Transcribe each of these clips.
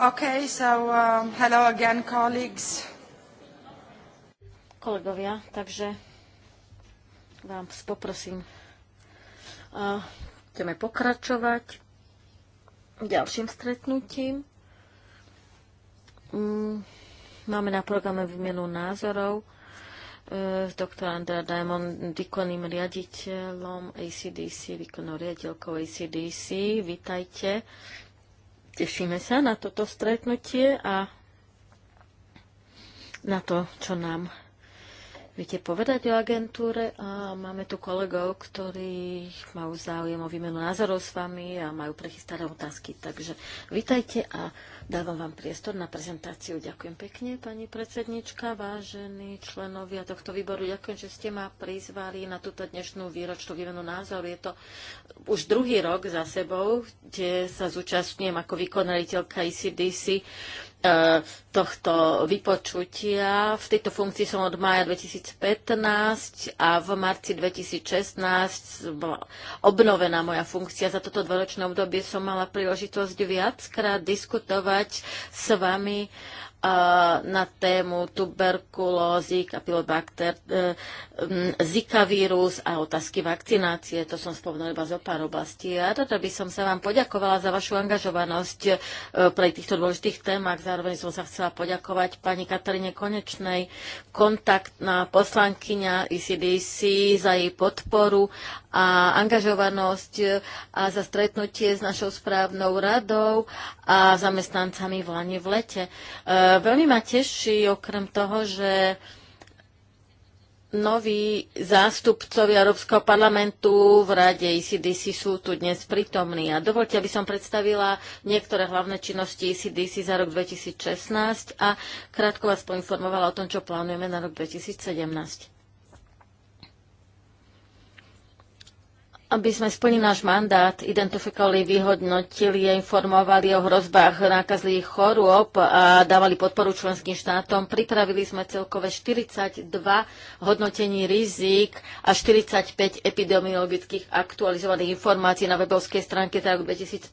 Okay, so um, hello again, colleagues. Kolegovia, takže vám poprosím, uh, ideme pokračovať ďalším stretnutím. Mm, máme na programe výmenu názorov e, s uh, doktor Andrea Diamond, výkonným riaditeľom ACDC, výkonnou riaditeľkou ACDC. Vítajte. Uh, Tešíme sa na toto stretnutie a na to, čo nám viete povedať o agentúre? A máme tu kolegov, ktorí majú záujem o výmenu názorov s vami a majú prechystané otázky. Takže vitajte a dávam vám priestor na prezentáciu. Ďakujem pekne, pani predsednička, vážení členovia tohto výboru. Ďakujem, že ste ma prizvali na túto dnešnú výročnú výmenu názorov. Je to už druhý rok za sebou, kde sa zúčastňujem ako vykonaliteľka ICDC E, tohto vypočutia. V tejto funkcii som od mája 2015 a v marci 2016 bola obnovená moja funkcia. Za toto dvoročné obdobie som mala príležitosť viackrát diskutovať s vami na tému tuberkulózy, kapilobakter, e, Zika vírus a otázky vakcinácie. To som spomenula iba zo pár oblastí. A toto by som sa vám poďakovala za vašu angažovanosť e, pre týchto dôležitých témach. Zároveň som sa chcela poďakovať pani Katarine Konečnej, kontaktná poslankyňa ICDC e za jej podporu a angažovanosť a za stretnutie s našou správnou radou a zamestnancami v Lani v lete. Veľmi ma teší okrem toho, že noví zástupcovi Európskeho parlamentu v rade ICDC e sú tu dnes prítomní. A dovolte, aby som predstavila niektoré hlavné činnosti ICDC e za rok 2016 a krátko vás poinformovala o tom, čo plánujeme na rok 2017. aby sme splnili náš mandát, identifikovali, vyhodnotili a informovali o hrozbách nákazlých chorôb a dávali podporu členským štátom. Pripravili sme celkové 42 hodnotení rizik a 45 epidemiologických aktualizovaných informácií na webovskej stránke tak 2015,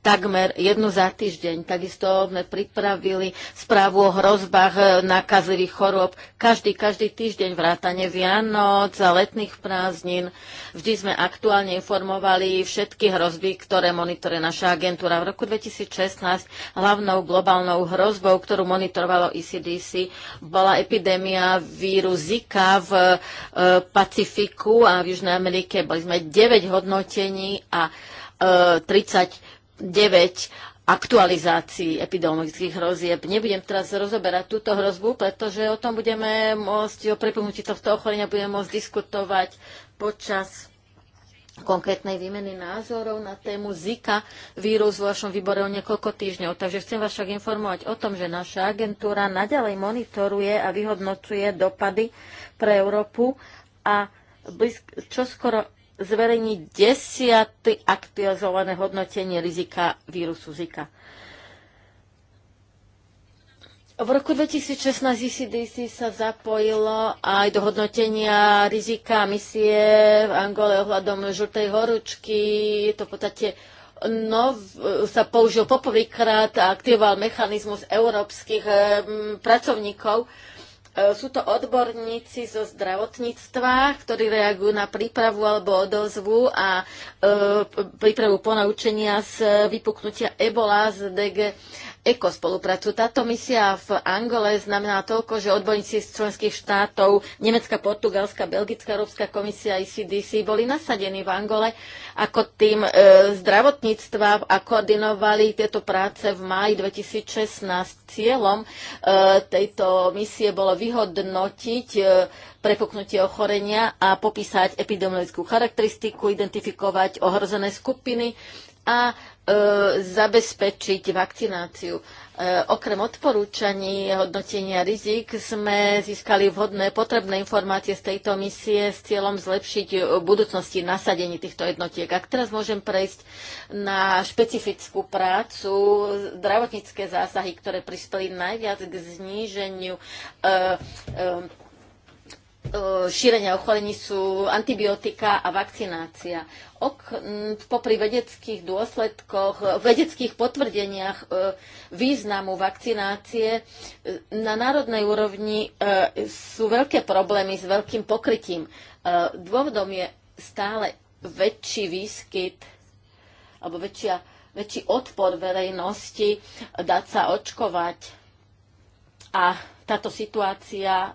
takmer jednu za týždeň. Takisto sme pripravili správu o hrozbách nákazlivých chorôb každý, každý týždeň vrátane Vianoc a letných prázdnin. Vždy sme aktuálne informovali všetky hrozby, ktoré monitoruje naša agentúra. V roku 2016 hlavnou globálnou hrozbou, ktorú monitorovalo ECDC, bola epidémia víru Zika v e, Pacifiku a v Južnej Amerike. Boli sme 9 hodnotení a 39 e, aktualizácii epidemiologických hrozieb. Nebudem teraz rozoberať túto hrozbu, pretože o tom budeme môcť, o prepomnutí tohto ochorenia budeme môcť diskutovať počas konkrétnej výmeny názorov na tému Zika vírus v vašom výbore o niekoľko týždňov. Takže chcem vás však informovať o tom, že naša agentúra naďalej monitoruje a vyhodnocuje dopady pre Európu a čo skoro zverejní desiaty aktualizované hodnotenie rizika vírusu Zika. V roku 2016 ECDC sa zapojilo aj do hodnotenia rizika misie v Angole ohľadom žltej horúčky. Je to v podstate no, sa použil poprvýkrát a aktivoval mechanizmus európskych eh, pracovníkov. Eh, sú to odborníci zo zdravotníctva, ktorí reagujú na prípravu alebo odozvu a e, prípravu ponaučenia z vypuknutia ebola z DG ekospoluprácu. Táto misia v Angole znamená toľko, že odborníci z členských štátov, Nemecka, Portugalska, Belgická, Európska komisia, ICDC boli nasadení v Angole ako tým e, zdravotníctva a koordinovali tieto práce v máji 2016. Cieľom e, tejto misie bolo vyhodnotiť e, prepuknutie ochorenia a popísať epidemiologickú charakteristiku, identifikovať ohrozené skupiny a E, zabezpečiť vakcináciu. E, okrem odporúčaní hodnotenia rizik sme získali vhodné potrebné informácie z tejto misie s cieľom zlepšiť v budúcnosti nasadenie týchto jednotiek. Ak teraz môžem prejsť na špecifickú prácu, zdravotnícke zásahy, ktoré prispeli najviac k zníženiu e, e, šírenia ochorení sú antibiotika a vakcinácia. Ok, popri vedeckých dôsledkoch, vedeckých potvrdeniach významu vakcinácie e, na národnej úrovni e, sú veľké problémy s veľkým pokrytím. E, dôvodom je stále väčší výskyt alebo väčšia, väčší odpor verejnosti dať sa očkovať. A táto situácia e,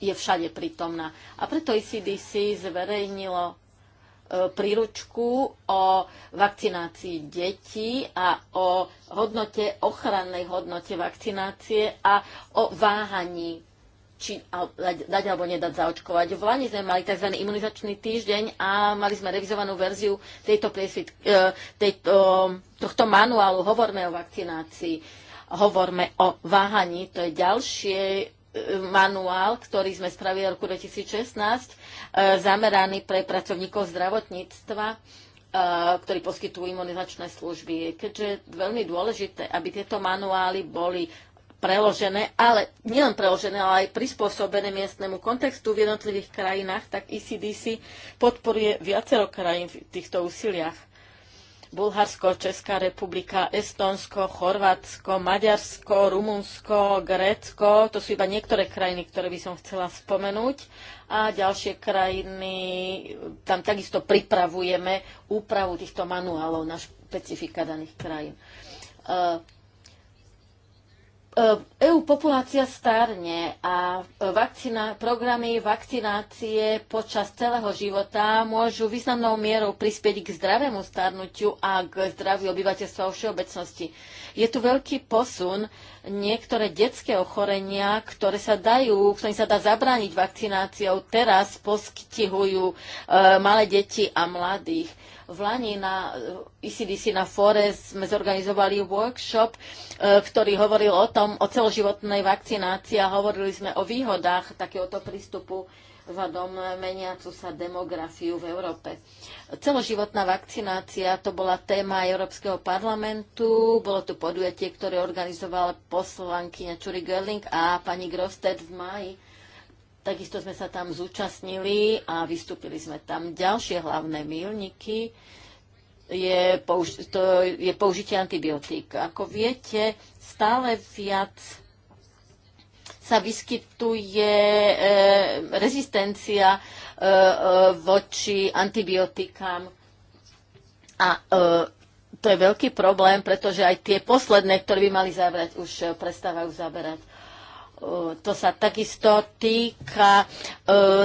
je všade prítomná. A preto ICDC e zverejnilo e, príručku o vakcinácii detí a o hodnote, ochrannej hodnote vakcinácie a o váhaní či dať alebo nedať zaočkovať. V Lani sme mali tzv. imunizačný týždeň a mali sme revizovanú verziu tejto priesvit, e, tejto, tohto manuálu Hovorme o vakcinácii, hovorme o váhaní. To je ďalšie manuál, ktorý sme spravili v roku 2016, eh, zameraný pre pracovníkov zdravotníctva, eh, ktorí poskytujú imunizačné služby. Keďže je veľmi dôležité, aby tieto manuály boli preložené, ale nielen preložené, ale aj prispôsobené miestnemu kontextu v jednotlivých krajinách, tak ECDC podporuje viacero krajín v týchto úsiliach Bulharsko, Česká republika, Estonsko, Chorvátsko, Maďarsko, Rumunsko, Grécko. To sú iba niektoré krajiny, ktoré by som chcela spomenúť. A ďalšie krajiny, tam takisto pripravujeme úpravu týchto manuálov na špecifika daných krajín. E, EU e populácia starne a vakcina, programy vakcinácie počas celého života môžu významnou mierou prispieť k zdravému starnutiu a k zdraviu obyvateľstva vo všeobecnosti. Je tu veľký posun. Niektoré detské ochorenia, ktoré sa dajú, ktorým sa dá zabrániť vakcináciou, teraz postihujú e, malé deti a mladých. V Lani na eh, ICDC na fóre sme zorganizovali workshop, eh, ktorý hovoril o tom, o celoživotnej vakcinácii a hovorili sme o výhodách takéhoto prístupu vzhľadom meniacu sa demografiu v Európe. Celoživotná vakcinácia to bola téma Európskeho parlamentu. Bolo tu podujatie, ktoré organizovala poslankyňa Čuri Görling a pani Grosted v máji Takisto sme sa tam zúčastnili a vystúpili sme tam. Ďalšie hlavné milníky je, použi- je použitie antibiotík. Ako viete, stále viac sa vyskytuje e, rezistencia e, e, voči antibiotikám. A e, to je veľký problém, pretože aj tie posledné, ktoré by mali zabrať, už e, prestávajú zaberať. E, to sa takisto týka e,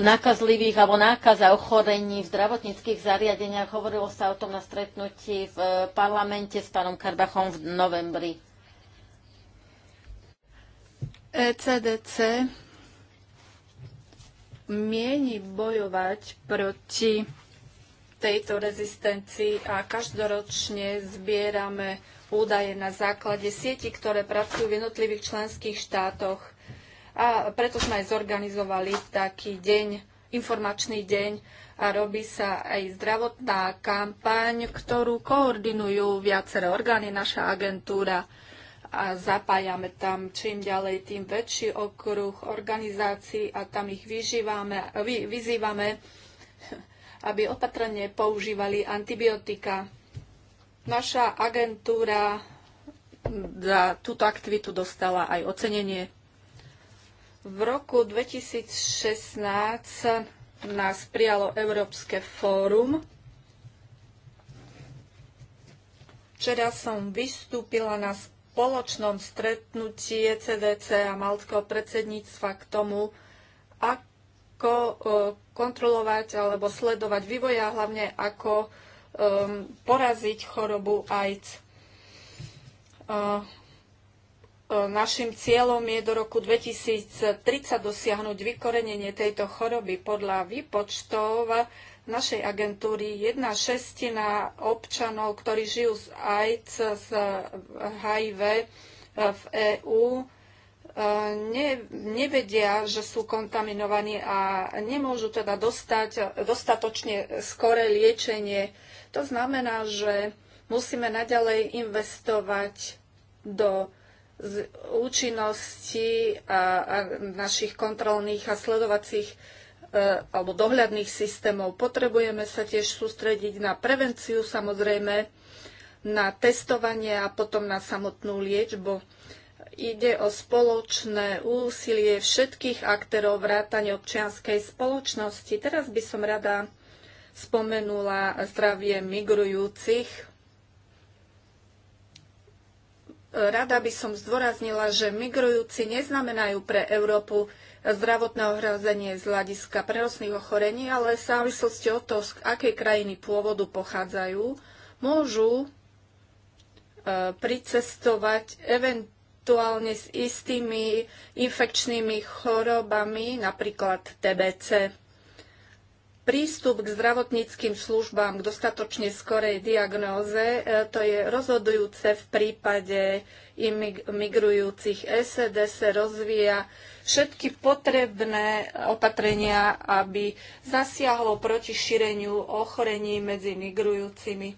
nákazlivých alebo nákaza ochorení v zdravotníckých zariadeniach. Hovorilo sa o tom na stretnutí v e, parlamente s pánom Karbachom v novembri. ECDC mieni bojovať proti tejto rezistencii a každoročne zbierame údaje na základe sieti, ktoré pracujú v jednotlivých členských štátoch a preto sme aj zorganizovali taký deň, informačný deň a robí sa aj zdravotná kampaň, ktorú koordinujú viaceré orgány, naša agentúra a zapájame tam čím ďalej, tým väčší okruh organizácií a tam ich vyžívame, vy, vyzývame, aby opatrne používali antibiotika. Naša agentúra za túto aktivitu dostala aj ocenenie. V roku 2016 nás prijalo Európske fórum. Včera som vystúpila na spoločnom stretnutí ECDC a Maltského predsedníctva k tomu, ako e, kontrolovať alebo sledovať vývoj a hlavne ako e, poraziť chorobu AIDS. E, E, našim cieľom je do roku 2030 dosiahnuť vykorenenie tejto choroby. Podľa výpočtov našej agentúry jedna šestina občanov, ktorí žijú z AIDS, z HIV v EÚ, e e, ne, nevedia, že sú kontaminovaní a nemôžu teda dostať dostatočne skoré liečenie. To znamená, že musíme naďalej investovať do z účinnosti a, a našich kontrolných a sledovacích e, alebo dohľadných systémov. Potrebujeme sa tiež sústrediť na prevenciu, samozrejme, na testovanie a potom na samotnú liečbu. Ide o spoločné úsilie všetkých aktérov vrátane občianskej spoločnosti. Teraz by som rada spomenula zdravie migrujúcich Rada by som zdôraznila, že migrujúci neznamenajú pre Európu zdravotné ohrozenie z hľadiska prenosných ochorení, ale v závislosti od toho, z akej krajiny pôvodu pochádzajú, môžu e, pricestovať eventuálne s istými infekčnými chorobami, napríklad TBC. Prístup k zdravotníckým službám k dostatočne skorej diagnóze, e, to je rozhodujúce v prípade migrujúcich SED se rozvíja všetky potrebné opatrenia, aby zasiahlo proti šíreniu ochorení medzi migrujúcimi.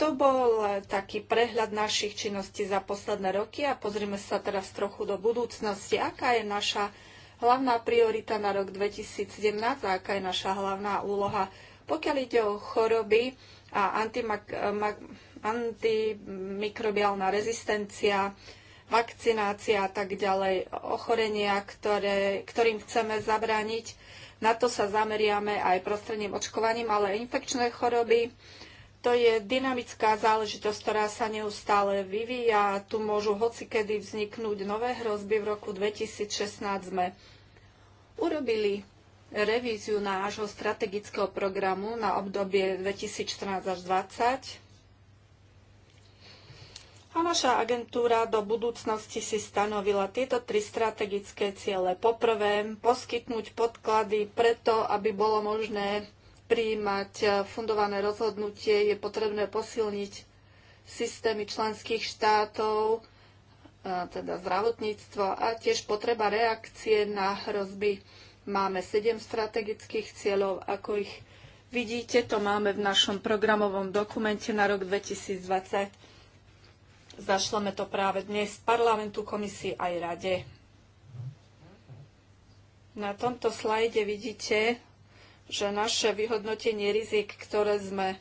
To bol taký prehľad našich činností za posledné roky a pozrime sa teraz trochu do budúcnosti. Aká je naša hlavná priorita na rok 2017 a aká je naša hlavná úloha. Pokiaľ ide o choroby a antimikrobiálna rezistencia, vakcinácia a tak ďalej, ochorenia, ktoré, ktorým chceme zabrániť, na to sa zameriame aj prostredným očkovaním, ale infekčné choroby, to je dynamická záležitosť, ktorá sa neustále vyvíja. Tu môžu hocikedy vzniknúť nové hrozby. V roku 2016 sme urobili revíziu nášho strategického programu na obdobie 2014 až 2020. A naša agentúra do budúcnosti si stanovila tieto tri strategické ciele. Poprvé, poskytnúť podklady preto, aby bolo možné príjmať e, fundované rozhodnutie, je potrebné posilniť systémy členských štátov, e, teda zdravotníctvo a tiež potreba reakcie na hrozby. Máme sedem strategických cieľov, ako ich vidíte, to máme v našom programovom dokumente na rok 2020. Zašleme to práve dnes parlamentu, komisii aj rade. Na tomto slajde vidíte že naše vyhodnotenie rizik, ktoré sme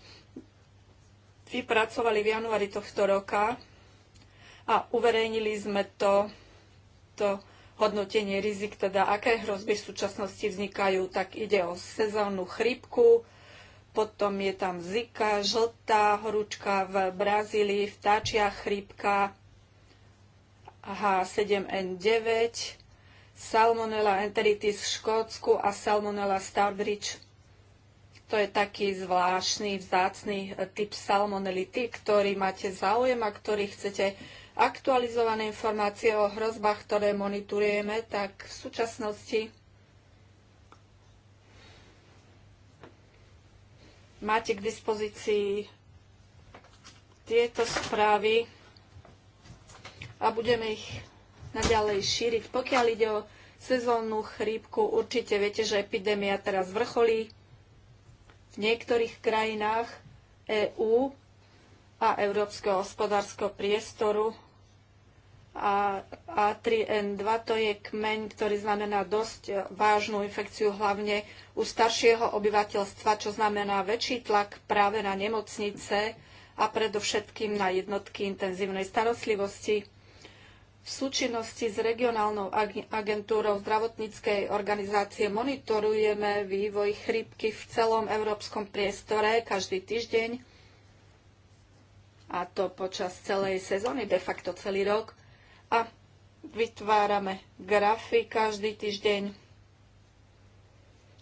vypracovali v januári tohto roka a uverejnili sme to, to hodnotenie rizik, teda aké hrozby v súčasnosti vznikajú, tak ide o sezónnu chrypku, potom je tam zika, žltá horúčka v Brazílii, vtáčia chrypka H7N9, Salmonella enteritis v Škótsku a Salmonella starbridge. To je taký zvláštny, vzácný e, typ salmonelity, ktorý máte záujem a ktorý chcete aktualizované informácie o hrozbách, ktoré monitorujeme, tak v súčasnosti máte k dispozícii tieto správy a budeme ich naďalej šíriť. Pokiaľ ide o sezónnu chrípku, určite viete, že epidémia teraz vrcholí v niektorých krajinách EÚ a Európskeho hospodárskeho priestoru. A A3N2 to je kmeň, ktorý znamená dosť vážnu infekciu, hlavne u staršieho obyvateľstva, čo znamená väčší tlak práve na nemocnice a predovšetkým na jednotky intenzívnej starostlivosti v súčinnosti s regionálnou agentúrou zdravotníckej organizácie monitorujeme vývoj chrípky v celom európskom priestore každý týždeň a to počas celej sezóny, de facto celý rok. A vytvárame grafy každý týždeň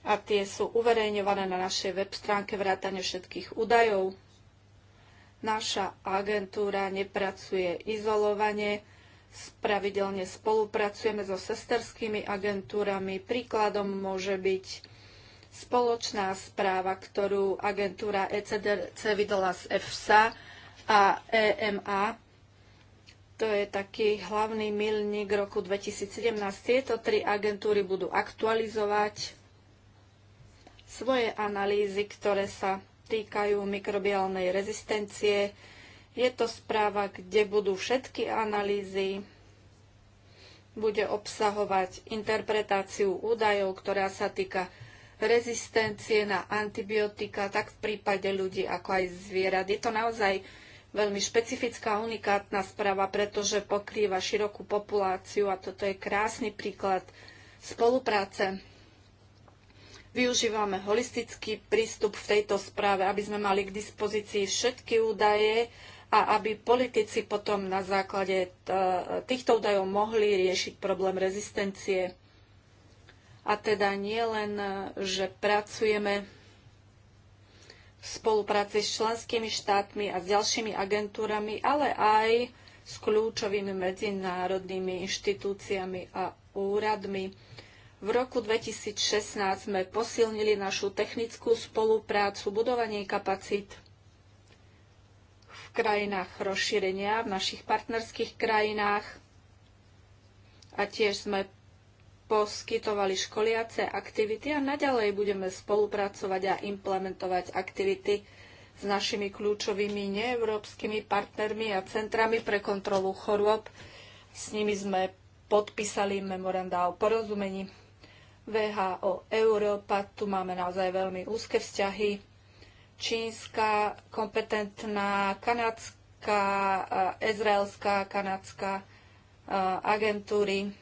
a tie sú uverejňované na našej web stránke vrátane všetkých údajov. Naša agentúra nepracuje izolovane, Spravidelne spolupracujeme so sesterskými agentúrami. Príkladom môže byť spoločná správa, ktorú agentúra ECDC vydala z EFSA a EMA. To je taký hlavný milník roku 2017. Tieto tri agentúry budú aktualizovať svoje analýzy, ktoré sa týkajú mikrobiálnej rezistencie, je to správa, kde budú všetky analýzy, bude obsahovať interpretáciu údajov, ktorá sa týka rezistencie na antibiotika, tak v prípade ľudí ako aj zvierat. Je to naozaj veľmi špecifická, unikátna správa, pretože pokrýva širokú populáciu a toto je krásny príklad spolupráce. Využívame holistický prístup v tejto správe, aby sme mali k dispozícii všetky údaje, a aby politici potom na základe e, týchto údajov mohli riešiť problém rezistencie. A teda nie len, e, že pracujeme v spolupráci s členskými štátmi a s ďalšími agentúrami, ale aj s kľúčovými medzinárodnými inštitúciami a úradmi. V roku 2016 sme posilnili našu technickú spoluprácu, budovanie kapacít krajinách rozšírenia, v našich partnerských krajinách a tiež sme poskytovali školiace aktivity a naďalej budeme spolupracovať a implementovať aktivity s našimi kľúčovými neeurópskymi partnermi a centrami pre kontrolu chorôb. S nimi sme podpísali memoranda o porozumení. VHO Európa, tu máme naozaj veľmi úzke vzťahy čínska, kompetentná kanadská, eh, izraelská, kanadská eh, agentúry.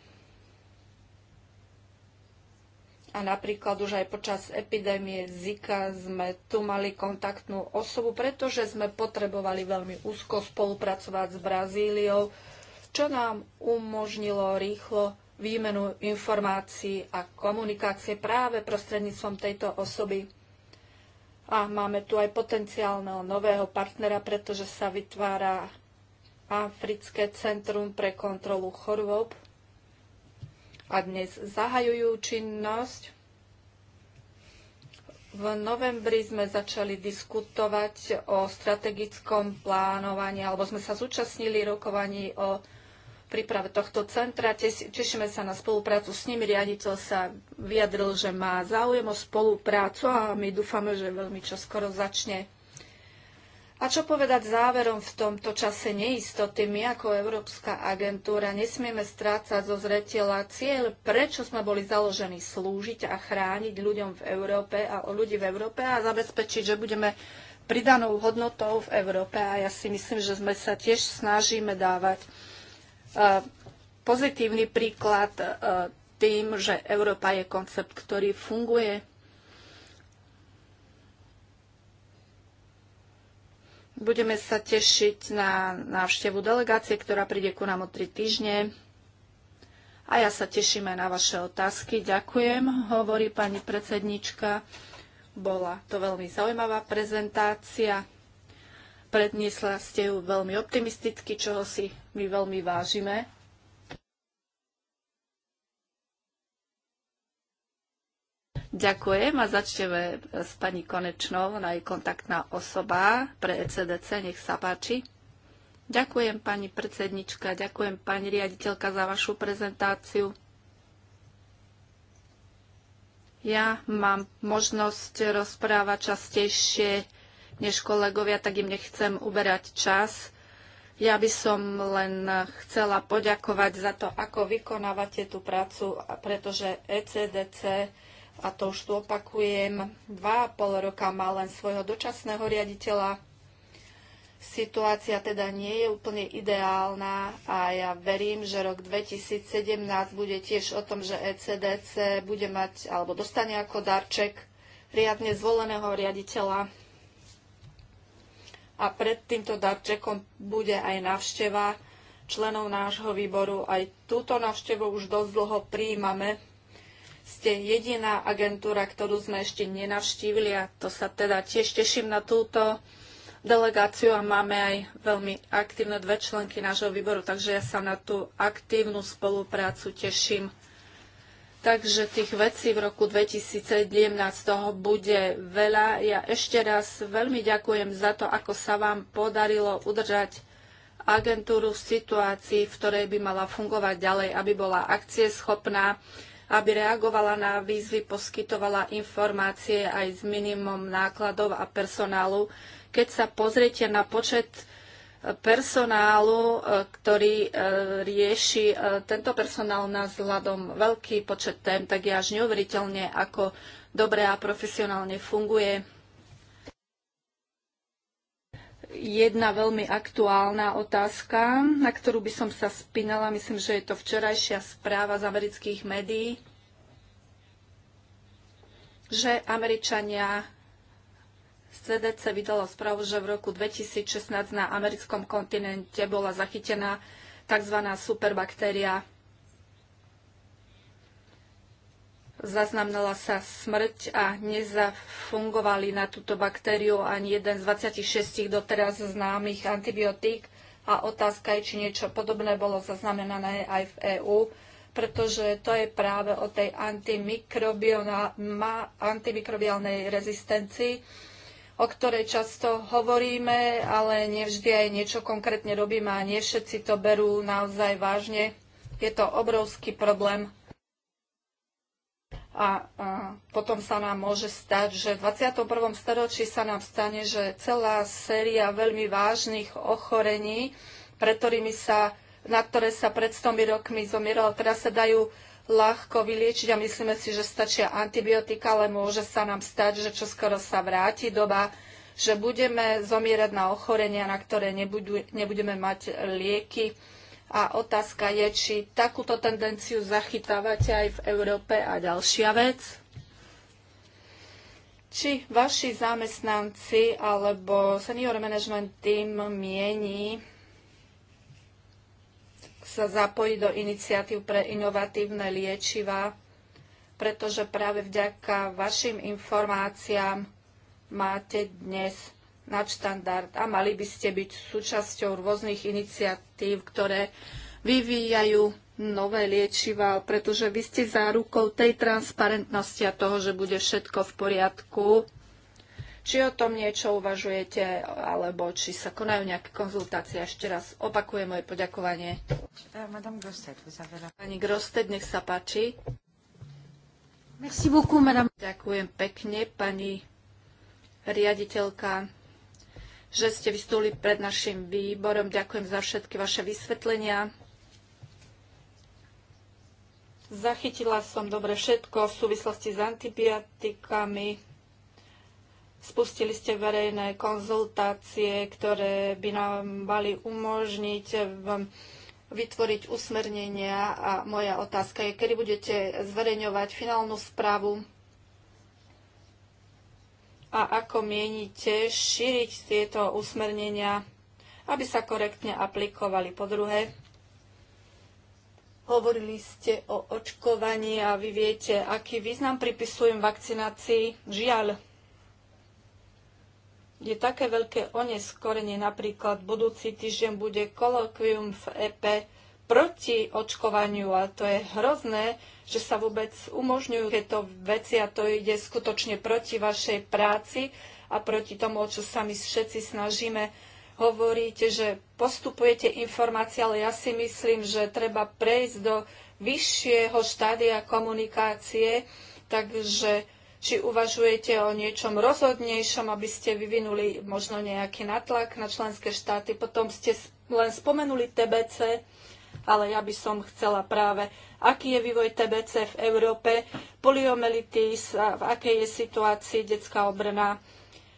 A napríklad už aj počas epidémie Zika sme tu mali kontaktnú osobu, pretože sme potrebovali veľmi úzko spolupracovať s Brazíliou, čo nám umožnilo rýchlo výmenu informácií a komunikácie práve prostredníctvom tejto osoby a máme tu aj potenciálneho nového partnera, pretože sa vytvára Africké centrum pre kontrolu chorôb a dnes zahajujú činnosť. V novembri sme začali diskutovať o strategickom plánovaní, alebo sme sa zúčastnili rokovaní o príprave tohto centra. Tešíme sa na spoluprácu s nimi. Riaditeľ sa vyjadril, že má záujem o spoluprácu a my dúfame, že veľmi čoskoro začne. A čo povedať záverom v tomto čase neistoty? My ako Európska agentúra nesmieme strácať zo zretela cieľ, prečo sme boli založení slúžiť a chrániť ľuďom v Európe a ľudí v Európe a zabezpečiť, že budeme pridanou hodnotou v Európe a ja si myslím, že sme sa tiež snažíme dávať Eh, pozitívny príklad eh, tým, že Európa je koncept, ktorý funguje. Budeme sa tešiť na návštevu delegácie, ktorá príde ku nám o tri týždne. A ja sa teším aj na vaše otázky. Ďakujem, hovorí pani predsednička. Bola to veľmi zaujímavá prezentácia. Predniesla ste ju veľmi optimisticky, čoho si my veľmi vážime. Ďakujem a začneme s pani Konečnou, ona je kontaktná osoba pre ECDC, nech sa páči. Ďakujem pani predsednička, ďakujem pani riaditeľka za vašu prezentáciu. Ja mám možnosť rozprávať častejšie než kolegovia, tak im nechcem uberať čas. Ja by som len chcela poďakovať za to, ako vykonávate tú prácu, pretože ECDC, a to už tu opakujem, dva a pol roka má len svojho dočasného riaditeľa. Situácia teda nie je úplne ideálna a ja verím, že rok 2017 bude tiež o tom, že ECDC bude mať alebo dostane ako darček riadne zvoleného riaditeľa a pred týmto darčekom bude aj návšteva členov nášho výboru. Aj túto návštevu už dosť dlho prijímame. Ste jediná agentúra, ktorú sme ešte nenavštívili a to sa teda tiež teším na túto delegáciu a máme aj veľmi aktívne dve členky nášho výboru, takže ja sa na tú aktívnu spoluprácu teším. Takže tých vecí v roku 2017 toho bude veľa. Ja ešte raz veľmi ďakujem za to, ako sa vám podarilo udržať agentúru v situácii, v ktorej by mala fungovať ďalej, aby bola akcieschopná, aby reagovala na výzvy, poskytovala informácie aj s minimum nákladov a personálu. Keď sa pozriete na počet personálu, e, ktorý e, rieši e, tento personál na vzhľadom veľký počet tém, tak je až neuveriteľne, ako dobre a profesionálne funguje. Jedna veľmi aktuálna otázka, na ktorú by som sa spínala, myslím, že je to včerajšia správa z amerických médií, že Američania CDC vydalo správu, že v roku 2016 na americkom kontinente bola zachytená tzv. superbaktéria. Zaznamenala sa smrť a nezafungovali na túto baktériu ani jeden z 26 doteraz známych antibiotík. A otázka je, či niečo podobné bolo zaznamenané aj v EÚ pretože to je práve o tej antimikrobiálnej rezistencii o ktorej často hovoríme, ale nevždy aj niečo konkrétne robíme a nie všetci to berú naozaj vážne. Je to obrovský problém a, a potom sa nám môže stať, že v 21. storočí sa nám stane, že celá séria veľmi vážnych ochorení, pre ktorými sa, na ktoré sa pred 100 rokmi zomieralo, teraz sa dajú ľahko vyliečiť a myslíme si, že stačia antibiotika, ale môže sa nám stať, že čoskoro sa vráti doba, že budeme zomierať na ochorenia, na ktoré nebudu, nebudeme mať lieky. A otázka je, či takúto tendenciu zachytávate aj v Európe. A ďalšia vec, či vaši zamestnanci alebo senior management tým mieni sa zapojiť do iniciatív pre inovatívne liečiva, pretože práve vďaka vašim informáciám máte dnes nadštandard a mali by ste byť súčasťou rôznych iniciatív, ktoré vyvíjajú nové liečiva, pretože vy ste zárukou tej transparentnosti a toho, že bude všetko v poriadku či o tom niečo uvažujete, alebo či sa konajú nejaké konzultácie. Ešte raz opakujem moje poďakovanie. Eh, pani Grosted, nech sa páči. Merci beaucoup, madame. Ďakujem pekne, pani riaditeľka, že ste vystúli pred našim výborom. Ďakujem za všetky vaše vysvetlenia. Zachytila som dobre všetko v súvislosti s antibiotikami Spustili ste verejné konzultácie, ktoré by nám mali umožniť vytvoriť usmernenia a moja otázka je, kedy budete zverejňovať finálnu správu a ako mienite šíriť tieto usmernenia, aby sa korektne aplikovali. Po druhé, hovorili ste o očkovaní a vy viete, aký význam pripisujem vakcinácii. Žiaľ, je také veľké oneskorenie. Napríklad budúci týždeň bude kolokvium v EP proti očkovaniu a to je hrozné, že sa vôbec umožňujú tieto veci a to ide skutočne proti vašej práci a proti tomu, o čo sa my všetci snažíme. Hovoríte, že postupujete informácie, ale ja si myslím, že treba prejsť do vyššieho štádia komunikácie, takže či uvažujete o niečom rozhodnejšom, aby ste vyvinuli možno nejaký natlak na členské štáty. Potom ste len spomenuli TBC, ale ja by som chcela práve, aký je vývoj TBC v Európe, poliomelitis, v akej je situácii detská obrna,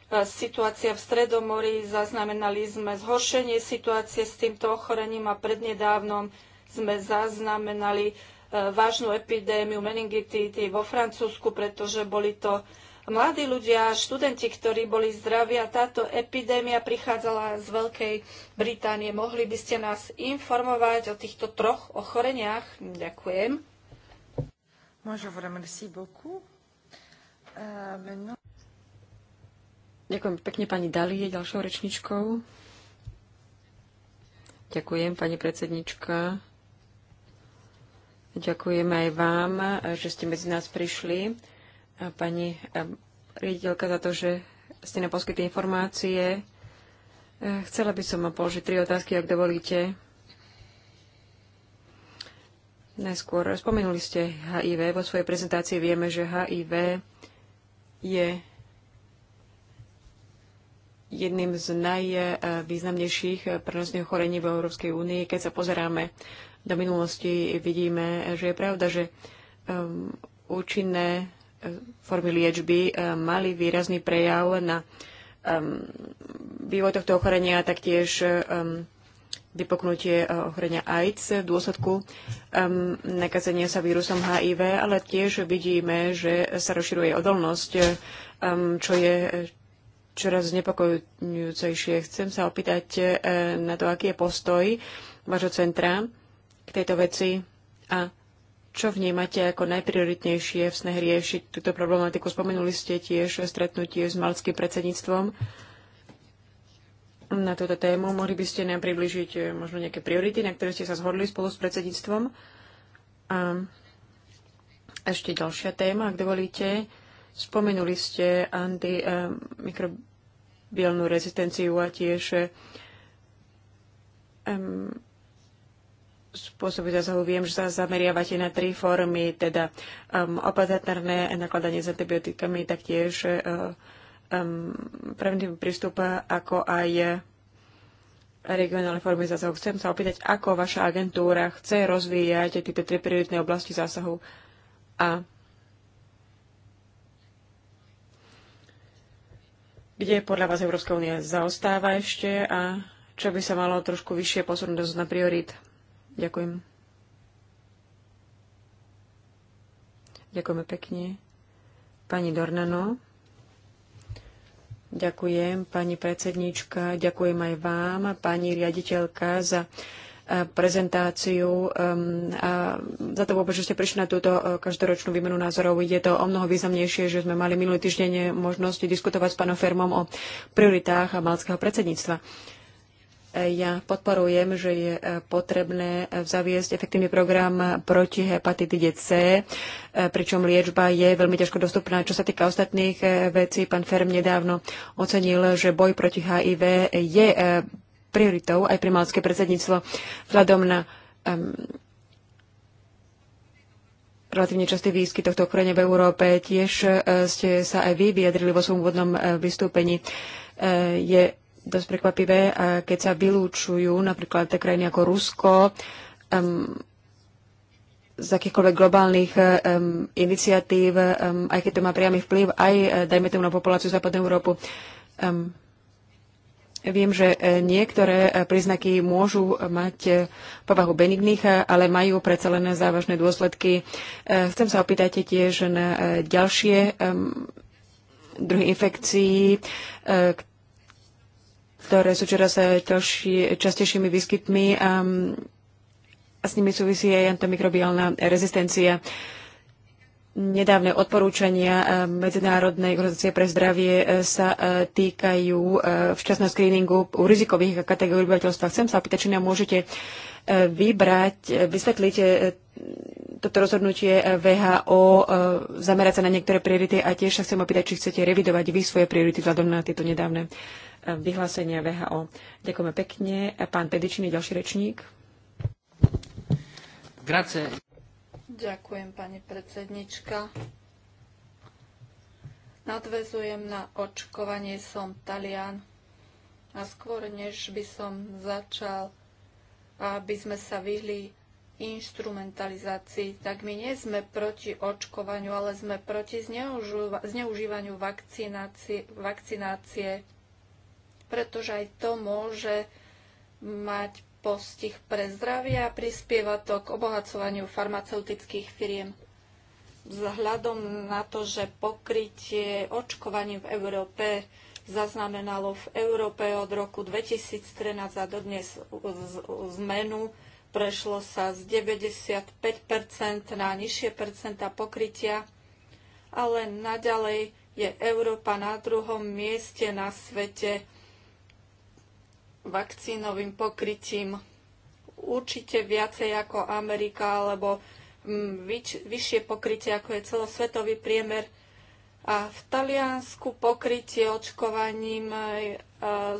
e, situácia v Stredomorí, zaznamenali sme zhoršenie situácie s týmto ochorením a prednedávnom sme zaznamenali Eh, vážnu epidémiu meningitídy vo Francúzsku, pretože boli to mladí ľudia, študenti, ktorí boli zdraví a táto epidémia prichádzala z Veľkej Británie. Mohli by ste nás informovať o týchto troch ochoreniach? Ďakujem. Euh, Ďakujem pekne pani Dali, je ďalšou rečničkou. Ďakujem, pani predsednička. Ďakujem aj vám, že ste medzi nás prišli. Pani riaditeľka za to, že ste nám poskytli informácie. E, chcela by som vám položiť tri otázky, ak dovolíte. Najskôr spomenuli ste HIV. Vo svojej prezentácii vieme, že HIV je jedným z najvýznamnejších prenosných ochorení v Európskej únii. Keď sa pozeráme do minulosti, vidíme, že je pravda, že um, účinné uh, formy liečby um, mali výrazný prejav na um, vývoj tohto ochorenia a taktiež um, vypoknutie uh, ochorenia AIDS v dôsledku um, nakazenia sa vírusom HIV, ale tiež vidíme, že sa rozširuje odolnosť, um, čo je čoraz znepokojujúcejšie. Chcem sa opýtať uh, na to, aký je postoj vášho centra k tejto veci a čo vnímate ako najprioritnejšie v snahe riešiť túto problematiku? Spomenuli ste tiež stretnutie s malským predsedníctvom na túto tému. Mohli by ste nám približiť eh, možno nejaké priority, na ktoré ste sa zhodli spolu s predsedníctvom? A ešte ďalšia téma, ak dovolíte. Spomenuli ste antimikrobiálnu eh, rezistenciu a tiež um, spôsoby zásahu viem, že sa zameriavate na tri formy, teda um, opatrné nakladanie s antibiotikami, taktiež uh, um, preventívny prístup, ako aj regionálne formy zásahu. Chcem sa opýtať, ako vaša agentúra chce rozvíjať tieto tri prioritné oblasti zásahu a kde podľa vás Európska únia zaostáva ešte a čo by sa malo trošku vyššie posunúť na priorít. Ďakujem. Ďakujeme pekne. Pani Dornano. Ďakujem, pani predsednička, ďakujem aj vám, pani riaditeľka, za eh, prezentáciu ehm, a za to vôbec, že ste prišli na túto eh, každoročnú výmenu názorov. Je to o mnoho významnejšie, že sme mali minulý týždeň možnosť diskutovať s pánom Fermom o prioritách malckého predsedníctva. Ja podporujem, že je e, potrebné e, zaviesť efektívny program proti hepatitide C, e, pričom liečba je veľmi ťažko dostupná. Čo sa týka ostatných vecí, pán Ferm nedávno ocenil, že boj proti HIV je prioritou aj pre malské predsedníctvo vzhľadom na um, relatívne častý výskyt tohto ochorenia v Európe. Tiež ste sa aj vy vyjadrili vo svojom úvodnom vystúpení. Je dosť prekvapivé, keď sa vylúčujú napríklad tie krajiny ako Rusko um, z akýchkoľvek globálnych um, iniciatív, um, aj keď to má priamy vplyv, aj e, dajme tomu na populáciu západnej Európu. Um, Viem, že e, niektoré e, príznaky môžu mať povahu benigných, ale majú predsa len závažné dôsledky. Chcem sa opýtať tiež na ďalšie druhy infekcií, ktoré sú čoraz eh, častejšími výskytmi a, ehm, a s nimi súvisí aj antimikrobiálna rezistencia. Nedávne odporúčania eh, Medzinárodnej organizácie pre zdravie eh, sa týkajú včasného screeningu u rizikových kategórií obyvateľstva. Chcem sa opýtať, či nám môžete vybrať, vysvetliť toto rozhodnutie VHO zamerať sa na niektoré priority a tiež sa chcem opýtať, či chcete revidovať vy svoje priority vzhľadom na tieto nedávne vyhlásenia VHO. Ďakujeme pekne. Pán Pedičný, ďalší rečník. Grazie. Ďakujem, pani predsednička. Nadvezujem na očkovanie, som Talian. A skôr, než by som začal, aby sme sa vyhli instrumentalizácii, tak my nie sme proti očkovaniu, ale sme proti zneužívaniu vakcinácie. vakcinácie pretože aj to môže mať postih pre zdravie a prispieva to k obohacovaniu farmaceutických firiem. Vzhľadom na to, že pokrytie očkovaním v Európe zaznamenalo v Európe od roku 2013 a dodnes zmenu, prešlo sa z 95 na nižšie percenta pokrytia, ale naďalej je Európa na druhom mieste na svete vakcínovým pokrytím určite viacej ako Amerika alebo mm, vyč, vyššie pokrytie ako je celosvetový priemer. A v Taliansku pokrytie očkovaním e, e,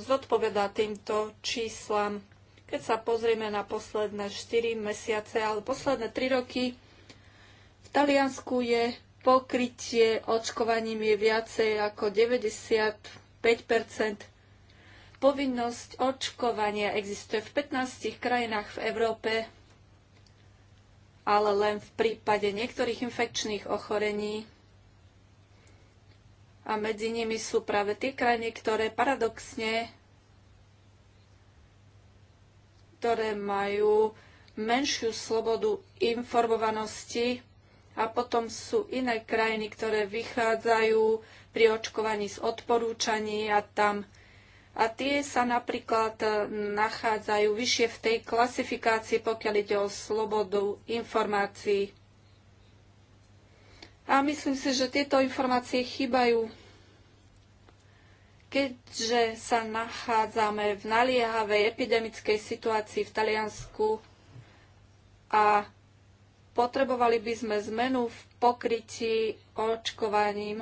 zodpovedá týmto číslam. Keď sa pozrieme na posledné 4 mesiace, ale posledné 3 roky, v Taliansku je pokrytie očkovaním je viacej ako 95 Povinnosť očkovania existuje v 15 krajinách v Európe, ale len v prípade niektorých infekčných ochorení. A medzi nimi sú práve tie krajiny, ktoré paradoxne ktoré majú menšiu slobodu informovanosti a potom sú iné krajiny, ktoré vychádzajú pri očkovaní z odporúčaní a tam a tie sa napríklad e, nachádzajú vyššie v tej klasifikácii, pokiaľ ide o slobodu informácií. A myslím si, že tieto informácie chýbajú. Keďže sa nachádzame v naliehavej epidemickej situácii v Taliansku a potrebovali by sme zmenu v pokrytí očkovaním,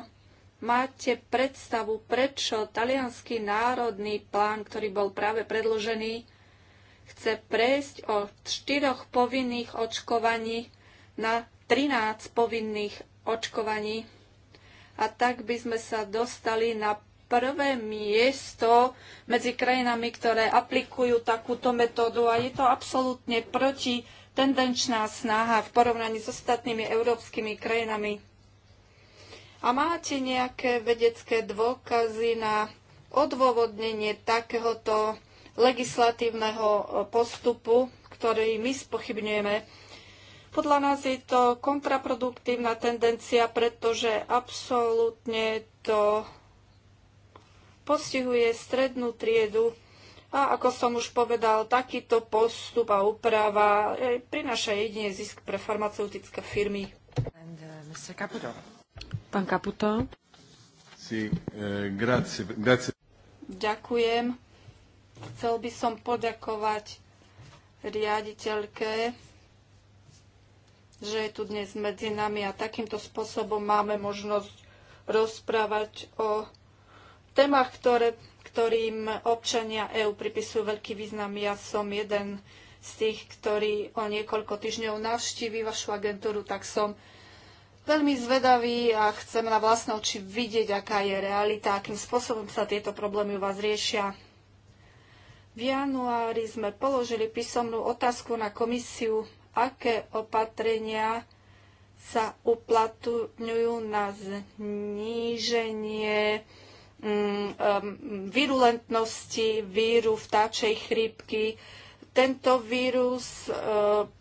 máte predstavu, prečo talianský národný plán, ktorý bol práve predložený, chce prejsť od štyroch povinných očkovaní na 13 povinných očkovaní. A tak by sme sa dostali na prvé miesto medzi krajinami, ktoré aplikujú takúto metódu a je to absolútne proti tendenčná snaha v porovnaní s ostatnými európskymi krajinami a máte nejaké vedecké dôkazy na odôvodnenie takéhoto legislatívneho e, postupu, ktorý my spochybňujeme? Podľa nás je to kontraproduktívna tendencia, pretože absolútne to postihuje strednú triedu a ako som už povedal, takýto postup a úprava e, prináša jedine zisk pre farmaceutické firmy. And, uh, Pán Kaputo. Sí, eh, grazie, grazie. Ďakujem. Chcel by som poďakovať riaditeľke, že je tu dnes medzi nami a takýmto spôsobom máme možnosť rozprávať o témach, ktoré, ktorým občania EÚ pripisujú veľký význam. Ja som jeden z tých, ktorý o niekoľko týždňov navštívi vašu agentúru, tak som veľmi zvedaví a chcem na vlastné oči vidieť, aká je realita, akým spôsobom sa tieto problémy u vás riešia. V januári sme položili písomnú otázku na komisiu, aké opatrenia sa uplatňujú na zníženie mm, virulentnosti víru vtáčej chrípky. Tento vírus eh,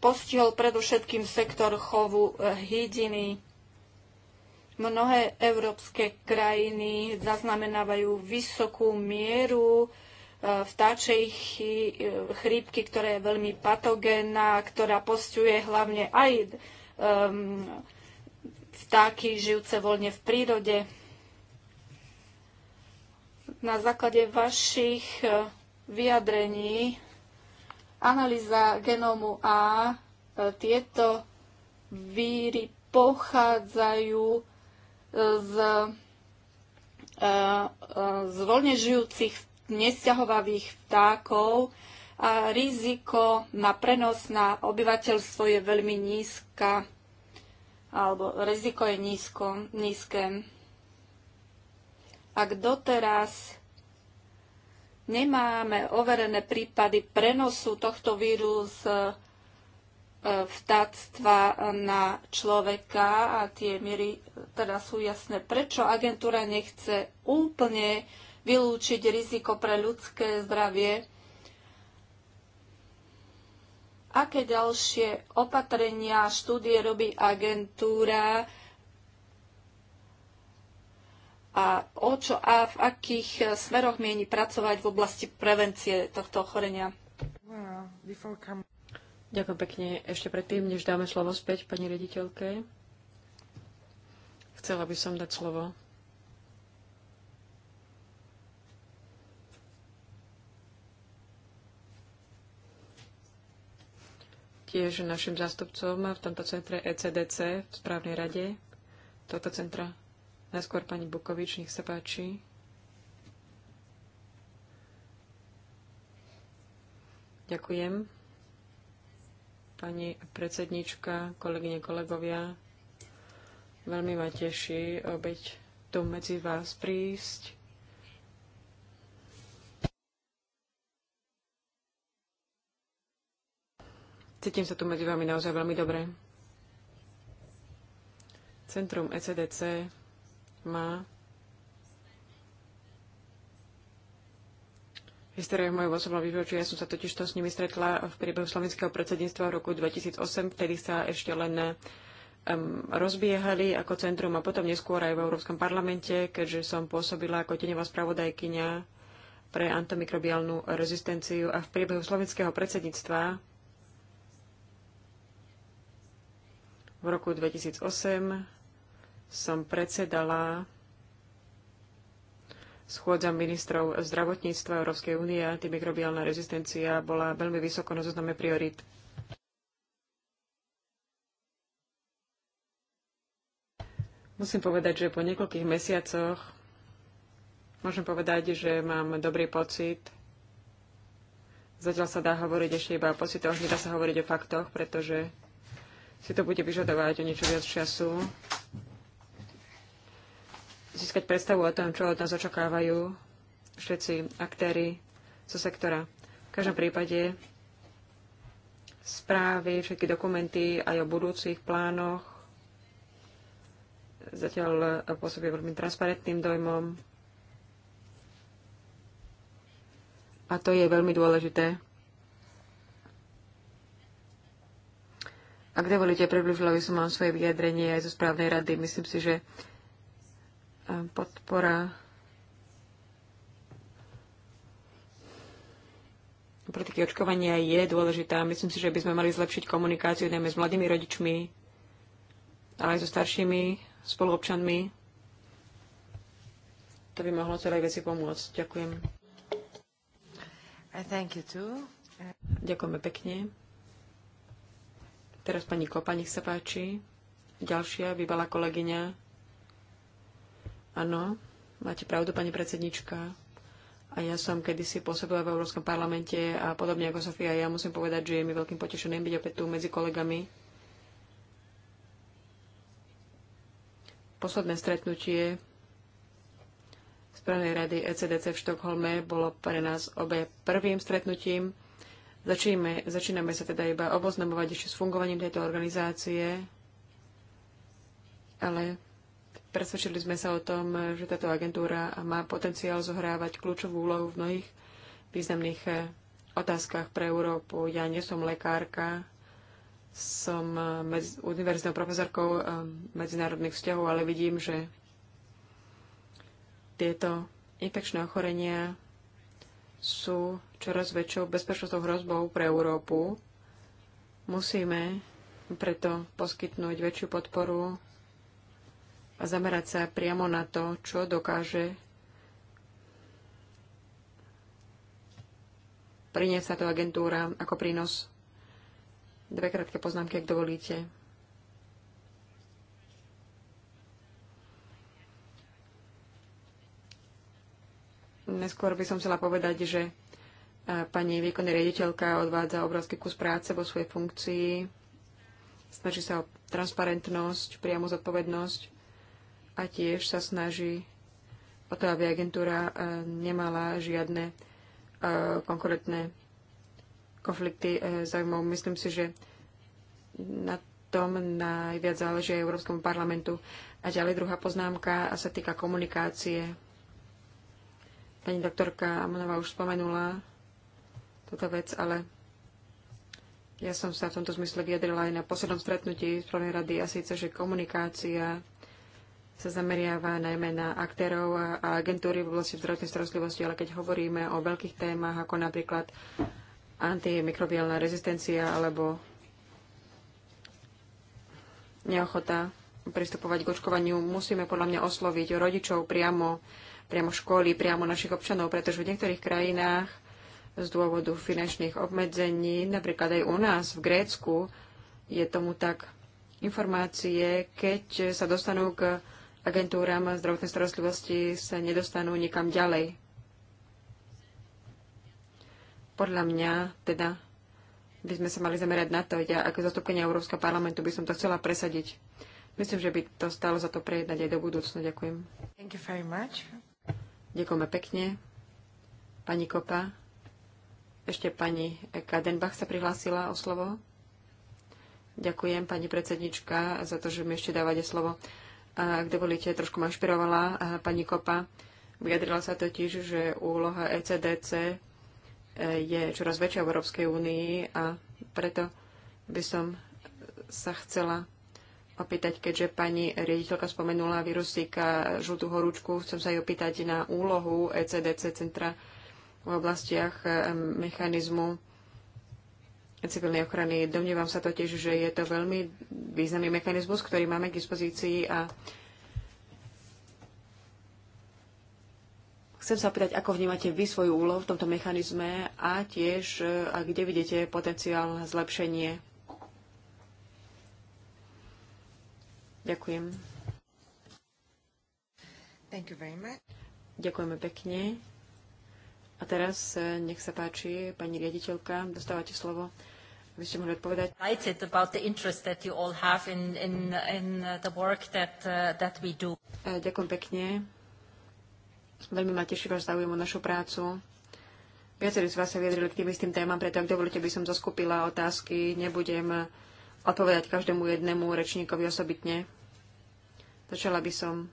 postihol predovšetkým sektor chovu eh, hydiny Mnohé európske krajiny zaznamenávajú vysokú mieru e, vtáčej e, chrípky, ktorá je veľmi patogénna, ktorá postiuje hlavne aj um, vtáky žijúce voľne v prírode. Na základe vašich e, vyjadrení analýza genómu A tieto víry pochádzajú z, e, e, z voľne žijúcich nesťahovavých vtákov a riziko na prenos na obyvateľstvo je veľmi nízka alebo riziko je nízko, nízke. Ak doteraz nemáme overené prípady prenosu tohto vírusu vtáctva na človeka a tie miery teda sú jasné. Prečo agentúra nechce úplne vylúčiť riziko pre ľudské zdravie? Aké ďalšie opatrenia štúdie robí agentúra? a o čo a v akých smeroch mieni pracovať v oblasti prevencie tohto ochorenia. Ďakujem pekne. Ešte predtým, než dáme slovo späť pani rediteľke, chcela by som dať slovo tiež našim zástupcom v tomto centre ECDC v správnej rade tohto centra. Najskôr pani Bukovič, nech sa páči. Ďakujem. Pani predsednička, kolegyne, kolegovia, veľmi ma teší obeď tu medzi vás prísť. Cítim sa tu medzi vami naozaj veľmi dobre. Centrum ECDC má histórie mojho osobného výročia. Ja som sa totiž to s nimi stretla v priebehu slovenského predsedníctva v roku 2008, vtedy sa ešte len um, rozbiehali ako centrum a potom neskôr aj v Európskom parlamente, keďže som pôsobila ako tenevá spravodajkyňa pre antimikrobiálnu rezistenciu a v priebehu slovenského predsedníctva v roku 2008 som predsedala schôdza ministrov zdravotníctva Európskej únie a antimikrobiálna rezistencia bola veľmi vysoko na zozname priorít. Musím povedať, že po niekoľkých mesiacoch môžem povedať, že mám dobrý pocit. Zatiaľ sa dá hovoriť ešte iba o pocitoch, nedá sa hovoriť o faktoch, pretože si to bude vyžadovať o niečo viac času získať predstavu o tom, čo od nás očakávajú všetci aktéry zo sektora. V každom prípade správy, všetky dokumenty aj o budúcich plánoch zatiaľ pôsobí veľmi transparentným dojmom. A to je veľmi dôležité. Ak dovolíte, približila by som vám svoje vyjadrenie aj zo správnej rady. Myslím si, že podpora politiky očkovania je dôležitá. Myslím si, že by sme mali zlepšiť komunikáciu najmä s mladými rodičmi, ale aj so staršími spoluobčanmi. To by mohlo celej veci pomôcť. Ďakujem. thank you too. Ďakujeme pekne. Teraz pani Kopa, nech sa páči. Ďalšia bývalá kolegyňa Áno, máte pravdu, pani predsednička. A ja som kedysi pôsobila v Európskom parlamente a podobne ako Sofia, ja musím povedať, že je mi veľkým potešením byť opäť tu medzi kolegami. Posledné stretnutie správnej rady ECDC v Štokholme bolo pre nás obe prvým stretnutím. Začíname, začíname sa teda iba oboznamovať ešte s fungovaním tejto organizácie, ale Presvedčili sme sa o tom, že táto agentúra má potenciál zohrávať kľúčovú úlohu v mnohých významných eh, otázkach pre Európu. Ja nie som lekárka, som eh, medz, univerzitnou profesorkou eh, medzinárodných vzťahov, ale vidím, že tieto infekčné ochorenia sú čoraz väčšou bezpečnostnou hrozbou pre Európu. Musíme preto poskytnúť väčšiu podporu a zamerať sa priamo na to, čo dokáže priniesť táto agentúra ako prínos. Dve krátke poznámky, ak dovolíte. Neskôr by som chcela povedať, že pani výkonná riaditeľka odvádza obrovský kus práce vo svojej funkcii, snaží sa o transparentnosť, priamo zodpovednosť a tiež sa snaží o to, aby agentúra e, nemala žiadne e, konkrétne konflikty e, zaujímav. Myslím si, že na tom najviac záleží aj Európskom parlamentu. A ďalej druhá poznámka a sa týka komunikácie. Pani doktorka Amonová už spomenula túto vec, ale ja som sa v tomto zmysle vyjadrila aj na poslednom stretnutí správnej rady a síce, že komunikácia sa zameriava najmä na aktérov a agentúry v oblasti zdravotnej starostlivosti, ale keď hovoríme o veľkých témach, ako napríklad antimikrobiálna rezistencia alebo neochota pristupovať k očkovaniu, musíme podľa mňa osloviť rodičov priamo, priamo školy, priamo našich občanov, pretože v niektorých krajinách z dôvodu finančných obmedzení, napríklad aj u nás v Grécku, je tomu tak informácie, keď sa dostanú k agentúram zdravotnej starostlivosti sa nedostanú nikam ďalej. Podľa mňa teda by sme sa mali zamerať na to, ja ako zastupkenia Európskeho parlamentu by som to chcela presadiť. Myslím, že by to stalo za to prejednať aj do budúcna. Ďakujem. Thank you very much. Ďakujeme pekne. Pani Kopa. Ešte pani Kadenbach sa prihlásila o slovo. Ďakujem, pani predsednička, za to, že mi ešte dávate slovo. A ak dovolíte, trošku ma špirovala eh, pani Kopa. Vyjadrila sa totiž, že úloha ECDC eh, je čoraz väčšia v Európskej únii a preto by som sa chcela opýtať, keďže pani riaditeľka spomenula vírusíka žltú horúčku, chcem sa jej opýtať na úlohu ECDC centra v oblastiach eh, mechanizmu civilnej ochrany. Domnievam sa totiž, že je to veľmi významný mechanizmus, ktorý máme k dispozícii a chcem sa pýtať, ako vnímate vy svoju úlohu v tomto mechanizme a tiež, e, a kde vidíte potenciál na zlepšenie. Ďakujem. Thank you very much. Ďakujeme pekne. A teraz e, nech sa páči, pani riaditeľka, dostávate slovo. Vy ste mohli odpovedať. about the interest that you all have in, in, in uh, the work that, uh, that we do. E, ďakujem pekne. Veľmi ma teší váš záujem o našu prácu. Viacerí z vás sa vyjadrili k tým istým témam, preto ak dovolíte, by som zoskupila otázky. Nebudem e, odpovedať každému jednému rečníkovi osobitne. Začala by som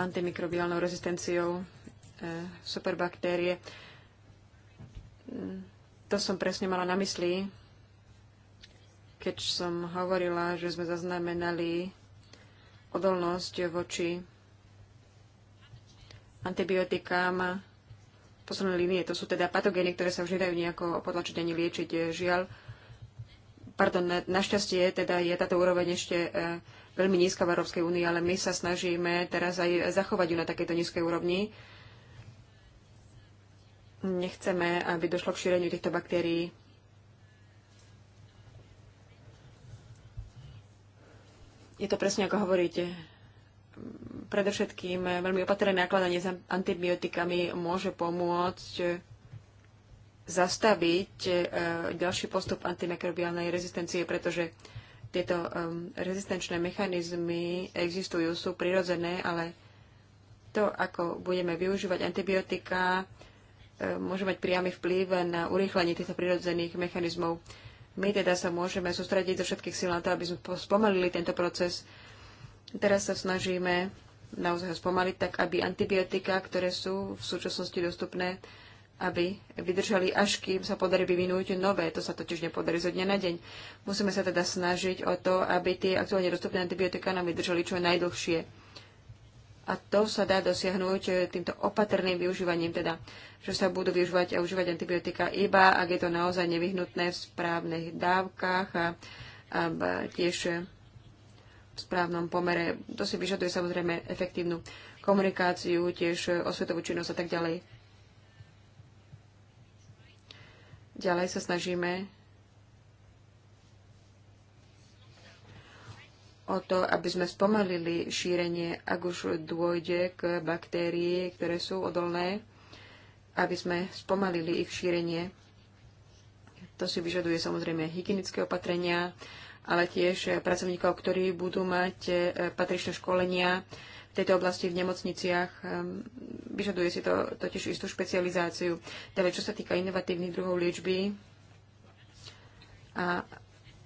antimikrobiálnou rezistenciou e, superbaktérie. To som presne mala na mysli, keď som hovorila, že sme zaznamenali odolnosť voči antibiotikám a poslednej línie. To sú teda patogény, ktoré sa už nedajú nejako potlačiť ani liečiť. Žiaľ, pardon, našťastie teda je táto úroveň ešte e, veľmi nízka v Európskej únii, ale my sa snažíme teraz aj zachovať ju na takejto nízkej úrovni nechceme, aby došlo k šíreniu týchto baktérií. Je to presne ako hovoríte. Predovšetkým veľmi opatrné nakladanie s antibiotikami môže pomôcť zastaviť e, ďalší postup antimikrobiálnej rezistencie, pretože tieto e, rezistenčné mechanizmy existujú, sú prirodzené, ale to, ako budeme využívať antibiotika, môže mať priamy vplyv na urýchlenie týchto prirodzených mechanizmov. My teda sa môžeme sústrediť zo všetkých síl na to, aby sme spomalili tento proces. Teraz sa snažíme naozaj ho spomaliť tak, aby antibiotika, ktoré sú v súčasnosti dostupné, aby vydržali, až kým sa podarí vyvinúť nové. To sa totiž nepodarí zo dňa na deň. Musíme sa teda snažiť o to, aby tie aktuálne dostupné antibiotika nám vydržali čo najdlhšie. A to sa dá dosiahnuť e, týmto opatrným využívaním, teda, že sa budú využívať a užívať antibiotika iba, ak je to naozaj nevyhnutné v správnych dávkach a, a tiež e, v správnom pomere. To si vyžaduje samozrejme efektívnu komunikáciu, tiež e, osvetovú činnosť a tak ďalej. Ďalej sa snažíme o to, aby sme spomalili šírenie, ak už dôjde k baktérii, ktoré sú odolné, aby sme spomalili ich šírenie. To si vyžaduje samozrejme hygienické opatrenia, ale tiež pracovníkov, ktorí budú mať e, patričné školenia v tejto oblasti v nemocniciach. E, vyžaduje si to totiž istú špecializáciu. Ďalej, čo sa týka inovatívnych druhov liečby a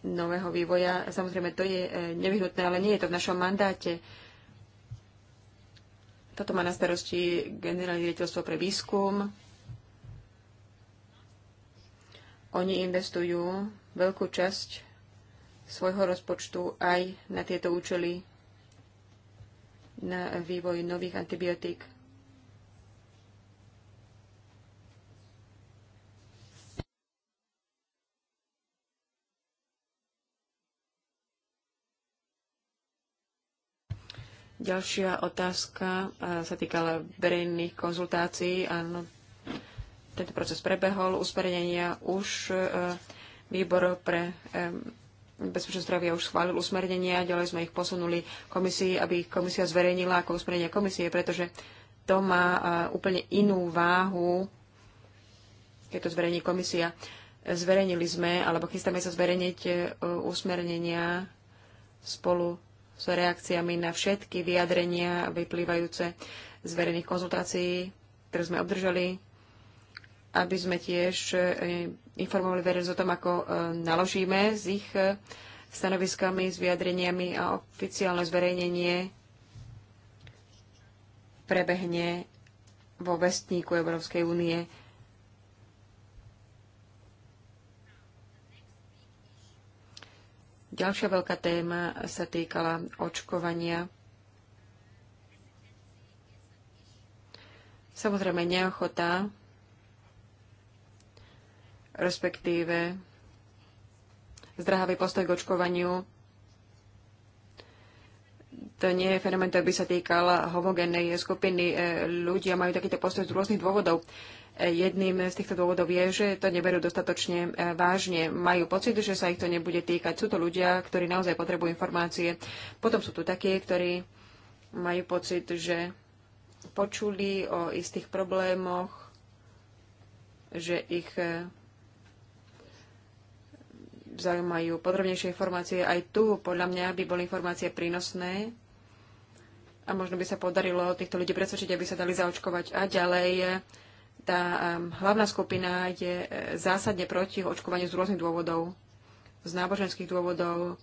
nového vývoja. Samozrejme, to je e, nevyhnutné, ale nie je to v našom mandáte. Toto má na starosti generálne riaditeľstvo pre výskum. Oni investujú veľkú časť svojho rozpočtu aj na tieto účely, na vývoj nových antibiotík. Ďalšia otázka sa týkala verejných konzultácií. Áno, tento proces prebehol. Usmernenia už e, výbor pre e, bezpečnosť zdravia už schválil usmernenia, ďalej sme ich posunuli komisii, aby ich komisia zverejnila ako usmernenia komisie, pretože to má e, úplne inú váhu, keď to zverejní komisia. Zverejnili sme, alebo chystáme sa zverejniť usmernenia spolu s reakciami na všetky vyjadrenia vyplývajúce z verejných konzultácií, ktoré sme obdržali, aby sme tiež e, informovali verejnosť o tom, ako e, naložíme s ich e, stanoviskami, s vyjadreniami a oficiálne zverejnenie prebehne vo vestníku Európskej únie Ďalšia veľká téma sa týkala očkovania. Samozrejme neochota, respektíve zdrahavý postoj k očkovaniu. To nie je fenomén, ktorý by sa týkal homogénnej skupiny. E, Ľudia majú takýto postoj z rôznych dôvodov. Jedným z týchto dôvodov je, že to neberú dostatočne e, vážne. Majú pocit, že sa ich to nebude týkať. Sú to ľudia, ktorí naozaj potrebujú informácie. Potom sú tu takí, ktorí majú pocit, že počuli o istých problémoch, že ich e, zaujímajú podrobnejšie informácie. Aj tu, podľa mňa, by boli informácie prínosné a možno by sa podarilo týchto ľudí presvedčiť, aby sa dali zaočkovať. A ďalej tá um, hlavná skupina je e, zásadne proti očkovaniu z rôznych dôvodov, z náboženských dôvodov,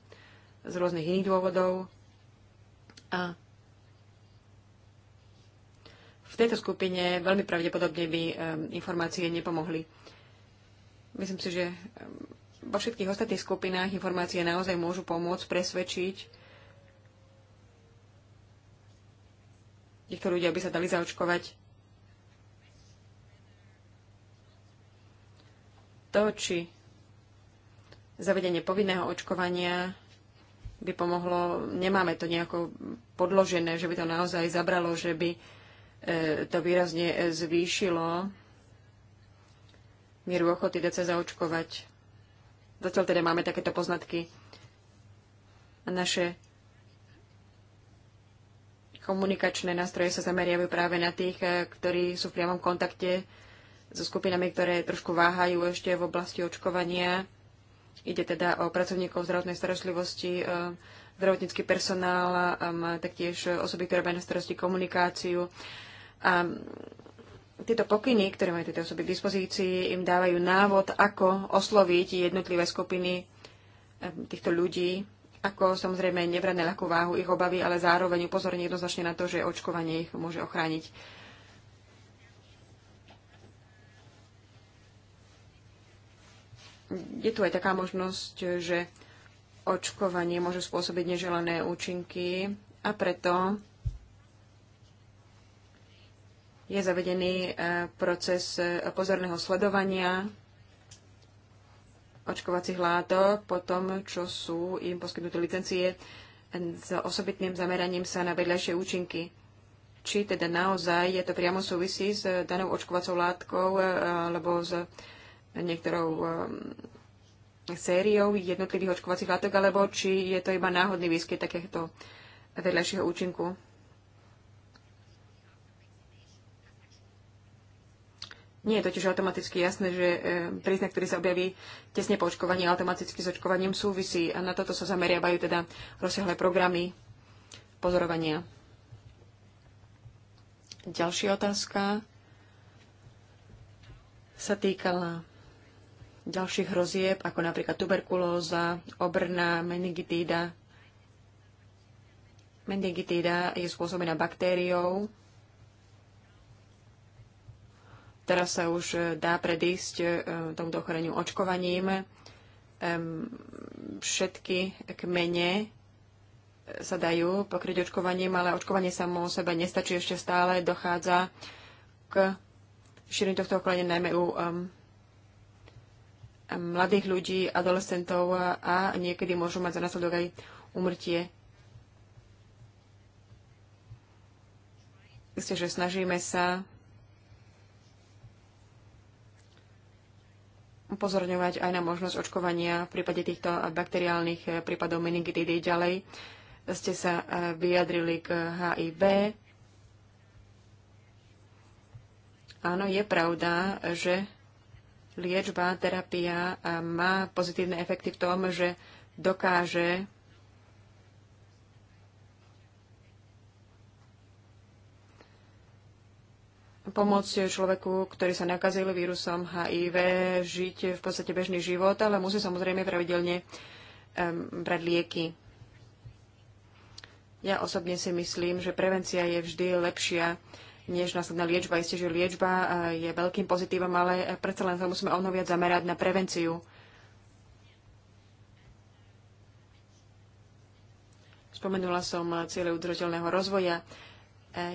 z rôznych iných dôvodov. A v tejto skupine veľmi pravdepodobne by um, informácie nepomohli. Myslím si, že um, vo všetkých ostatných skupinách informácie naozaj môžu pomôcť presvedčiť týchto ľudí, aby sa dali zaočkovať. to, či zavedenie povinného očkovania by pomohlo, nemáme to nejako podložené, že by to naozaj zabralo, že by e, to výrazne e, zvýšilo mieru ochoty dať sa zaočkovať. Zatiaľ teda máme takéto poznatky. Naše komunikačné nástroje sa zameriavajú práve na tých, e, ktorí sú v priamom kontakte so skupinami, ktoré trošku váhajú ešte v oblasti očkovania. Ide teda o pracovníkov zdravotnej starostlivosti, e, zdravotnícky personál, taktiež osoby, ktoré majú na starosti komunikáciu. A tieto pokyny, ktoré majú tieto osoby k dispozícii, im dávajú návod, ako osloviť jednotlivé skupiny e, týchto ľudí, ako samozrejme nebrať na ľahkú váhu ich obavy, ale zároveň upozorniť jednoznačne na to, že očkovanie ich môže ochrániť Je tu aj taká možnosť, že očkovanie môže spôsobiť neželané účinky a preto je zavedený e, proces e, pozorného sledovania očkovacích látok po tom, čo sú im poskytnuté licencie s osobitným zameraním sa na vedľajšie účinky. Či teda naozaj je to priamo súvisí s danou očkovacou látkou e, alebo s niektorou um, sériou jednotlivých očkovacích látok, alebo či je to iba náhodný výskyt takéhoto vedľajšieho účinku. Nie je totiž automaticky jasné, že e, príznak, ktorý sa objaví tesne po očkovaní, automaticky s očkovaním súvisí a na toto sa zameriavajú teda rozsiahle programy pozorovania. Ďalšia otázka sa týkala ďalších hrozieb, ako napríklad tuberkulóza, obrna, meningitída. Meningitída je spôsobená baktériou. Teraz sa už e, dá predísť e, tomuto ochoreniu očkovaním. Všetky kmene e, sa dajú pokryť očkovaním, ale očkovanie samo o sebe nestačí ešte stále. Dochádza k šíreniu tohto ochorenia najmä u mladých ľudí, adolescentov a niekedy môžu mať za následok aj umrtie. Myslím, že snažíme sa upozorňovať aj na možnosť očkovania v prípade týchto bakteriálnych prípadov meningitidy ďalej. Ste sa e, vyjadrili k HIV. Áno, je pravda, že liečba, terapia má pozitívne efekty v tom, že dokáže pomôcť človeku, ktorý sa nakazil vírusom HIV, žiť v podstate bežný život, ale musí samozrejme pravidelne brať lieky. Ja osobne si myslím, že prevencia je vždy lepšia než následná liečba. Isté, že liečba eh, je veľkým pozitívom, ale eh, predsa len sa musíme o viac zamerať na prevenciu. Spomenula som eh, cieľe udržateľného rozvoja.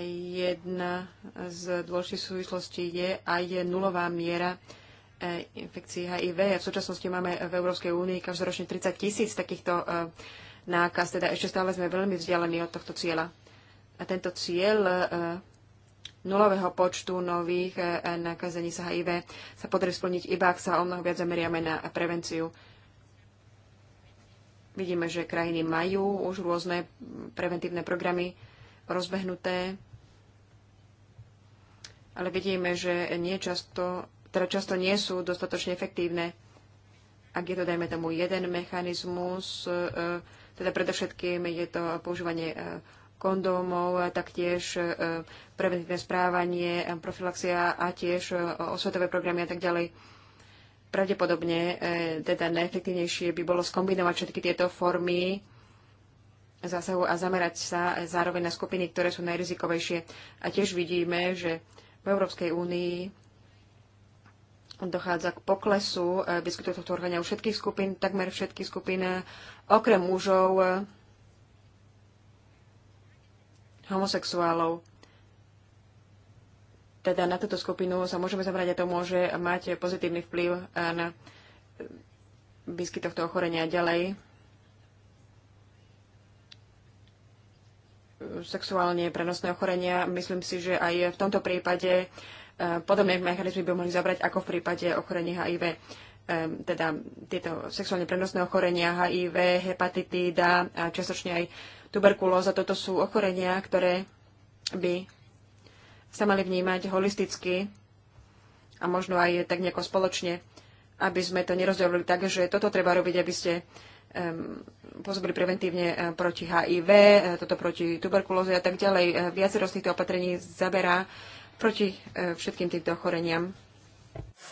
Jedna z dôležitých súvislostí je aj nulová miera infekcií HIV. V súčasnosti máme v Európskej únii každoročne 30 tisíc takýchto nákaz, teda ešte stále sme veľmi vzdialení od tohto cieľa. A tento cieľ nulového počtu nových e, nakazení sa HIV sa podarí splniť iba, ak sa o mnoho viac zameriame na prevenciu. Vidíme, že krajiny majú už rôzne preventívne programy rozbehnuté, ale vidíme, že nie často, teda často nie sú dostatočne efektívne. Ak je to, dajme tomu, jeden mechanizmus, e, teda predovšetkým je to používanie e, kondómov, taktiež e, preventívne správanie, e, profilaxia a tiež e, osvetové programy a tak ďalej. Pravdepodobne teda najefektívnejšie by bolo skombinovať všetky tieto formy zásahu a zamerať sa zároveň na skupiny, ktoré sú najrizikovejšie. A tiež vidíme, že v Európskej únii dochádza k poklesu výskytu tohto orgána u všetkých skupín, takmer všetkých skupín, okrem mužov, homosexuálov. Teda na túto skupinu sa môžeme zamerať a to môže mať pozitívny vplyv eh, na výskyt tohto ochorenia ďalej. Sexuálne prenosné ochorenia, myslím si, že aj v tomto prípade eh, podobné mechanizmy by mohli zabrať ako v prípade ochorenia HIV eh, teda tieto sexuálne prenosné ochorenia, HIV, hepatitída a čiastočne aj tuberkulóza. Toto sú ochorenia, ktoré by sa mali vnímať holisticky a možno aj tak nejako spoločne, aby sme to nerozdelili tak, že toto treba robiť, aby ste um, pôsobili preventívne eh, proti HIV, eh, toto proti tuberkulóze a tak ďalej. Eh, viacero z týchto opatrení zaberá proti všetkým týmto ochoreniam.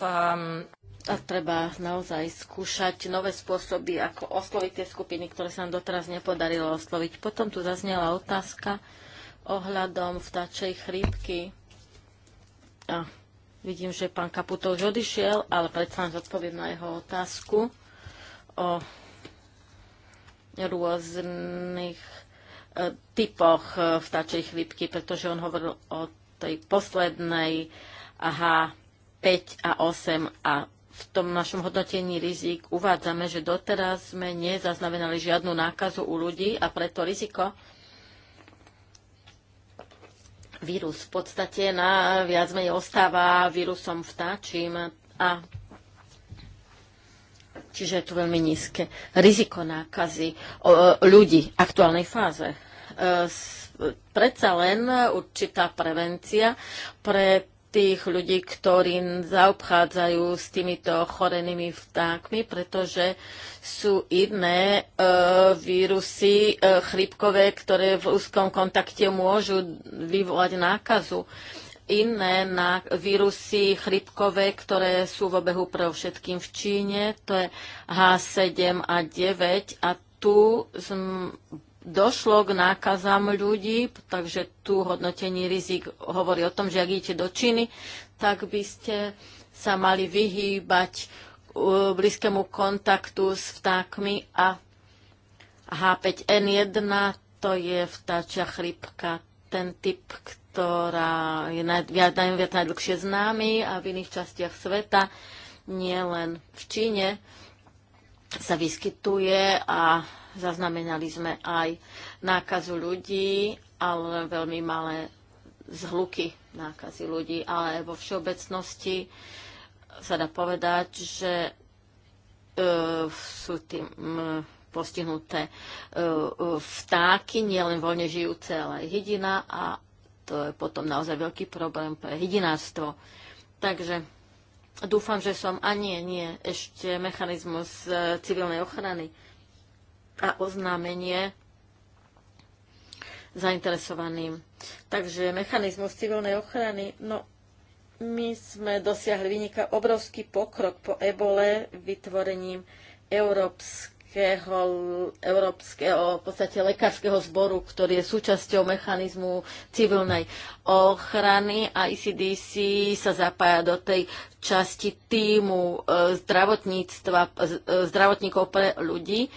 um a treba naozaj skúšať nové spôsoby, ako osloviť tie skupiny, ktoré sa nám doteraz nepodarilo osloviť. Potom tu zaznela otázka ohľadom vtáčej chrípky. A vidím, že pán Kaputo už odišiel, ale predsa vám zodpoviem na jeho otázku o rôznych e, typoch e, vtáčej chrípky, pretože on hovoril o tej poslednej aha, 5 a 8 a v tom našom hodnotení rizik uvádzame, že doteraz sme nezaznamenali žiadnu nákazu u ľudí a preto riziko vírus v podstate na viac menej ostáva vírusom vtáčim a čiže je tu veľmi nízke riziko nákazy ľudí v aktuálnej fáze. E, predsa len určitá prevencia pre tých ľudí, ktorí zaobchádzajú s týmito chorenými vtákmi, pretože sú iné e, vírusy e, chrypkové, ktoré v úzkom kontakte môžu vyvolať nákazu iné na vírusy chrypkové, ktoré sú v obehu pre všetkým v Číne, to je H7 a 9 a tu došlo k nákazám ľudí, takže tu hodnotenie rizik hovorí o tom, že ak idete do Číny, tak by ste sa mali vyhýbať uh, blízkému kontaktu s vtákmi a H5N1 to je vtáčia chrypka, ten typ, ktorá je najviac, najviac najdlhšie známy a v iných častiach sveta, nielen v Číne, sa vyskytuje a Zaznamenali sme aj nákazu ľudí, ale veľmi malé zhluky nákazy ľudí, ale vo všeobecnosti sa dá povedať, že e, sú tým postihnuté e, e, vtáky, nielen voľne žijúce, ale aj hydina a to je potom naozaj veľký problém pre hydinárstvo. Takže dúfam, že som... A nie, nie, ešte mechanizmus e, civilnej ochrany a oznámenie zainteresovaným. Takže mechanizmus civilnej ochrany, no my sme dosiahli vynika obrovský pokrok po ebole vytvorením európskeho, európskeho v podstate lekárskeho zboru, ktorý je súčasťou mechanizmu civilnej ochrany a ICDC sa zapája do tej časti týmu e, zdravotníctva, e, e, zdravotníkov pre ľudí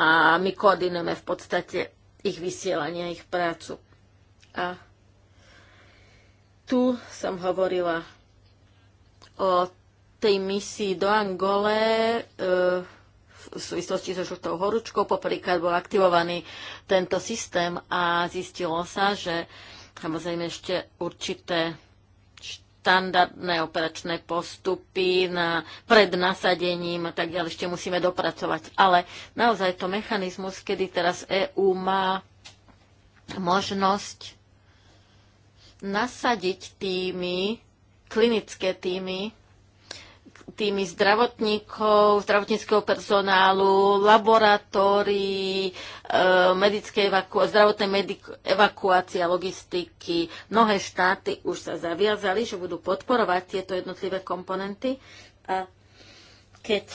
a my koordinujeme v podstate ich vysielanie, ich prácu. A tu som hovorila o tej misii do Angole e, v súvislosti so žltou horúčkou. Poprvýkrát bol aktivovaný tento systém a zistilo sa, že samozrejme ešte určité štandardné operačné postupy na, pred nasadením a tak ďalej ešte musíme dopracovať. Ale naozaj to mechanizmus, kedy teraz EÚ má možnosť nasadiť týmy, klinické týmy, týmy zdravotníkov, zdravotníckého personálu, laboratórií, e, evaku- zdravotné medik- evakuácie a logistiky. Mnohé štáty už sa zaviazali, že budú podporovať tieto jednotlivé komponenty. A keď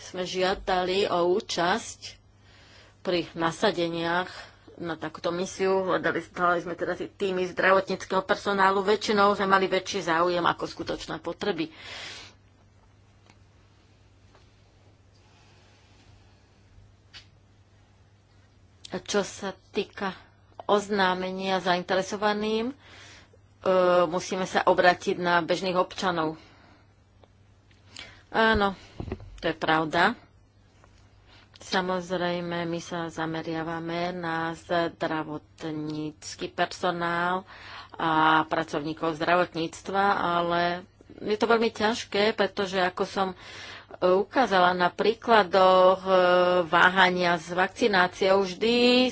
sme žiadali o účasť pri nasadeniach na takúto misiu, hľadali sme teda týmy zdravotníckého personálu, väčšinou sme mali väčší záujem ako skutočné potreby. Čo sa týka oznámenia zainteresovaným, e, musíme sa obratiť na bežných občanov. Áno, to je pravda. Samozrejme, my sa zameriavame na zdravotnícky personál a pracovníkov zdravotníctva, ale je to veľmi ťažké, pretože ako som ukázala na príkladoch e, váhania s vakcináciou. Vždy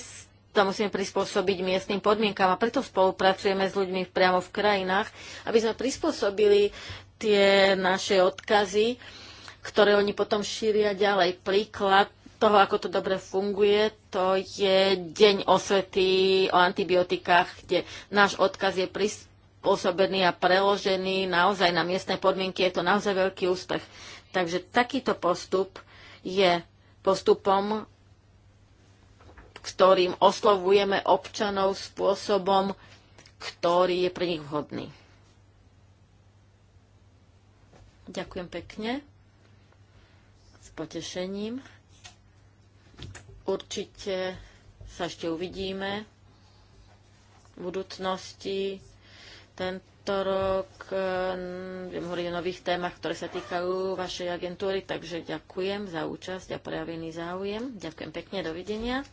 to musíme prispôsobiť miestnym podmienkam a preto spolupracujeme s ľuďmi priamo v krajinách, aby sme prispôsobili tie naše odkazy, ktoré oni potom šíria ďalej. Príklad toho, ako to dobre funguje, to je Deň osvety o antibiotikách, kde náš odkaz je prispôsobený a preložený naozaj na miestne podmienky. Je to naozaj veľký úspech. Takže takýto postup je postupom, ktorým oslovujeme občanov spôsobom, ktorý je pre nich vhodný. Ďakujem pekne. S potešením. Určite sa ešte uvidíme v budúcnosti. tento útorok. Eh, budem hovoriť o nových témach, ktoré sa týkajú vašej agentúry, takže ďakujem za účasť a prejavený záujem. Ďakujem pekne, dovidenia.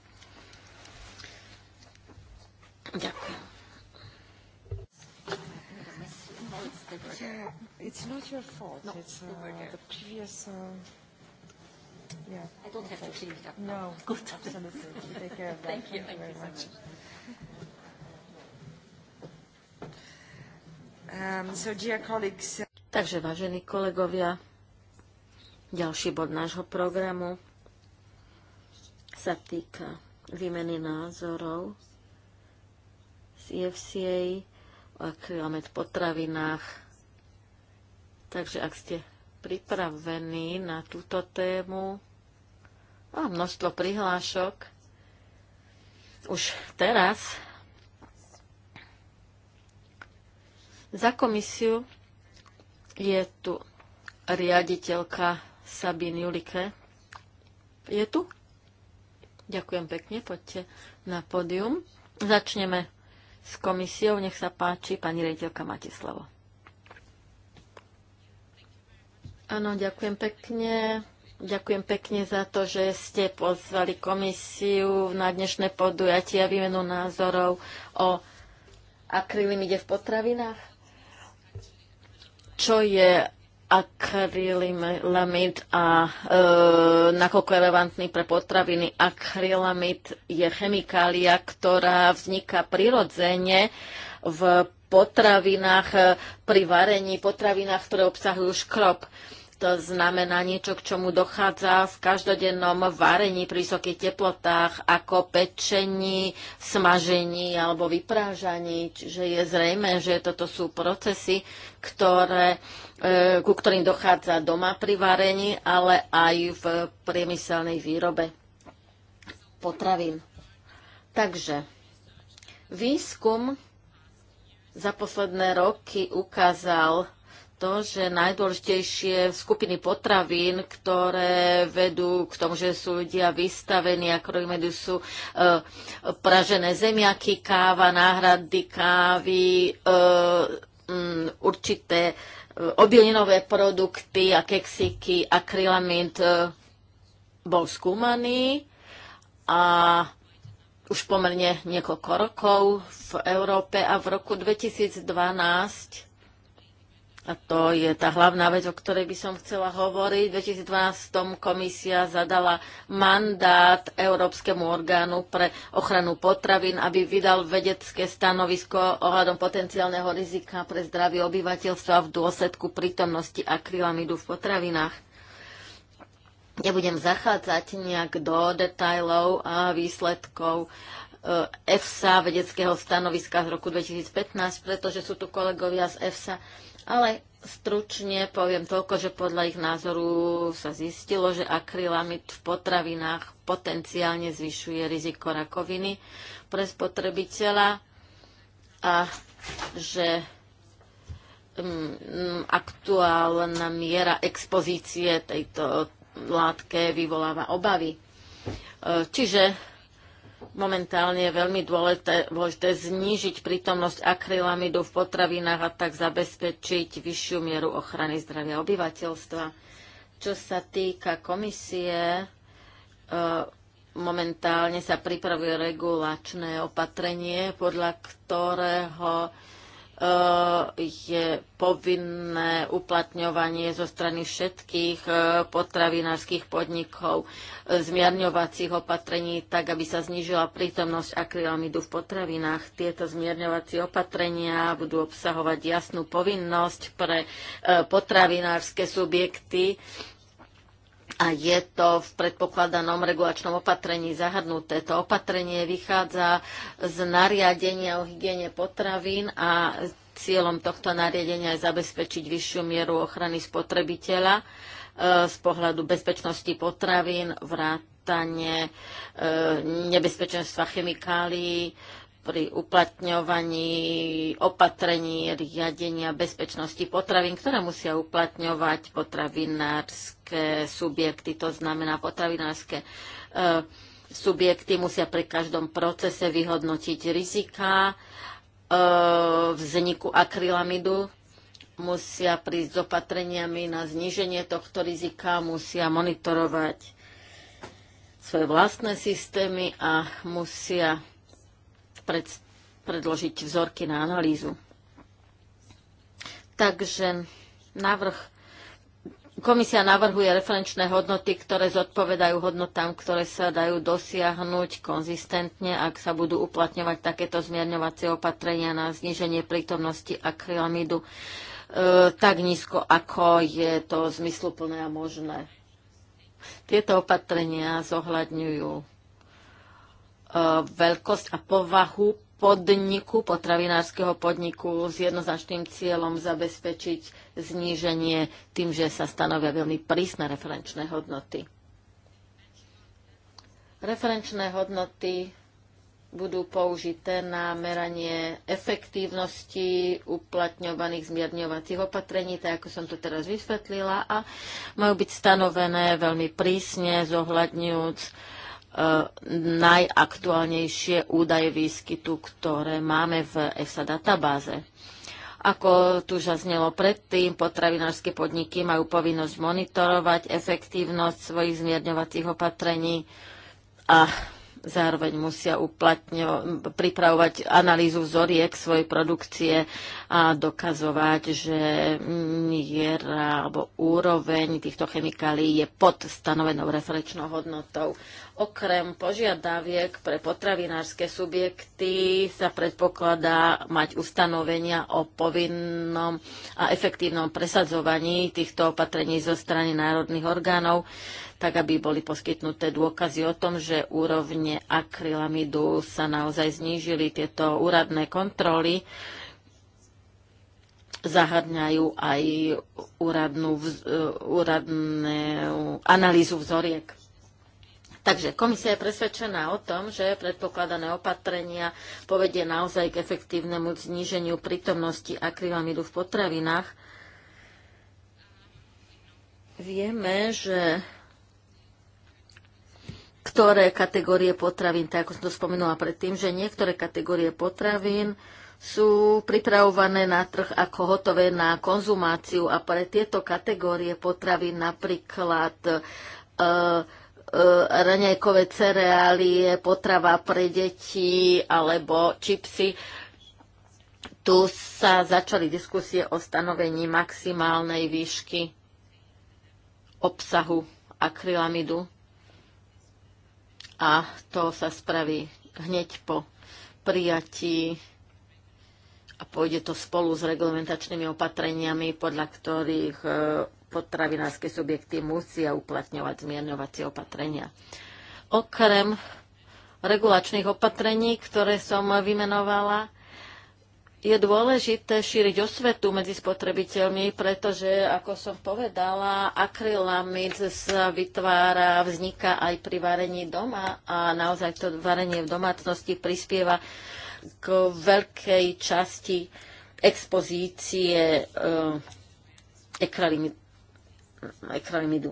Ďakujem. It's not your fault. No, it's uh, the previous. Uh, yeah. I don't have to clean it up. No, good. Absolutely. Take care of that. Thank you. Thank you, thank you very much. much. Um, uh, Takže, vážení kolegovia, ďalší bod nášho programu sa týka výmeny názorov z EFCA o akviomet potravinách. Takže ak ste pripravení na túto tému, a množstvo prihlášok, už teraz Za komisiu je tu riaditeľka Sabín Julike. Je tu? Ďakujem pekne, poďte na pódium. Začneme s komisiou, nech sa páči. Pani riaditeľka, máte slovo. Áno, ďakujem pekne. Ďakujem pekne za to, že ste pozvali komisiu na dnešné podujatie a výmenu názorov o akrylimide v potravinách čo je akrylamid a e, nakoľko je relevantný pre potraviny. Akrylamid je chemikália, ktorá vzniká prirodzene v potravinách, e, pri varení potravinách, ktoré obsahujú škrob. E, to znamená niečo, k čomu dochádza v každodennom varení pri vysokých teplotách, ako pečení, smažení alebo vyprážaní. Čiže je zrejme, že toto sú procesy, ktoré, e, ku ktorým dochádza doma pri varení, ale aj v priemyselnej výrobe potravín. Takže výskum za posledné roky ukázal, to, že najdôležitejšie skupiny potravín, ktoré vedú k tomu, že sú ľudia vystavení, ako medu sú e, pražené zemiaky, káva, náhrady kávy, e, m, určité e, obilninové produkty a keksiky, akrylamid e, bol skúmaný a už pomerne niekoľko rokov v Európe a v roku 2012 a to je tá hlavná vec, o ktorej by som chcela hovoriť. V 2012 komisia zadala mandát Európskemu orgánu pre ochranu potravín, aby vydal vedecké stanovisko ohľadom potenciálneho rizika pre zdravie obyvateľstva v dôsledku prítomnosti akrylamidu v potravinách. Nebudem ja zachádzať nejak do detajlov a výsledkov eh, EFSA, vedeckého stanoviska z roku 2015, pretože sú tu kolegovia z EFSA ale stručne poviem toľko, že podľa ich názoru sa zistilo, že akrylamid v potravinách potenciálne zvyšuje riziko rakoviny pre spotrebiteľa a že mm, aktuálna miera expozície tejto látke vyvoláva obavy. E, čiže Momentálne je veľmi dôležité, dôležité znížiť prítomnosť akrylamidu v potravinách a tak zabezpečiť vyššiu mieru ochrany zdravia obyvateľstva. Čo sa týka komisie, e, momentálne sa pripravuje regulačné opatrenie, podľa ktorého Eh, je povinné uplatňovanie zo strany všetkých eh, potravinárskych podnikov eh, zmierňovacích opatrení tak, aby sa znížila prítomnosť akrylamidu v potravinách. Tieto zmierňovacie opatrenia budú obsahovať jasnú povinnosť pre potravinárske subjekty a je to v predpokladanom regulačnom opatrení zahrnuté. To opatrenie vychádza z nariadenia o hygiene potravín a cieľom tohto nariadenia je zabezpečiť vyššiu mieru ochrany spotrebiteľa e, z pohľadu bezpečnosti potravín, vrátanie e, nebezpečenstva chemikálií, pri uplatňovaní opatrení riadenia bezpečnosti potravín, ktoré musia uplatňovať potravinárske subjekty, to znamená potravinárske e, subjekty musia pri každom procese vyhodnotiť rizika e, vzniku akrylamidu, musia prísť s opatreniami na zníženie tohto rizika, musia monitorovať svoje vlastné systémy a musia pred, predložiť vzorky na analýzu. Takže návrh Komisia navrhuje referenčné hodnoty, ktoré zodpovedajú hodnotám, ktoré sa dajú dosiahnuť konzistentne, ak sa budú uplatňovať takéto zmierňovacie opatrenia na zníženie prítomnosti akrylamidu e, tak nízko, ako je to zmysluplné a možné. Tieto opatrenia zohľadňujú E, veľkosť a povahu podniku, potravinárskeho podniku s jednoznačným cieľom zabezpečiť zníženie tým, že sa stanovia veľmi prísne referenčné hodnoty. Referenčné hodnoty budú použité na meranie efektívnosti uplatňovaných zmierňovacích opatrení, tak ako som to teraz vysvetlila, a majú byť stanovené veľmi prísne, zohľadňujúc E, najaktuálnejšie údaje výskytu, ktoré máme v EFSA databáze. Ako tu zaznelo predtým, potravinárske podniky majú povinnosť monitorovať efektívnosť svojich zmierňovacích opatrení a zároveň musia pripravovať analýzu vzoriek svojej produkcie a dokazovať, že miera alebo úroveň týchto chemikálií je pod stanovenou referenčnou hodnotou. Okrem požiadaviek pre potravinárske subjekty sa predpokladá mať ustanovenia o povinnom a efektívnom presadzovaní týchto opatrení zo strany národných orgánov, tak aby boli poskytnuté dôkazy o tom, že úrovne akrylamidu sa naozaj znížili tieto úradné kontroly zahrňajú aj úradnú, e, úradnú analýzu vzoriek. Takže komisia je presvedčená o tom, že predpokladané opatrenia povedie naozaj k efektívnemu zníženiu prítomnosti akrylamidu v potravinách. Vieme, že ktoré kategórie potravín, tak ako som to spomenula predtým, že niektoré kategórie potravín sú pripravované na trh ako hotové na konzumáciu a pre tieto kategórie potravy napríklad e, e raňajkové cereálie, potrava pre deti alebo čipsy. Tu sa začali diskusie o stanovení maximálnej výšky obsahu akrylamidu a to sa spraví hneď po prijatí a pôjde to spolu s reglementačnými opatreniami, podľa ktorých e, potravinárske subjekty musia uplatňovať zmierňovacie opatrenia. Okrem regulačných opatrení, ktoré som vymenovala, je dôležité šíriť osvetu medzi spotrebiteľmi, pretože, ako som povedala, akrylamid sa vytvára, vzniká aj pri varení doma a naozaj to varenie v domácnosti prispieva k veľkej časti expozície eh, ekralimidu.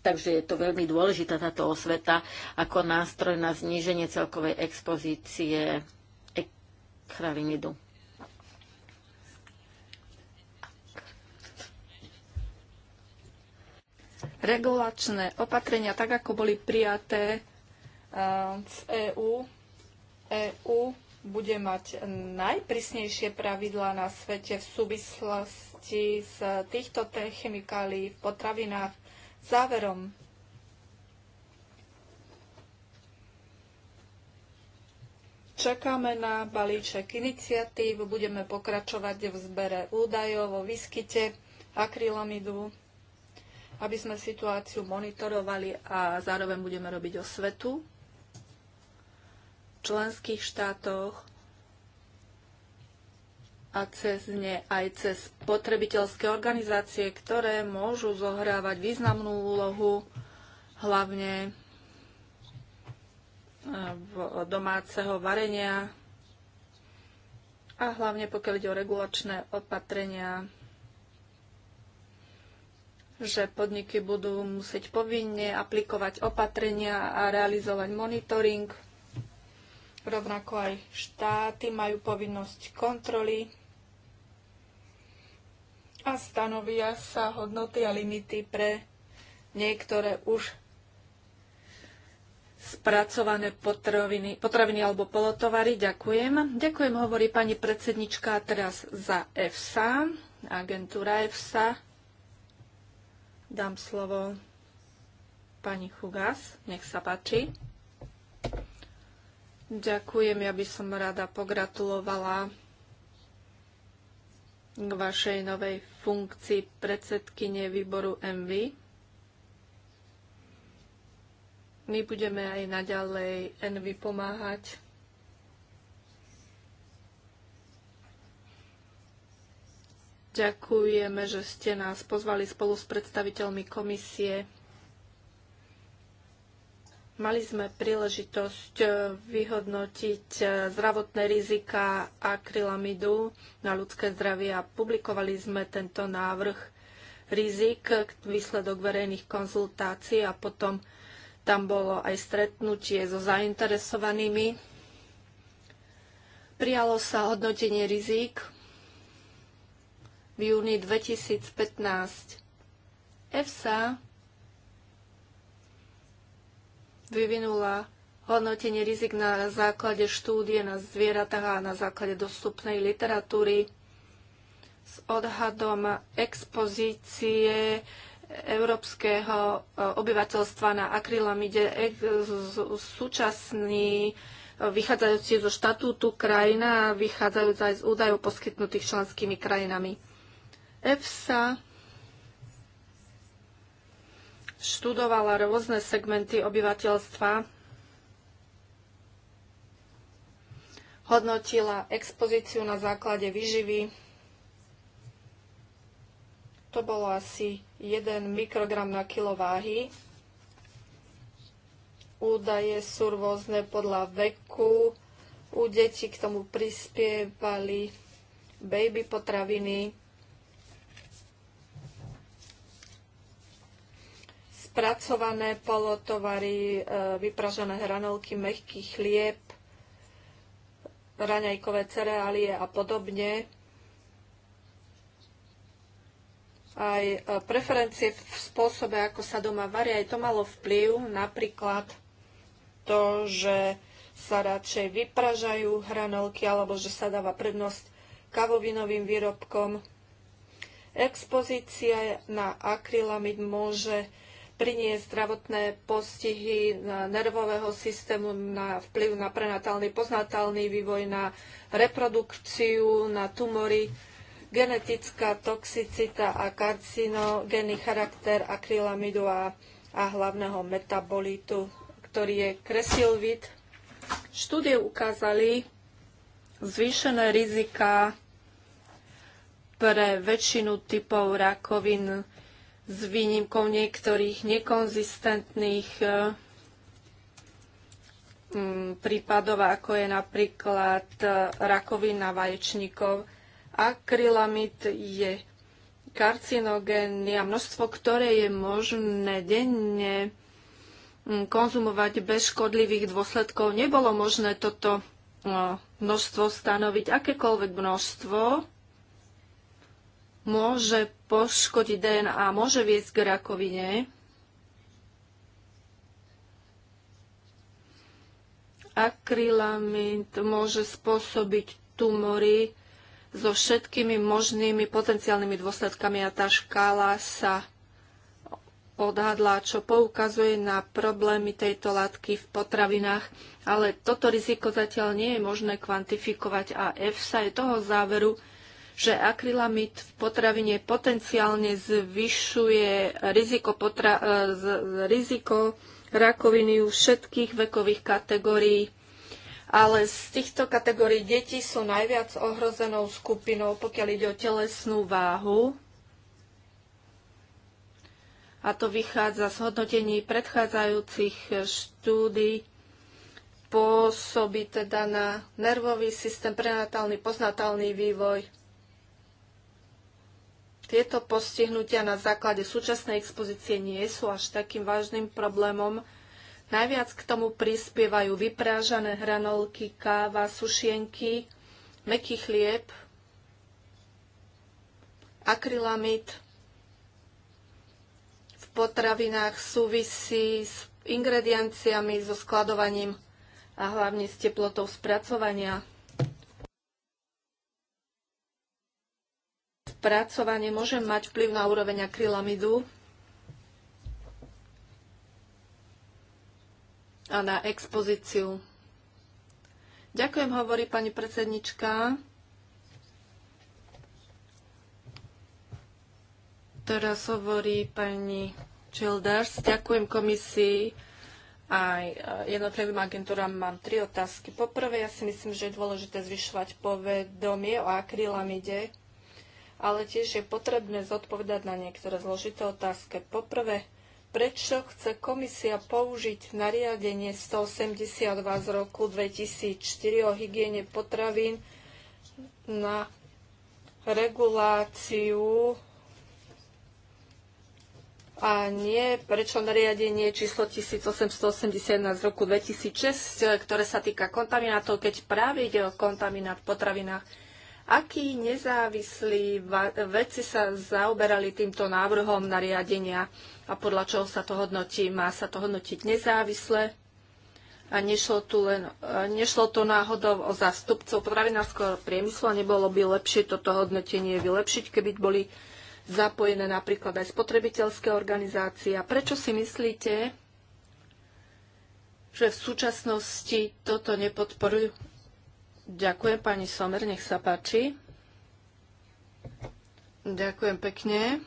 Takže je to veľmi dôležitá táto osveta ako nástroj na zníženie celkovej expozície ekralimidu. regulačné opatrenia, tak ako boli prijaté eh, v EU. EÚ bude mať najprísnejšie pravidlá na svete v súvislosti s týchto chemikálií v potravinách. Záverom Čakáme na balíček iniciatív, budeme pokračovať v zbere údajov o výskyte akrylamidu, aby sme situáciu monitorovali a zároveň budeme robiť osvetu členských štátoch a cez ne aj cez potrebiteľské organizácie, ktoré môžu zohrávať významnú úlohu hlavne e, domáceho varenia a hlavne pokiaľ ide o regulačné opatrenia, že podniky budú musieť povinne aplikovať opatrenia a realizovať monitoring Rovnako aj štáty majú povinnosť kontroly a stanovia sa hodnoty a limity pre niektoré už spracované potraviny, potraviny alebo polotovary. Ďakujem. Ďakujem, hovorí pani predsednička teraz za EFSA, agentúra EFSA. Dám slovo pani Chugas, nech sa páči. Ďakujem, ja by som rada pogratulovala k vašej novej funkcii predsedkyne výboru MV. My budeme aj naďalej NV pomáhať. Ďakujeme, že ste nás pozvali spolu s predstaviteľmi komisie. Mali sme príležitosť e, vyhodnotiť e, zdravotné rizika akrylamidu na ľudské zdravie a publikovali sme tento návrh rizik, výsledok verejných konzultácií a potom tam bolo aj stretnutie so zainteresovanými. Prijalo sa hodnotenie rizik v júni 2015. EFSA vyvinula hodnotenie rizik na základe štúdie na zvieratách a na základe dostupnej literatúry s odhadom expozície európskeho e, obyvateľstva na akrylamide súčasný e, vychádzajúci zo štatútu krajina a vychádzajúci aj z údajov poskytnutých členskými krajinami. EFSA študovala rôzne segmenty obyvateľstva, hodnotila expozíciu na základe vyživy. To bolo asi 1 mikrogram na kilováhy. Údaje sú rôzne podľa veku. U detí k tomu prispievali baby potraviny, spracované polotovary, e, vypražené hranolky, mehký chlieb, raňajkové cereálie a podobne. Aj e, preferencie v spôsobe, ako sa doma varia, aj to malo vplyv, napríklad to, že sa radšej vypražajú hranolky alebo že sa dáva prednosť kavovinovým výrobkom. Expozícia na akrylamid môže priniesť zdravotné postihy na nervového systému, na vplyv na prenatálny, poznatálny vývoj, na reprodukciu, na tumory, genetická toxicita a karcinogénny charakter akrylamidu a, a hlavného metabolitu, ktorý je kresilvit. Štúdie ukázali zvýšené rizika pre väčšinu typov rakovín s výnimkou niektorých nekonzistentných e, prípadov, ako je napríklad e, rakovina vaječníkov. Akrylamid je karcinogénny a množstvo, ktoré je možné denne konzumovať bez škodlivých dôsledkov. Nebolo možné toto e, množstvo stanoviť, akékoľvek množstvo, môže poškodiť DNA, môže viesť k rakovine. Akrylamid môže spôsobiť tumory so všetkými možnými potenciálnymi dôsledkami a tá škála sa odhadla, čo poukazuje na problémy tejto látky v potravinách, ale toto riziko zatiaľ nie je možné kvantifikovať a EFSA je toho záveru, že akrylamid v potravine potenciálne zvyšuje riziko, potra- e, z, riziko rakoviny u všetkých vekových kategórií. Ale z týchto kategórií deti sú najviac ohrozenou skupinou, pokiaľ ide o telesnú váhu. A to vychádza z hodnotení predchádzajúcich štúdí pôsobí teda na nervový systém, prenatálny, poznatálny vývoj. Tieto postihnutia na základe súčasnej expozície nie sú až takým vážnym problémom. Najviac k tomu prispievajú vyprážané hranolky, káva, sušienky, meký chlieb, akrylamid. V potravinách súvisí s ingredienciami, so skladovaním a hlavne s teplotou spracovania. spracovanie môže mať vplyv na úroveň akrylamidu a na expozíciu. Ďakujem, hovorí pani predsednička. Teraz hovorí pani Childers. Ďakujem komisii aj jednotlivým agentúram. Mám tri otázky. Poprvé, ja si myslím, že je dôležité zvyšovať povedomie o akrylamide ale tiež je potrebné zodpovedať na niektoré zložité otázky. Poprvé, prečo chce komisia použiť nariadenie 182 z roku 2004 o hygiene potravín na reguláciu a nie prečo nariadenie číslo 1881 z roku 2006, ktoré sa týka kontaminátov, keď práve ide o kontaminát v potravinách Akí nezávislí vedci sa zaoberali týmto návrhom nariadenia a podľa čoho sa to hodnotí? Má sa to hodnotiť nezávisle? A nešlo, tu len, e, nešlo to náhodou o zastupcov potravinárskeho priemyslu a nebolo by lepšie toto hodnotenie vylepšiť, keby boli zapojené napríklad aj spotrebiteľské organizácie. A prečo si myslíte, že v súčasnosti toto nepodporujú? Ďakujem pani Somer, nech sa páči. Ďakujem pekne.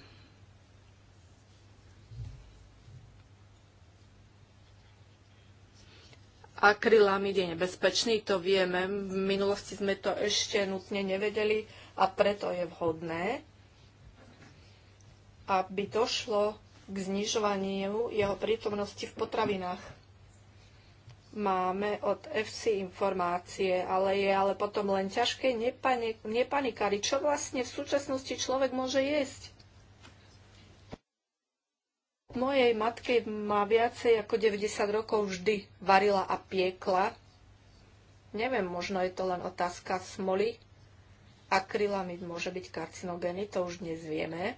Akrylamid je nebezpečný, to vieme. V minulosti sme to ešte nutne nevedeli a preto je vhodné, aby došlo k znižovaniu jeho prítomnosti v potravinách máme od FC informácie, ale je ale potom len ťažké nepanikári. Čo vlastne v súčasnosti človek môže jesť? Mojej matke má viacej ako 90 rokov vždy varila a piekla. Neviem, možno je to len otázka smoly. Akrylamid môže byť karcinogény, to už dnes vieme.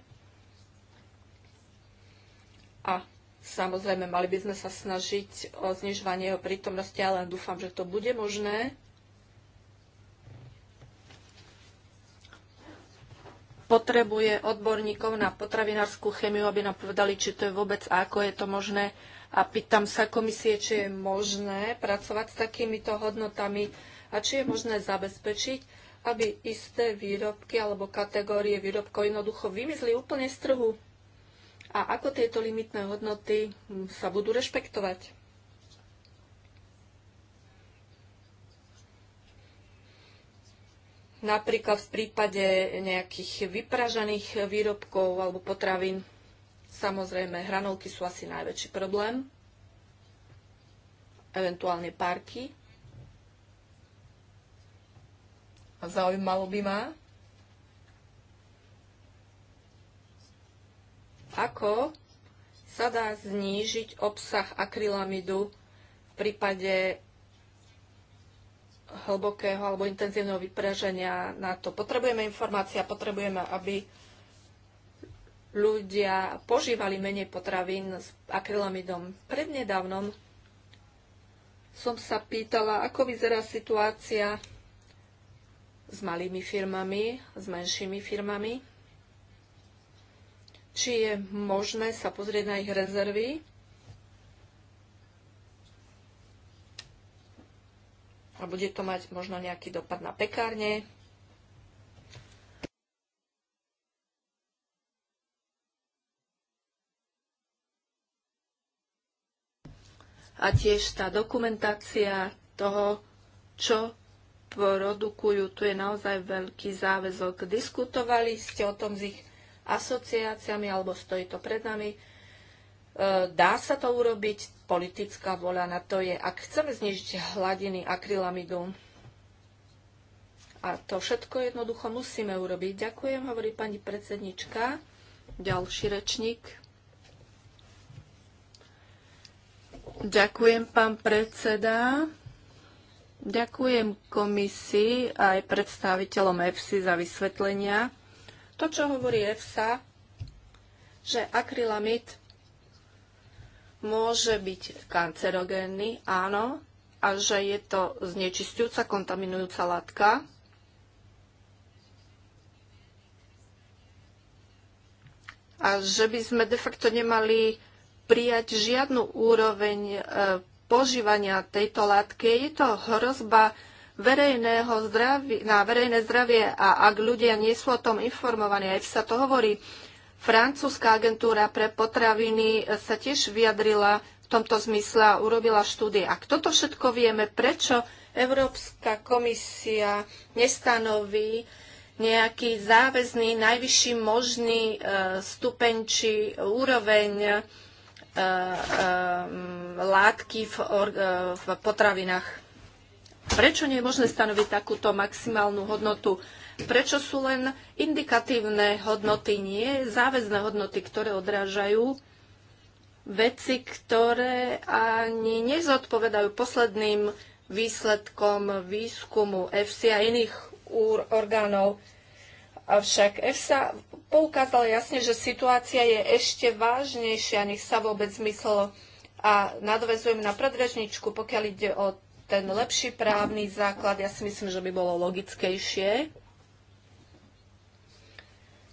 A Samozrejme, mali by sme sa snažiť o znižovanie jeho prítomnosti, ale len dúfam, že to bude možné. Potrebuje odborníkov na potravinárskú chemiu, aby nám povedali, či to je vôbec a ako je to možné. A pýtam sa komisie, či je možné pracovať s takýmito hodnotami a či je možné zabezpečiť, aby isté výrobky alebo kategórie výrobkov jednoducho vymizli úplne z trhu a ako tieto limitné hodnoty sa budú rešpektovať. Napríklad v prípade nejakých vypražaných výrobkov alebo potravín. Samozrejme, hranolky sú asi najväčší problém, eventuálne parky. Zaujímalo by ma, ako sa dá znížiť obsah akrylamidu v prípade hlbokého alebo intenzívneho vypraženia na to. Potrebujeme informácia, potrebujeme, aby ľudia požívali menej potravín s akrylamidom. Prednedávnom som sa pýtala, ako vyzerá situácia s malými firmami, s menšími firmami či je možné sa pozrieť na ich rezervy. A bude to mať možno nejaký dopad na pekárne. A tiež tá dokumentácia toho, čo produkujú, tu je naozaj veľký záväzok. Diskutovali ste o tom z ich asociáciami, alebo stojí to pred nami. E, dá sa to urobiť, politická voľa na to je, ak chceme znižiť hladiny akrylamidu. A to všetko jednoducho musíme urobiť. Ďakujem, hovorí pani predsednička. Ďalší rečník. Ďakujem, pán predseda. Ďakujem komisii aj predstaviteľom EFSI za vysvetlenia. To, čo hovorí EFSA, že akrylamid môže byť kancerogénny, áno, a že je to znečistujúca, kontaminujúca látka. A že by sme de facto nemali prijať žiadnu úroveň e, požívania tejto látky. Je to hrozba verejného zdraví, na verejné zdravie a ak ľudia nie sú o tom informovaní, aj sa to hovorí, francúzska agentúra pre potraviny sa tiež vyjadrila v tomto zmysle a urobila štúdie. Ak toto všetko vieme, prečo Európska komisia nestanoví nejaký záväzný, najvyšší možný e, stupeň či úroveň e, e, látky v, or, e, v potravinách. Prečo nie je možné stanoviť takúto maximálnu hodnotu? Prečo sú len indikatívne hodnoty, nie záväzné hodnoty, ktoré odrážajú veci, ktoré ani nezodpovedajú posledným výsledkom výskumu EFSI a iných orgánov. Avšak EFSA poukázala jasne, že situácia je ešte vážnejšia, než sa vôbec myslelo. A nadvezujem na predrežničku, pokiaľ ide o ten lepší právny základ, ja si myslím, že by bolo logickejšie,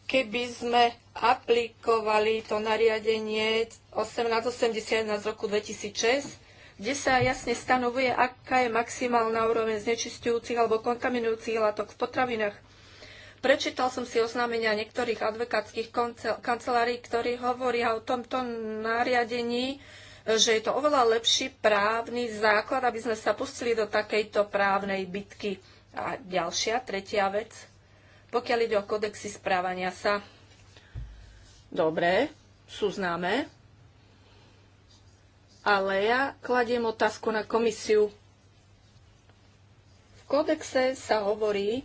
keby sme aplikovali to nariadenie 1881 z roku 2006, kde sa jasne stanovuje, aká je maximálna úroveň znečistujúcich alebo kontaminujúcich látok v potravinách. Prečítal som si oznámenia niektorých advokátskych kancelárií, ktorí hovoria o tomto nariadení že je to oveľa lepší právny základ, aby sme sa pustili do takejto právnej bitky. A ďalšia, tretia vec, pokiaľ ide o kodexy správania sa. Dobre, sú známe, ale ja kladiem otázku na komisiu. V kodexe sa hovorí,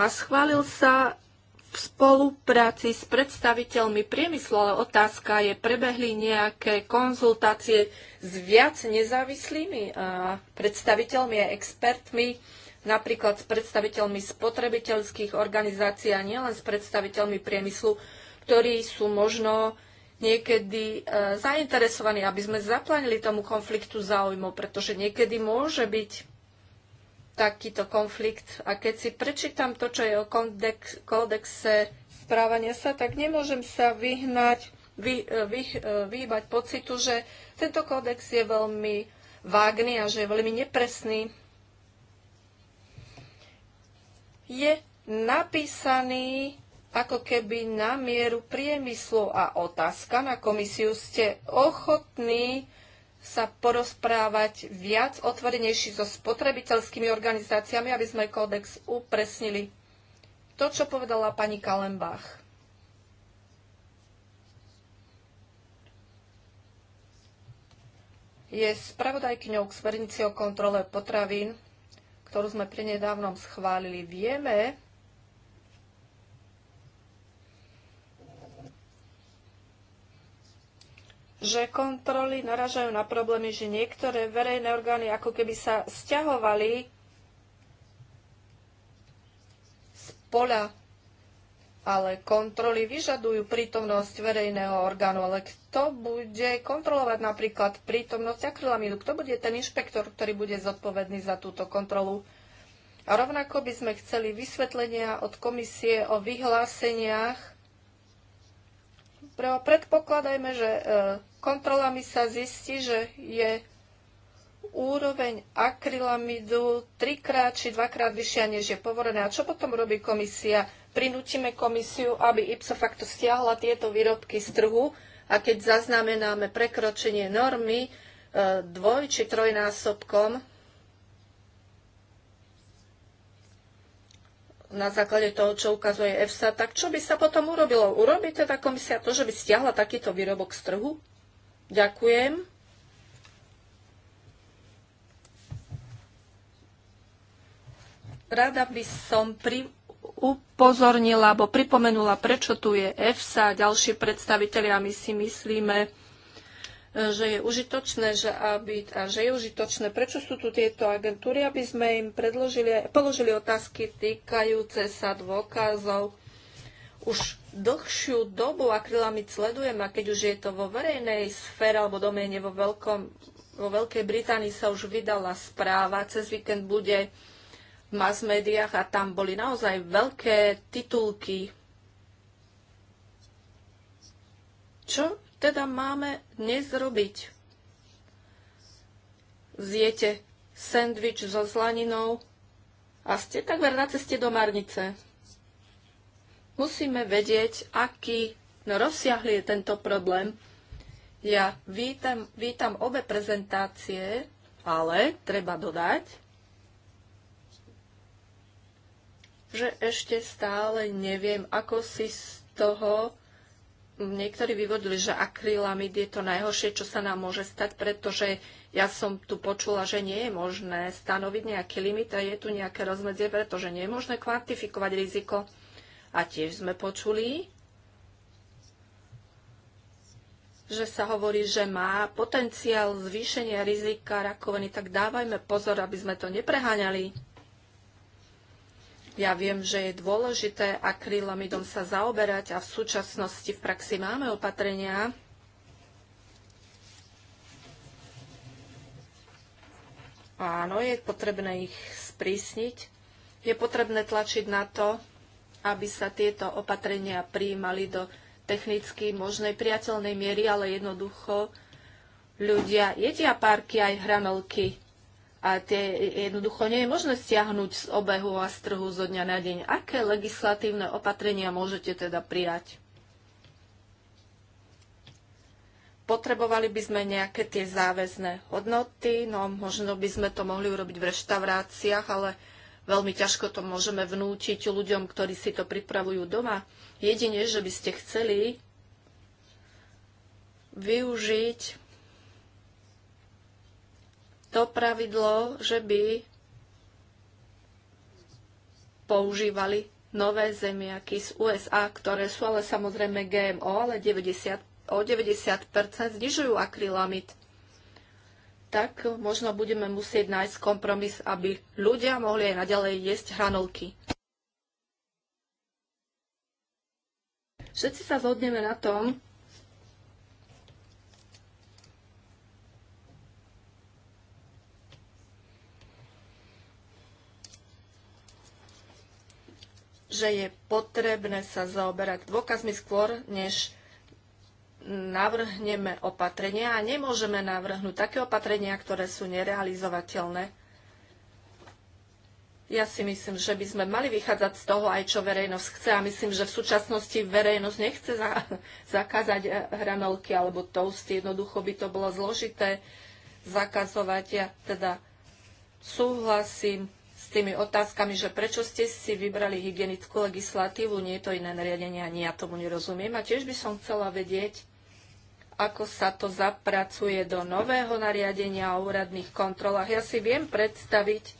a schválil sa v spolupráci s predstaviteľmi priemyslu, ale otázka je, prebehli nejaké konzultácie s viac nezávislými predstaviteľmi a expertmi, napríklad s predstaviteľmi spotrebiteľských organizácií a nielen s predstaviteľmi priemyslu, ktorí sú možno niekedy e, zainteresovaní, aby sme zaplanili tomu konfliktu záujmu, pretože niekedy môže byť takýto konflikt. A keď si prečítam to, čo je o kódexe správania sa, tak nemôžem sa vyhnať, vy, vy, vyhýbať pocitu, že tento kódex je veľmi vágný a že je veľmi nepresný. Je napísaný ako keby na mieru priemyslu a otázka na komisiu ste ochotní sa porozprávať viac otvorenejší so spotrebiteľskými organizáciami, aby sme kódex upresnili. To, čo povedala pani Kalembach. Je spravodajkyňou k smernici o kontrole potravín, ktorú sme nedávnom schválili. Vieme, že kontroly naražajú na problémy, že niektoré verejné orgány ako keby sa stiahovali z pola, ale kontroly vyžadujú prítomnosť verejného orgánu. Ale kto bude kontrolovať napríklad prítomnosť akrylamidu? Kto bude ten inšpektor, ktorý bude zodpovedný za túto kontrolu? A rovnako by sme chceli vysvetlenia od komisie o vyhláseniach. Predpokladajme, že e, kontrolami sa zistí, že je úroveň akrylamidu trikrát či dvakrát vyššia, než je povorené. A čo potom robí komisia? Prinútime komisiu, aby ipso facto stiahla tieto výrobky z trhu a keď zaznamenáme prekročenie normy e, dvoj- či trojnásobkom, na základe toho, čo ukazuje EFSA, tak čo by sa potom urobilo? Urobí teda komisia to, že by stiahla takýto výrobok z trhu? Ďakujem. Rada by som pri, upozornila, alebo pripomenula, prečo tu je EFSA a ďalší predstaviteľi a my si myslíme, že je užitočné, že aby, a že je užitočné, prečo sú tu tieto agentúry, aby sme im predložili, položili otázky týkajúce sa dôkazov už dlhšiu dobu akrylamid sledujem a keď už je to vo verejnej sfére alebo domene vo, veľkom, vo Veľkej Británii sa už vydala správa, cez víkend bude v mass médiách a tam boli naozaj veľké titulky. Čo teda máme dnes robiť? Zjete sendvič so zlaninou a ste takmer na ceste do Marnice. Musíme vedieť, aký no, rozsiahly je tento problém. Ja vítam, vítam obe prezentácie, ale treba dodať, že ešte stále neviem, ako si z toho niektorí vyvodili, že akrylamid je to najhoršie, čo sa nám môže stať, pretože ja som tu počula, že nie je možné stanoviť nejaký limit a je tu nejaké rozmedzie, pretože nie je možné kvantifikovať riziko. A tiež sme počuli, že sa hovorí, že má potenciál zvýšenia rizika rakoviny, tak dávajme pozor, aby sme to nepreháňali. Ja viem, že je dôležité akrylamidom sa zaoberať a v súčasnosti v praxi máme opatrenia, Áno, je potrebné ich sprísniť. Je potrebné tlačiť na to, aby sa tieto opatrenia prijímali do technicky možnej priateľnej miery, ale jednoducho ľudia jedia párky aj hranolky a tie jednoducho nie je možné stiahnuť z obehu a z trhu zo dňa na deň. Aké legislatívne opatrenia môžete teda prijať? Potrebovali by sme nejaké tie záväzné hodnoty, no možno by sme to mohli urobiť v reštauráciách, ale Veľmi ťažko to môžeme vnútiť ľuďom, ktorí si to pripravujú doma. Jedine, že by ste chceli využiť to pravidlo, že by používali nové zemiaky z USA, ktoré sú ale samozrejme GMO, ale 90, o 90% znižujú akrylamid tak možno budeme musieť nájsť kompromis, aby ľudia mohli aj naďalej jesť hranolky. Všetci sa zhodneme na tom, že je potrebné sa zaoberať dôkazmi skôr, než navrhneme opatrenia a nemôžeme navrhnúť také opatrenia, ktoré sú nerealizovateľné. Ja si myslím, že by sme mali vychádzať z toho aj, čo verejnosť chce a myslím, že v súčasnosti verejnosť nechce za- zakázať eh, hranolky alebo toasty. Jednoducho by to bolo zložité zakazovať. Ja teda súhlasím s tými otázkami, že prečo ste si vybrali hygienickú legislatívu, nie je to iné nariadenie, ani ja tomu nerozumiem. A tiež by som chcela vedieť, ako sa to zapracuje do nového nariadenia o úradných kontrolách. Ja si viem predstaviť,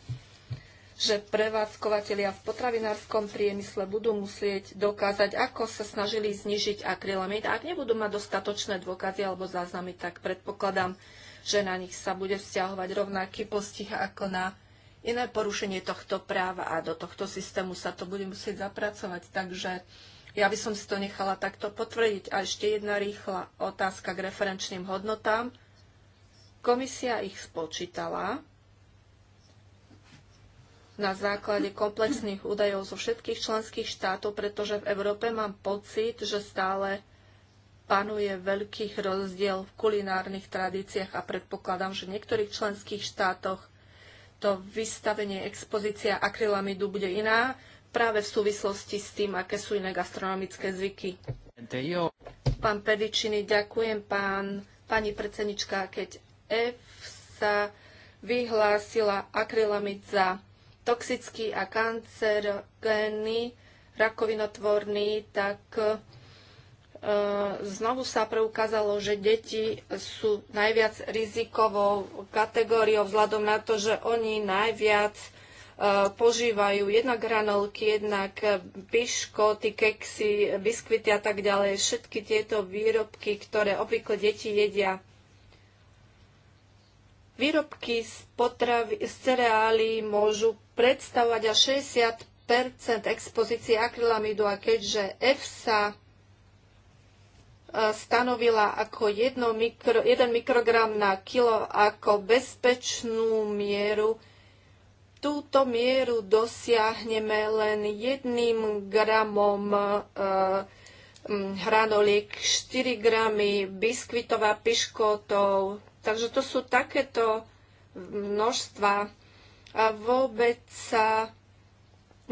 že prevádzkovateľia v potravinárskom priemysle budú musieť dokázať, ako sa snažili znižiť akrylamid. Ak nebudú mať dostatočné dôkazy alebo záznamy, tak predpokladám, že na nich sa bude vzťahovať rovnaký postih ako na iné porušenie tohto práva a do tohto systému sa to bude musieť zapracovať. Takže ja by som si to nechala takto potvrdiť. A ešte jedna rýchla otázka k referenčným hodnotám. Komisia ich spočítala na základe komplexných údajov zo všetkých členských štátov, pretože v Európe mám pocit, že stále panuje veľkých rozdiel v kulinárnych tradíciách a predpokladám, že v niektorých členských štátoch to vystavenie expozícia akrylamidu bude iná, práve v súvislosti s tým, aké sú iné gastronomické zvyky. Pán Pedičiny, ďakujem pán, pani predsednička, keď F sa vyhlásila akrylamid za toxický a kancerogénny, rakovinotvorný, tak e, znovu sa preukázalo, že deti sú najviac rizikovou kategóriou vzhľadom na to, že oni najviac požívajú jednak hranolky, jednak piškoty, keksy, biskvity a tak ďalej. Všetky tieto výrobky, ktoré obvykle deti jedia. Výrobky z, potravy, z cereálií môžu predstavovať až 60 expozície akrylamidu a keďže EFSA e, stanovila ako jedno mikro, jeden mikrogram na kilo ako bezpečnú mieru Túto mieru dosiahneme len jedným gramom e, hranolík, 4 gramy biskvitová piškotov. Takže to sú takéto množstva a vôbec sa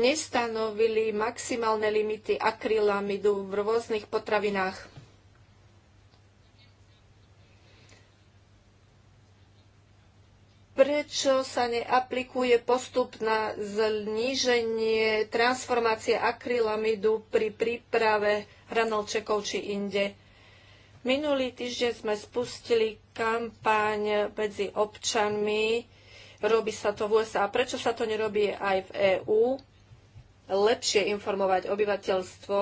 nestanovili maximálne limity akrylamidu v rôznych potravinách. prečo sa neaplikuje postup na zníženie transformácie akrylamidu pri príprave hranolčekov či inde. Minulý týždeň sme spustili kampaň medzi občanmi. Robí sa to v USA. Prečo sa to nerobí aj v EÚ? Lepšie informovať obyvateľstvo.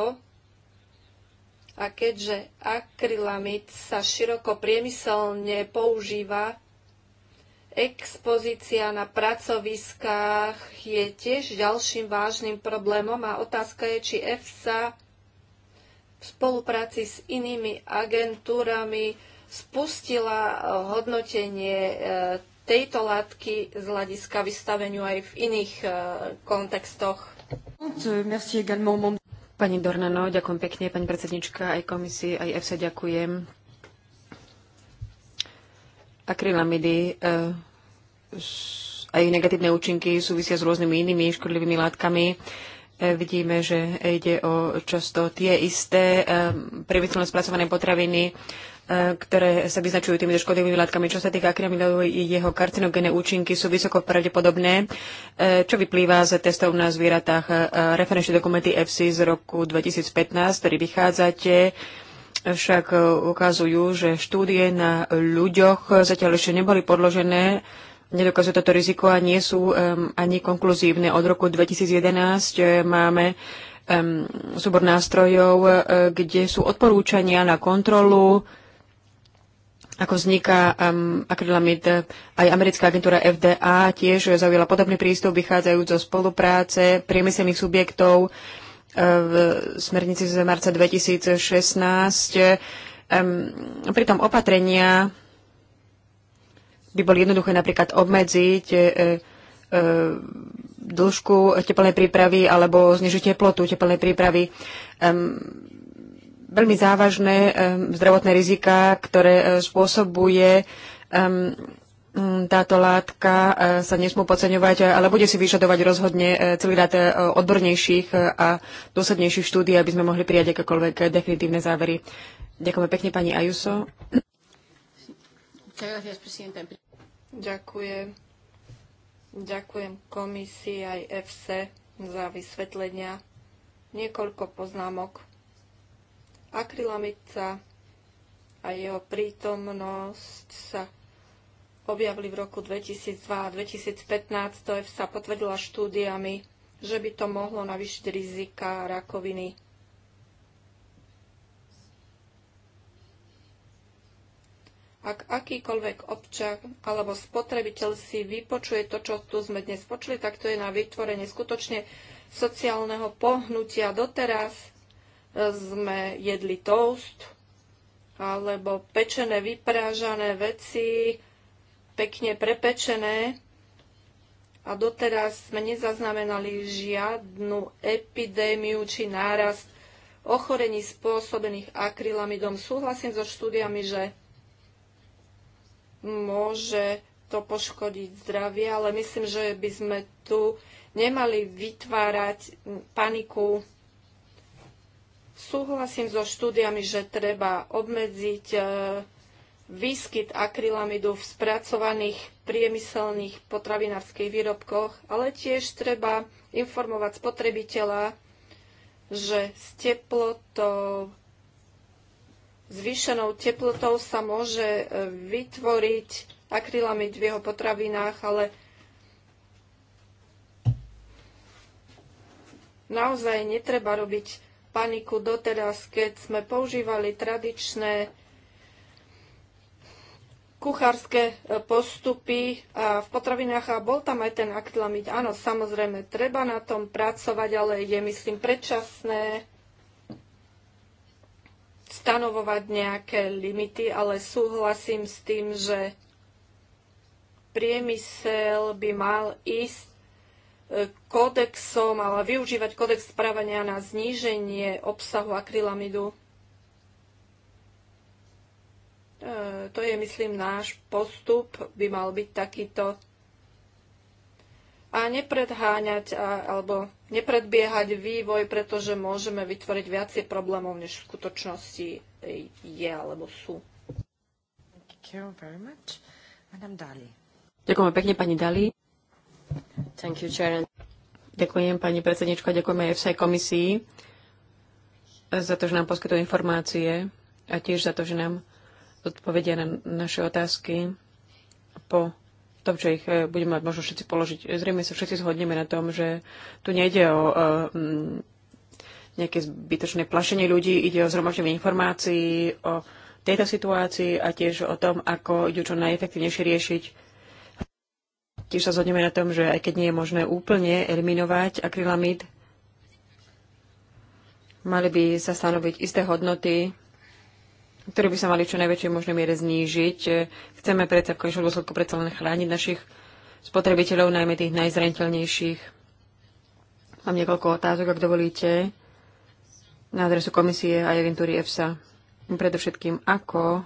A keďže akrylamid sa široko priemyselne používa, Expozícia na pracoviskách je tiež ďalším vážnym problémom a otázka je, či EFSA v spolupráci s inými agentúrami spustila eh, hodnotenie eh, tejto látky z hľadiska vystaveniu aj v iných eh, kontextoch. Pani Dornano, ďakujem pekne, pani predsednička, aj komisii, aj EFSA ďakujem Akrylamidy e, a ich negatívne účinky súvisia s rôznymi inými škodlivými látkami. E, vidíme, že ide o často tie isté e, priemyselné spracované potraviny, ktoré sa vyznačujú týmito škodlivými látkami. Čo sa týka akrylamidov, jeho karcinogénne účinky sú vysoko pravdepodobné, čo vyplýva z testov na zvieratách. Referenčné dokumenty EFSI z roku 2015, ktorý vychádzate, však e, ukazujú, že štúdie na ľuďoch zatiaľ ešte neboli podložené, nedokazujú toto riziko a nie sú um, ani konkluzívne. Od roku 2011 e, máme um, súbor nástrojov, e, kde sú odporúčania na kontrolu, ako vzniká um, akrylamid. Aj americká agentúra FDA tiež zaujala podobný prístup, vychádzajúc zo spolupráce priemyselných subjektov, um, E, v smernici z marca 2016. Pritom opatrenia by boli jednoduché napríklad obmedziť e, e, dĺžku teplnej prípravy alebo znižiť teplotu teplnej prípravy. Veľmi závažné zdravotné rizika, ktoré spôsobuje Mm, táto látka e, sa nesmú podceňovať, e, ale bude si vyžadovať rozhodne e, celý rád odbornejších a dôslednejších štúdí, aby sme mohli prijať akékoľvek definitívne závery. Ďakujeme pekne, pani Ajuso. Ďakujem. Ďakujem komisii aj FC za vysvetlenia. Niekoľko poznámok. Akrylamica a jeho prítomnosť sa objavili v roku 2002 a 2015, to EFSA potvrdila štúdiami, že by to mohlo navýšiť rizika rakoviny. Ak akýkoľvek občan alebo spotrebiteľ si vypočuje to, čo tu sme dnes počuli, tak to je na vytvorenie skutočne sociálneho pohnutia. Doteraz e, sme jedli toast alebo pečené, vyprážané veci, pekne prepečené a doteraz sme nezaznamenali žiadnu epidémiu či nárast ochorení spôsobených akrylamidom. Súhlasím so štúdiami, že môže to poškodiť zdravie, ale myslím, že by sme tu nemali vytvárať paniku. Súhlasím so štúdiami, že treba obmedziť eh, výskyt akrylamidu v spracovaných priemyselných potravinárskych výrobkoch, ale tiež treba informovať spotrebiteľa, že s teplotou, zvýšenou teplotou sa môže e, vytvoriť akrylamid v jeho potravinách, ale naozaj netreba robiť paniku doteraz, keď sme používali tradičné kuchárske e, postupy v potravinách a bol tam aj ten aktylamid. Áno, samozrejme, treba na tom pracovať, ale je, myslím, predčasné stanovovať nejaké limity, ale súhlasím s tým, že priemysel by mal ísť e, kodexom, ale využívať kodex správania na zníženie obsahu akrylamidu E, to je, myslím, náš postup, by mal byť takýto. A nepredháňať a, alebo nepredbiehať vývoj, pretože môžeme vytvoriť viacej problémov, než v skutočnosti je alebo sú. Ďakujem pekne, pani Dali. Thank you, Ďakujem pani predsednička, ďakujeme aj FSA komisii za to, že nám poskytujú informácie a tiež za to, že nám odpovedia na naše otázky po tom, čo ich e, budeme mať možno všetci položiť. Zrejme sa všetci zhodneme na tom, že tu nejde o e, mm, nejaké zbytočné plašenie ľudí, ide o zhromaždenie informácií, o tejto situácii a tiež o tom, ako ju čo najefektívnejšie riešiť. Tiež sa zhodneme na tom, že aj keď nie je možné úplne eliminovať akrylamid, mali by sa stanoviť isté hodnoty ktoré by sa mali čo najväčšej možnej miere znížiť. Chceme predsa v konečnom dôsledku predsa len chrániť našich spotrebiteľov, najmä tých najzraniteľnejších. Mám niekoľko otázok, ak dovolíte, na adresu komisie a agentúry EFSA. Predovšetkým, ako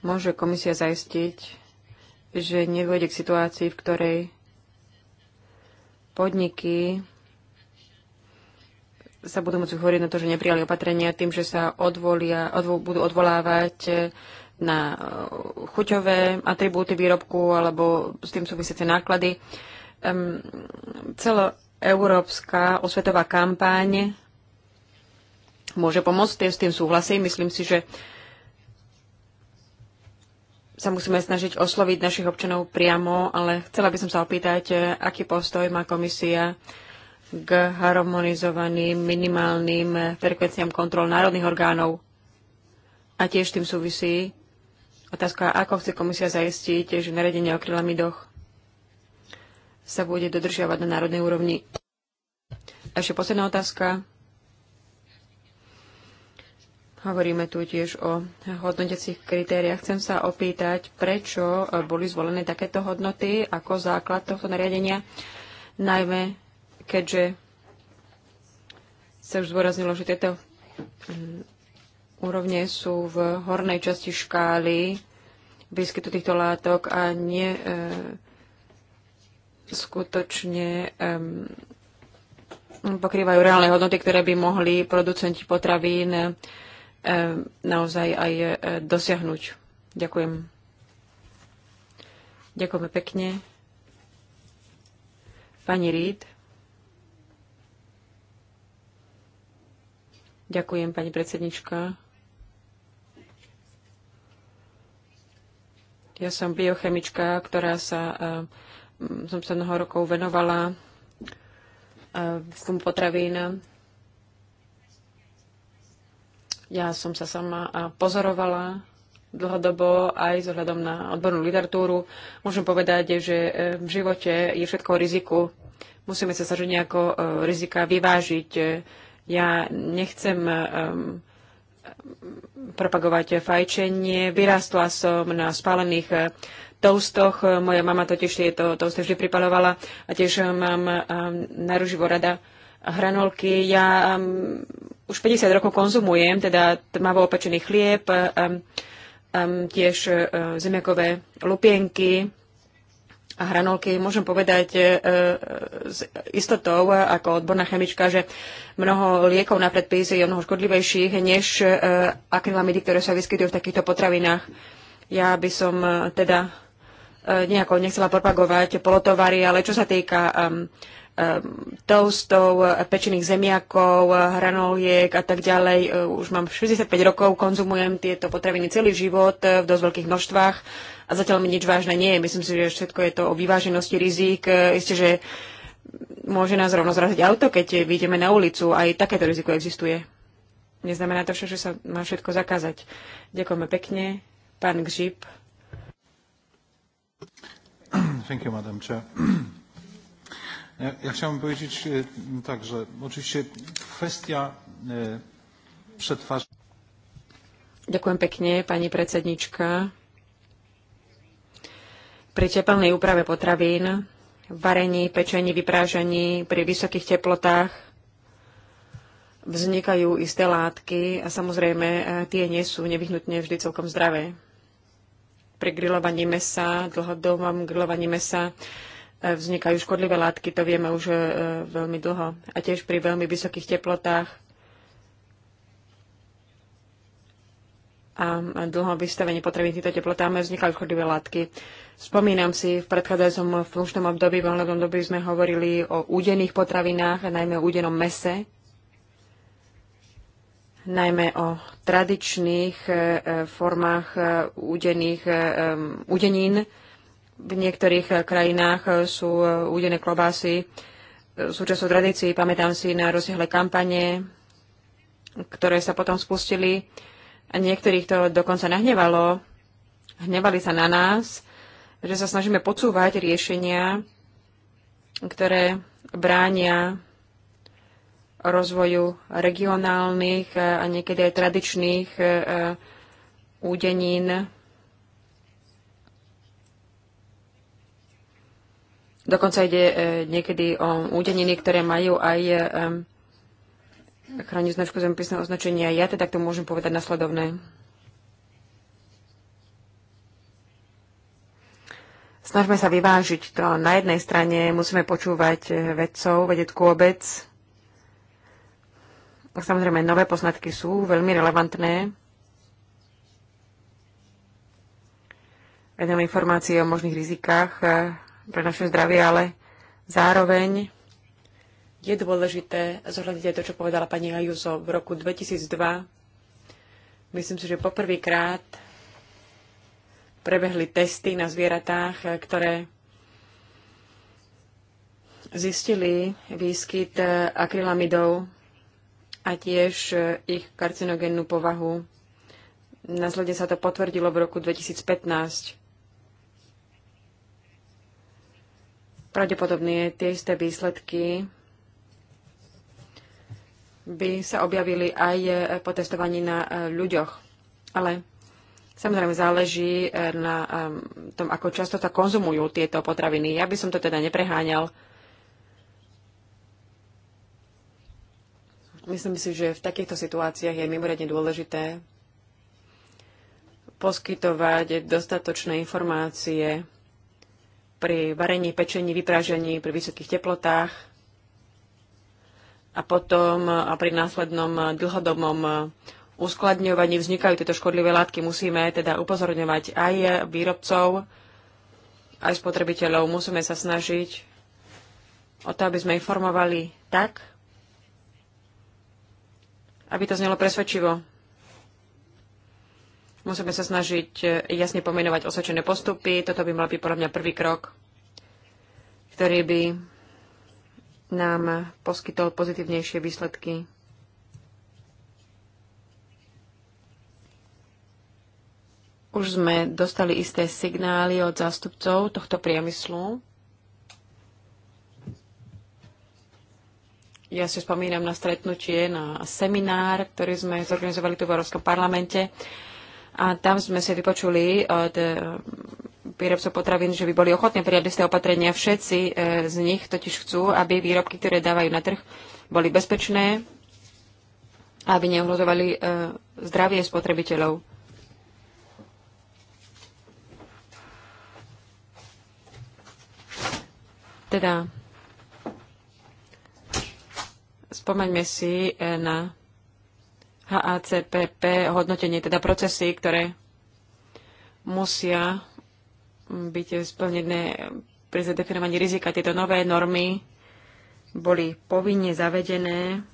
môže komisia zaistiť, že nedôjde k situácii, v ktorej podniky sa budú môcť hovoriť na to, že neprijali opatrenia tým, že sa odvolia, odvo, budú odvolávať e, na e, chuťové atribúty výrobku alebo s tým súvisiace náklady. Um, celoeurópska osvetová kampáň môže pomôcť, s tým súhlasím. Myslím si, že sa musíme snažiť osloviť našich občanov priamo, ale chcela by som sa opýtať, e, aký postoj má komisia uh, k harmonizovaným minimálnym frekvenciám kontrol národných orgánov. A tiež tým súvisí otázka, ako chce komisia zaistiť, že naredenie o krylamidoch sa bude dodržiavať na národnej úrovni. A ešte posledná otázka. Hovoríme tu tiež o hodnotiacich kritériách. Chcem sa opýtať, prečo boli zvolené takéto hodnoty ako základ tohto nariadenia, najmä keďže sa už zdôraznilo, že tieto mm, úrovne sú v hornej časti škály výskytu týchto látok a nie e, skutočne e, pokrývajú reálne hodnoty, ktoré by mohli producenti potravín e, naozaj aj e, dosiahnuť. Ďakujem. Ďakujeme pekne. Pani Reed. Ďakujem, pani predsednička. Ja som biochemička, ktorá sa, eh, som sa mnoho rokov venovala eh, výskumu potravín. Ja som sa sama eh, pozorovala dlhodobo aj s ohľadom na odbornú literatúru. Môžem povedať, že v živote je všetko o riziku. Musíme sa snažiť nejako rizika vyvážiť ja nechcem um, um, propagovať fajčenie. Vyrástla som na spálených uh, toastoch. Moja mama totiž tieto tousty vždy pripalovala a tiež mám um, naruživo rada hranolky. Ja um, už 50 rokov konzumujem, teda tmavo opečený chlieb, um, um, tiež uh, zemiakové lupienky, a hranolky, môžem povedať e, e, s istotou e, ako odborná chemička, že mnoho liekov na predpis je mnoho škodlivejších než akrylamidy, ktoré sa vyskytujú v takýchto potravinách. Ja by som teda nejako nechcela propagovať polotovary, ale čo sa týka toastov, pečených zemiakov, hranoliek a tak ďalej, už mám 65 rokov, konzumujem tieto potraviny celý život v dosť veľkých množstvách a zatiaľ mi nič vážne nie je. Myslím si, že všetko je to o vyváženosti rizík. E, Isté, že môže nás rovno zraziť auto, keď vyjdeme na ulicu. Aj takéto riziko existuje. Neznamená to však, že sa má všetko zakázať. Ďakujeme pekne. Pán Gžip. Thank you, Madam Chair. Ja, ja chciałbym powiedzieć e, no tak, że oczywiście kwestia e, przetwarzania... Ďakujem pekne, pani predsedniczka pri tepelnej úprave potravín, varení, pečení, vyprážení, pri vysokých teplotách vznikajú isté látky a samozrejme eh, tie nie sú nevyhnutne vždy celkom zdravé. Pri grilovaní mesa, dlhodobom grilovaní mesa eh, vznikajú škodlivé látky, to vieme už eh, veľmi dlho. A tiež pri veľmi vysokých teplotách a dlhom vystavení potreby týchto teplotám vznikajú škodlivé látky. Spomínam si, v predchádzajúcom funkčnom období, v ohľadom doby sme hovorili o údených potravinách, a najmä o údenom mese, najmä o tradičných e, e, formách e, údených, údenín. V niektorých krajinách sú údené klobásy súčasťou tradícií. Pamätám si na rozsiahle kampane, ktoré sa potom spustili. A niektorých to dokonca nahnevalo. Hnevali sa na nás, že sa snažíme podsúvať riešenia, ktoré bránia rozvoju regionálnych e, a niekedy aj tradičných e, e, údenín. Dokonca ide niekedy o údeniny, ktoré majú aj chrániť značku zemepisného označenia. Ja teda to môžem povedať nasledovné. Snažme sa vyvážiť to. Na jednej strane musíme počúvať eh, vedcov, vedeť vôbec. Samozrejme, nové poznatky sú veľmi relevantné. Vedom informácie o možných rizikách eh, pre naše zdravie, ale zároveň je dôležité zohľadiť aj to, čo povedala pani Ajuso v roku 2002. Myslím si, že poprvýkrát prebehli testy na zvieratách, e, ktoré zistili výskyt e, akrylamidov a tiež e, ich karcinogennú povahu. Následne sa to potvrdilo v roku 2015. Pravdepodobne tie isté výsledky by sa objavili aj po testovaní na ľuďoch. Ale Samozrejme záleží eh, na tom, ako často sa konzumujú tieto potraviny. Ja by som to teda nepreháňal. Myslím si, že v takýchto situáciách je mimoriadne dôležité poskytovať dostatočné informácie pri varení, pečení, vyprážení pri vysokých teplotách a potom a eh, pri následnom eh, dlhodobom uskladňovaní vznikajú tieto škodlivé látky. Musíme teda upozorňovať aj výrobcov, aj spotrebiteľov. Musíme sa snažiť o to, aby sme informovali tak, aby to znelo presvedčivo. Musíme sa snažiť jasne pomenovať osvedčené postupy. Toto by mal byť podľa mňa prvý krok, ktorý by nám poskytol pozitívnejšie výsledky. Už sme dostali isté signály od zástupcov tohto priemyslu. Ja si spomínam na stretnutie, na seminár, ktorý sme zorganizovali tu v Európskom parlamente. A tam sme si vypočuli od eh, výrobcov potravín, že by boli ochotní prijať isté opatrenia. Všetci eh, z nich totiž chcú, aby výrobky, ktoré dávajú na trh, boli bezpečné, aby neohrozovali eh, zdravie spotrebiteľov. Teda spomeňme si e, na HACPP hodnotenie, teda procesy, ktoré musia byť splnené pri zadefinovaní rizika. Tieto nové normy boli povinne zavedené.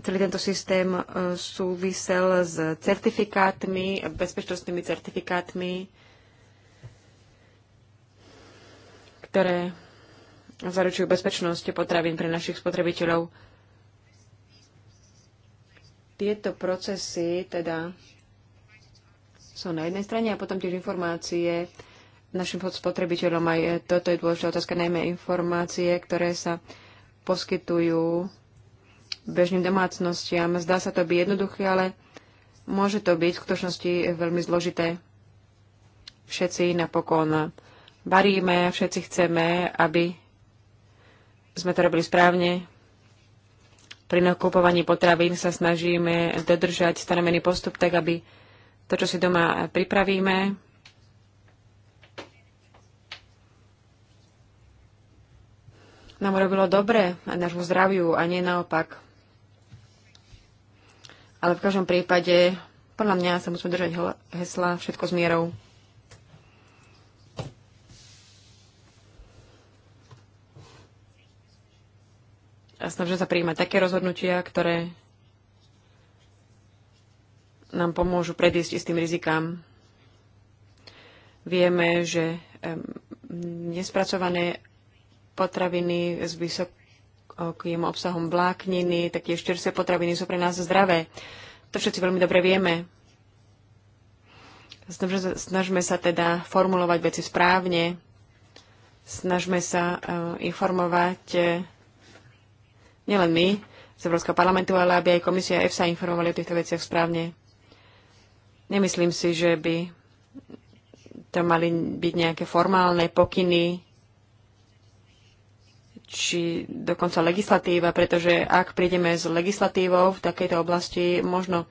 Celý tento systém e, súvisel s certifikátmi, bezpečnostnými certifikátmi, ktoré zaručujú bezpečnosť potravín pre našich spotrebiteľov. Tieto procesy teda sú na jednej strane a potom tiež informácie našim spotrebiteľom. Aj toto je dôležitá otázka, najmä informácie, ktoré sa poskytujú bežným domácnostiam. Zdá sa to byť jednoduché, ale môže to byť v skutočnosti veľmi zložité. Všetci napokon varíme, všetci chceme, aby sme to robili správne. Pri nakupovaní potravín sa snažíme dodržať stanovený postup tak, aby to, čo si doma pripravíme, nám robilo dobre a nášmu zdraviu a nie naopak. Ale v každom prípade, podľa mňa sa musíme držať hesla všetko s mierou. a snažia sa prijímať také rozhodnutia, ktoré nám pomôžu predísť istým rizikám. Vieme, že nespracované potraviny s vysokým obsahom vlákniny, také ešte potraviny sú pre nás zdravé. To všetci veľmi dobre vieme. Snažme sa teda formulovať veci správne, snažme sa eh, informovať eh, nielen my z Európskeho parlamentu, ale aby aj komisia EFSA informovali o týchto veciach správne. Nemyslím si, že by to mali byť nejaké formálne pokyny či dokonca legislatíva, pretože ak prídeme s legislatívou v takejto oblasti, možno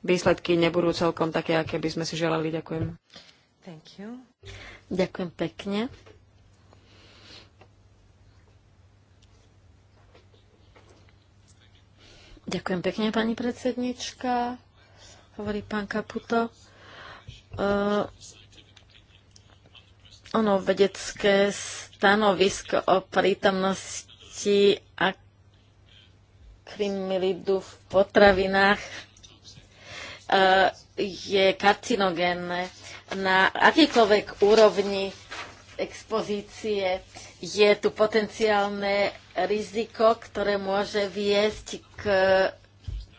výsledky nebudú celkom také, aké by sme si želali. Ďakujem. Thank you. Ďakujem pekne. Ďakujem pekne, pani predsednička, hovorí pán Kaputo. Uh, ono vedecké stanovisko o prítomnosti a krimilidu v potravinách uh, je karcinogénne na akýkoľvek úrovni expozície je tu potenciálne riziko, ktoré môže viesť k,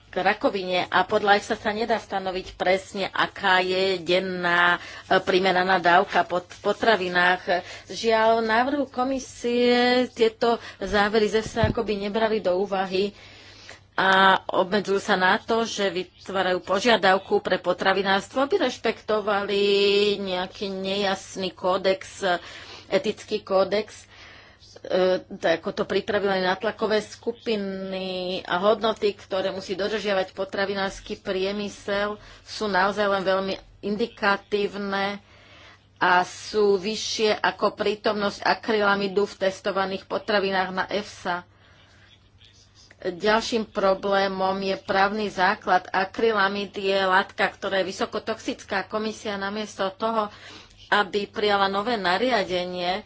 k rakovine a podľa EFSA sa nedá stanoviť presne, aká je denná e, primeraná dávka pod potravinách. Žiaľ, návrhu komisie tieto závery zase EFSA akoby nebrali do úvahy a obmedzujú sa na to, že vytvárajú požiadavku pre potravinárstvo, aby rešpektovali nejaký nejasný kódex, etický kódex E, ako to pripravili na tlakové skupiny a hodnoty, ktoré musí dodržiavať potravinársky priemysel, sú naozaj len veľmi indikatívne a sú vyššie ako prítomnosť akrylamidu v testovaných potravinách na EFSA. Ďalším problémom je právny základ. Akrylamid je látka, ktorá je vysokotoxická. Komisia namiesto toho, aby prijala nové nariadenie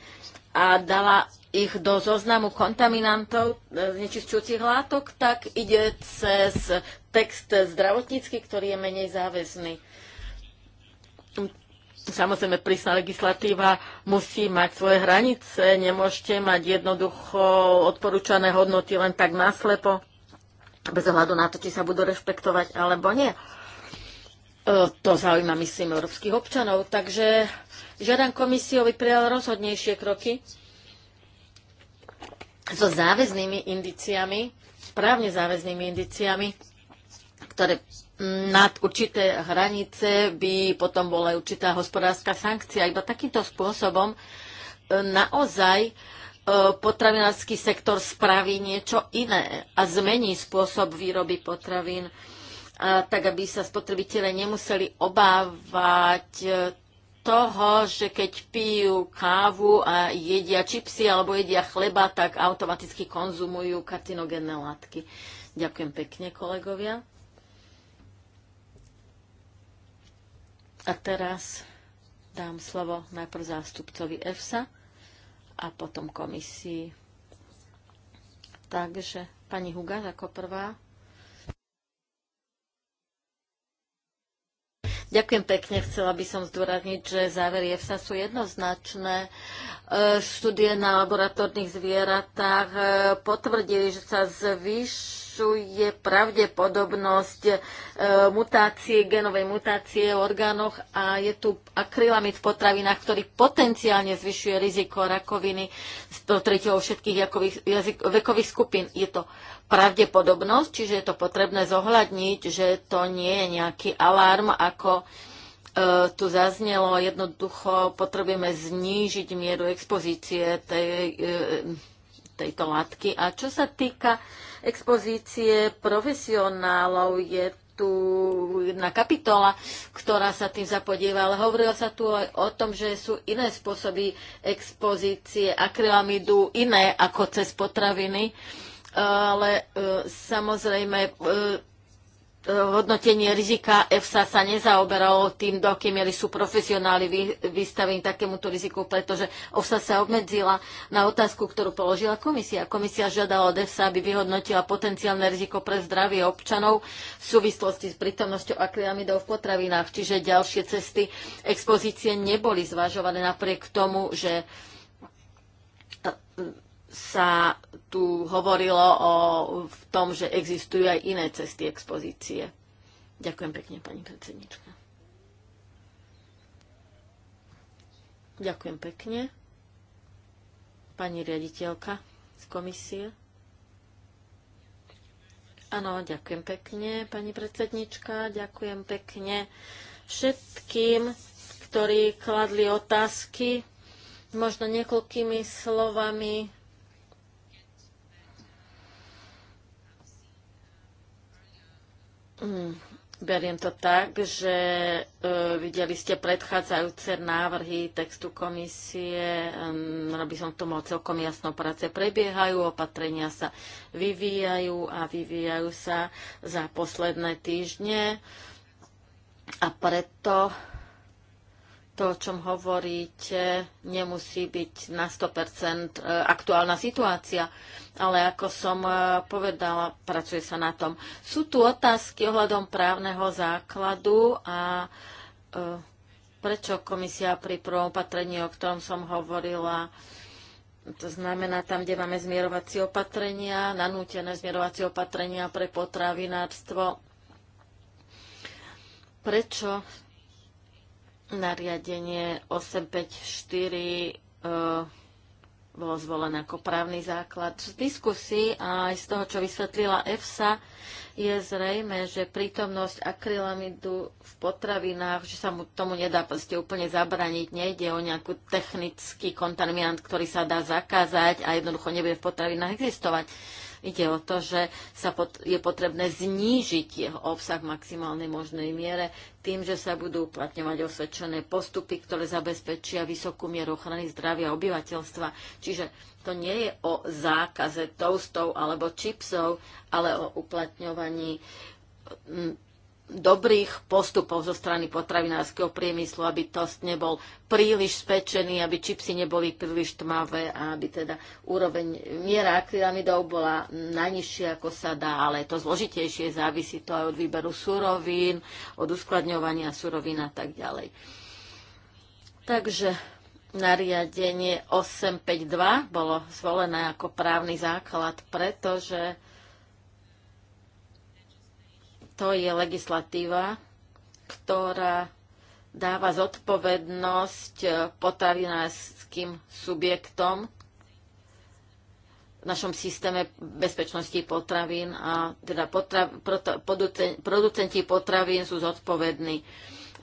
a dala ich do zoznamu kontaminantov e, znečistujúcich látok, tak ide cez text zdravotnícky, ktorý je menej záväzný. Samozrejme, prísna legislatíva musí mať svoje hranice, nemôžete mať jednoducho odporúčané hodnoty len tak náslepo, bez ohľadu na to, či sa budú rešpektovať alebo nie. E, to zaujíma, myslím, európskych občanov. Takže žiadam komisiu, aby prijal rozhodnejšie kroky so záväznými indiciami, právne záväznými indiciami, ktoré mm, nad určité hranice by potom bola aj určitá hospodárska sankcia. Iba takýmto spôsobom e, naozaj e, potravinársky sektor spraví niečo iné a zmení spôsob výroby potravín, tak aby sa spotrebitelia nemuseli obávať e, toho, že keď pijú kávu a jedia čipsy alebo jedia chleba, tak automaticky konzumujú karcinogénne látky. Ďakujem pekne, kolegovia. A teraz dám slovo najprv zástupcovi EFSA a potom komisii. Takže pani Hugas ako prvá. Ďakujem pekne. Chcela by som zdôrazniť, že závery EFSA sú jednoznačné. E, štúdie na laboratórnych zvieratách e, potvrdili, že sa zvýš zvyšuje pravdepodobnosť e, mutácie, genovej mutácie v orgánoch a je tu akrylamid v potravinách, ktorý potenciálne zvyšuje riziko rakoviny z tretieho všetkých jakových, jazyk, vekových skupín. Je to pravdepodobnosť, čiže je to potrebné zohľadniť, že to nie je nejaký alarm, ako e, tu zaznelo, jednoducho potrebujeme znížiť mieru expozície tej, e, tejto látky. A čo sa týka expozície profesionálov. Je tu jedna kapitola, ktorá sa tým zapodieva, ale hovorilo sa tu aj o tom, že sú iné spôsoby expozície akrylamidu, iné ako cez potraviny ale e, samozrejme e, E, hodnotenie rizika EFSA sa nezaoberalo tým, do akej miery sú profesionáli vy, vystavení takémuto riziku, pretože EFSA sa obmedzila na otázku, ktorú položila komisia. Komisia žiadala od EFSA, aby vyhodnotila potenciálne riziko pre zdravie občanov v súvislosti s prítomnosťou akrylamidov v potravinách, čiže ďalšie cesty expozície neboli zvažované napriek tomu, že sa tu hovorilo o v tom, že existujú aj iné cesty expozície. Ďakujem pekne, pani predsednička. Ďakujem pekne. Pani riaditeľka z komisie. Áno, ďakujem pekne, pani predsednička. Ďakujem pekne všetkým, ktorí kladli otázky. Možno niekoľkými slovami Mm, beriem to tak, že e, videli ste predchádzajúce návrhy textu komisie, e, mm, by som k tomu celkom jasno práce prebiehajú, opatrenia sa vyvíjajú a vyvíjajú sa za posledné týždne a preto to, o čom hovoríte, nemusí byť na 100% e, aktuálna situácia, ale ako som e, povedala, pracuje sa na tom. Sú tu otázky ohľadom právneho základu a e, prečo komisia pri prvom opatrení, o ktorom som hovorila, to znamená tam, kde máme zmierovacie opatrenia, nanútené zmierovacie opatrenia pre potravinárstvo, prečo nariadenie 854 e, bolo zvolené ako právny základ. Z diskusí a aj z toho, čo vysvetlila EFSA, je zrejme, že prítomnosť akrylamidu v potravinách, že sa mu tomu nedá proste úplne zabraniť, nejde o nejakú technický kontaminant, ktorý sa dá zakázať a jednoducho nebude v potravinách existovať. Ide o to, že sa pot- je potrebné znížiť jeho obsah v maximálnej možnej miere tým, že sa budú uplatňovať osvedčené postupy, ktoré zabezpečia vysokú mieru ochrany zdravia obyvateľstva. Čiže to nie je o zákaze toastov alebo čipsov, ale o uplatňovaní dobrých postupov zo strany potravinárskeho priemyslu, aby tost nebol príliš spečený, aby čipsy neboli príliš tmavé a aby teda úroveň miera akrylamidov bola najnižšia, ako sa dá, ale to zložitejšie, závisí to aj od výberu surovín, od uskladňovania surovín a tak ďalej. Takže nariadenie 852 bolo zvolené ako právny základ, pretože to je legislatíva, ktorá dáva zodpovednosť potravinárským subjektom v našom systéme bezpečnosti potravín a teda potra, producenti potravín sú zodpovední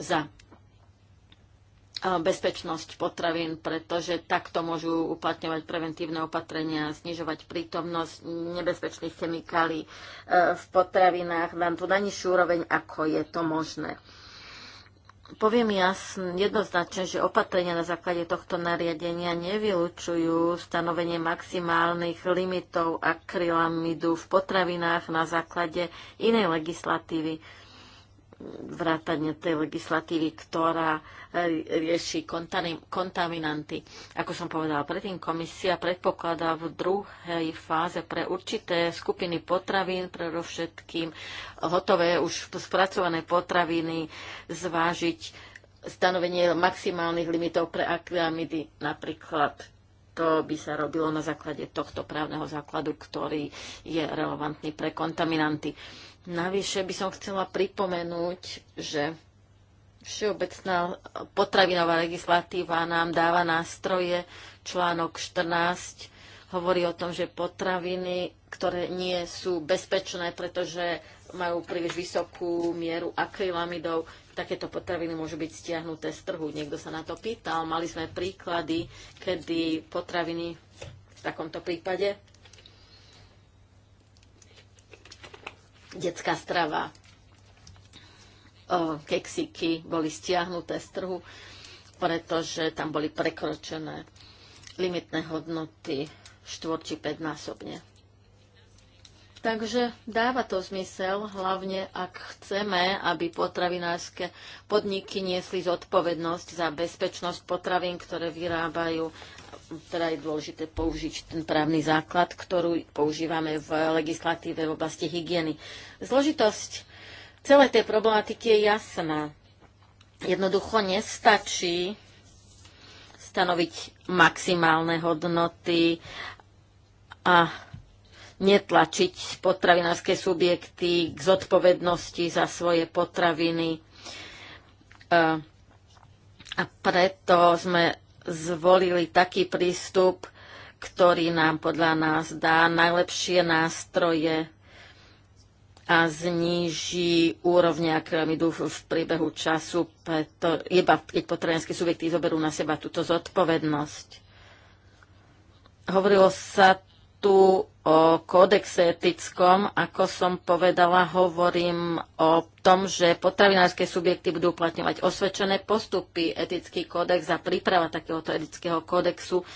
za bezpečnosť potravín, pretože takto môžu uplatňovať preventívne opatrenia, znižovať prítomnosť nebezpečných chemikálií e, v potravinách na tú najnižšiu úroveň, ako je to možné. Poviem jasne, jednoznačne, že opatrenia na základe tohto nariadenia nevylučujú stanovenie maximálnych limitov akrylamidu v potravinách na základe inej legislatívy vrátanie tej legislatívy, ktorá rieši kontaminanty. Ako som povedala predtým, komisia predpokladá v druhej fáze pre určité skupiny potravín, predovšetkým hotové už spracované potraviny, zvážiť stanovenie maximálnych limitov pre akvamidy napríklad to by sa robilo na základe tohto právneho základu, ktorý je relevantný pre kontaminanty. Navyše by som chcela pripomenúť, že všeobecná potravinová legislatíva nám dáva nástroje. Článok 14 hovorí o tom, že potraviny, ktoré nie sú bezpečné, pretože majú príliš vysokú mieru akrylamidov, takéto potraviny môžu byť stiahnuté z trhu. Niekto sa na to pýtal. Mali sme príklady, kedy potraviny v takomto prípade detská strava, keksiky boli stiahnuté z trhu, pretože tam boli prekročené limitné hodnoty 4 či 5 násobne. Takže dáva to zmysel, hlavne ak chceme, aby potravinárske podniky niesli zodpovednosť za bezpečnosť potravín, ktoré vyrábajú teda je dôležité použiť ten právny základ, ktorú používame v legislatíve v oblasti hygieny. Zložitosť celej tej problematiky je jasná. Jednoducho nestačí stanoviť maximálne hodnoty a netlačiť potravinárske subjekty k zodpovednosti za svoje potraviny. E, a preto sme zvolili taký prístup, ktorý nám podľa nás dá najlepšie nástroje a zníži úrovne akramidu v priebehu času, preto, iba keď potrebenské subjekty zoberú na seba túto zodpovednosť. Hovorilo sa tu o kódexe etickom. Ako som povedala, hovorím o tom, že potravinárske subjekty budú uplatňovať osvedčené postupy, etický kódex a príprava takéhoto etického kódexu.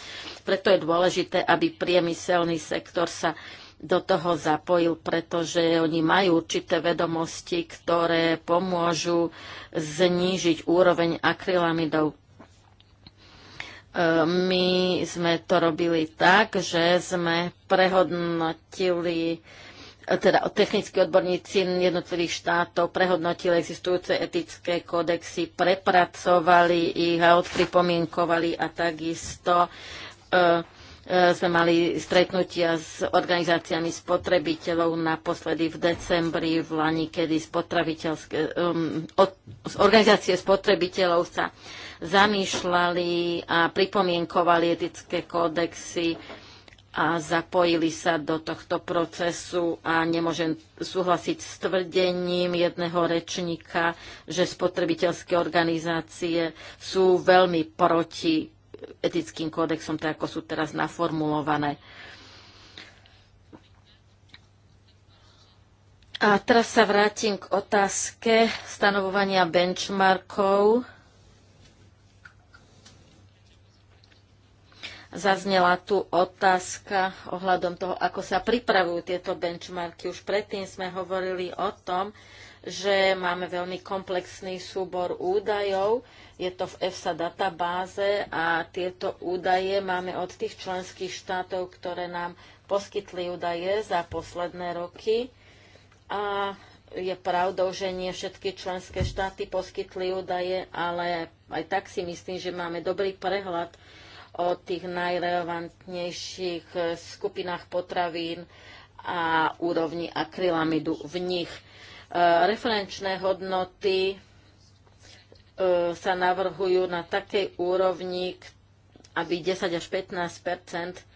Preto je dôležité, aby priemyselný sektor sa do toho zapojil, pretože oni majú určité vedomosti, ktoré pomôžu znížiť úroveň akrylamidov my sme to robili tak, že sme prehodnotili teda technickí odborníci jednotlivých štátov prehodnotili existujúce etické kódexy, prepracovali ich a odpripomienkovali a takisto e, E, sme mali stretnutia s organizáciami spotrebiteľov naposledy v decembri v Lani, kedy um, od, organizácie spotrebiteľov sa zamýšľali a pripomienkovali etické kódexy a zapojili sa do tohto procesu a nemôžem súhlasiť s tvrdením jedného rečníka, že spotrebiteľské organizácie sú veľmi proti etickým kódexom, tak ako sú teraz naformulované. A teraz sa vrátim k otázke stanovovania benchmarkov. Zaznela tu otázka ohľadom toho, ako sa pripravujú tieto benchmarky. Už predtým sme hovorili o tom, že máme veľmi komplexný súbor údajov. Je to v EFSA databáze a tieto údaje máme od tých členských štátov, ktoré nám poskytli údaje za posledné roky. A je pravdou, že nie všetky členské štáty poskytli údaje, ale aj tak si myslím, že máme dobrý prehľad o tých najrelevantnejších skupinách potravín a úrovni akrylamidu v nich. Eh, referenčné hodnoty eh, sa navrhujú na takej úrovni, aby 10 až 15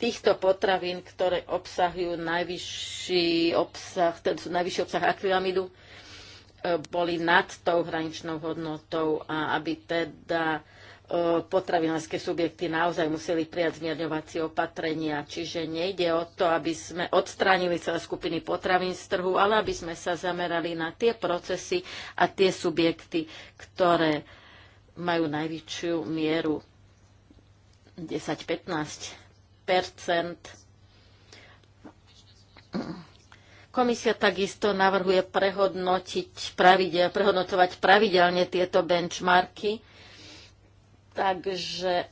týchto potravín, ktoré obsahujú najvyšší obsah, ten sú najvyšší obsah akrylamidu, eh, boli nad tou hraničnou hodnotou a aby teda E, potravinárske subjekty naozaj museli prijať zmierňovacie opatrenia. Čiže nejde o to, aby sme odstránili celé skupiny potravín z trhu, ale aby sme sa zamerali na tie procesy a tie subjekty, ktoré majú najväčšiu mieru 10-15 Komisia takisto navrhuje prehodnotiť pravidel, prehodnotovať pravidelne tieto benchmarky Takže e,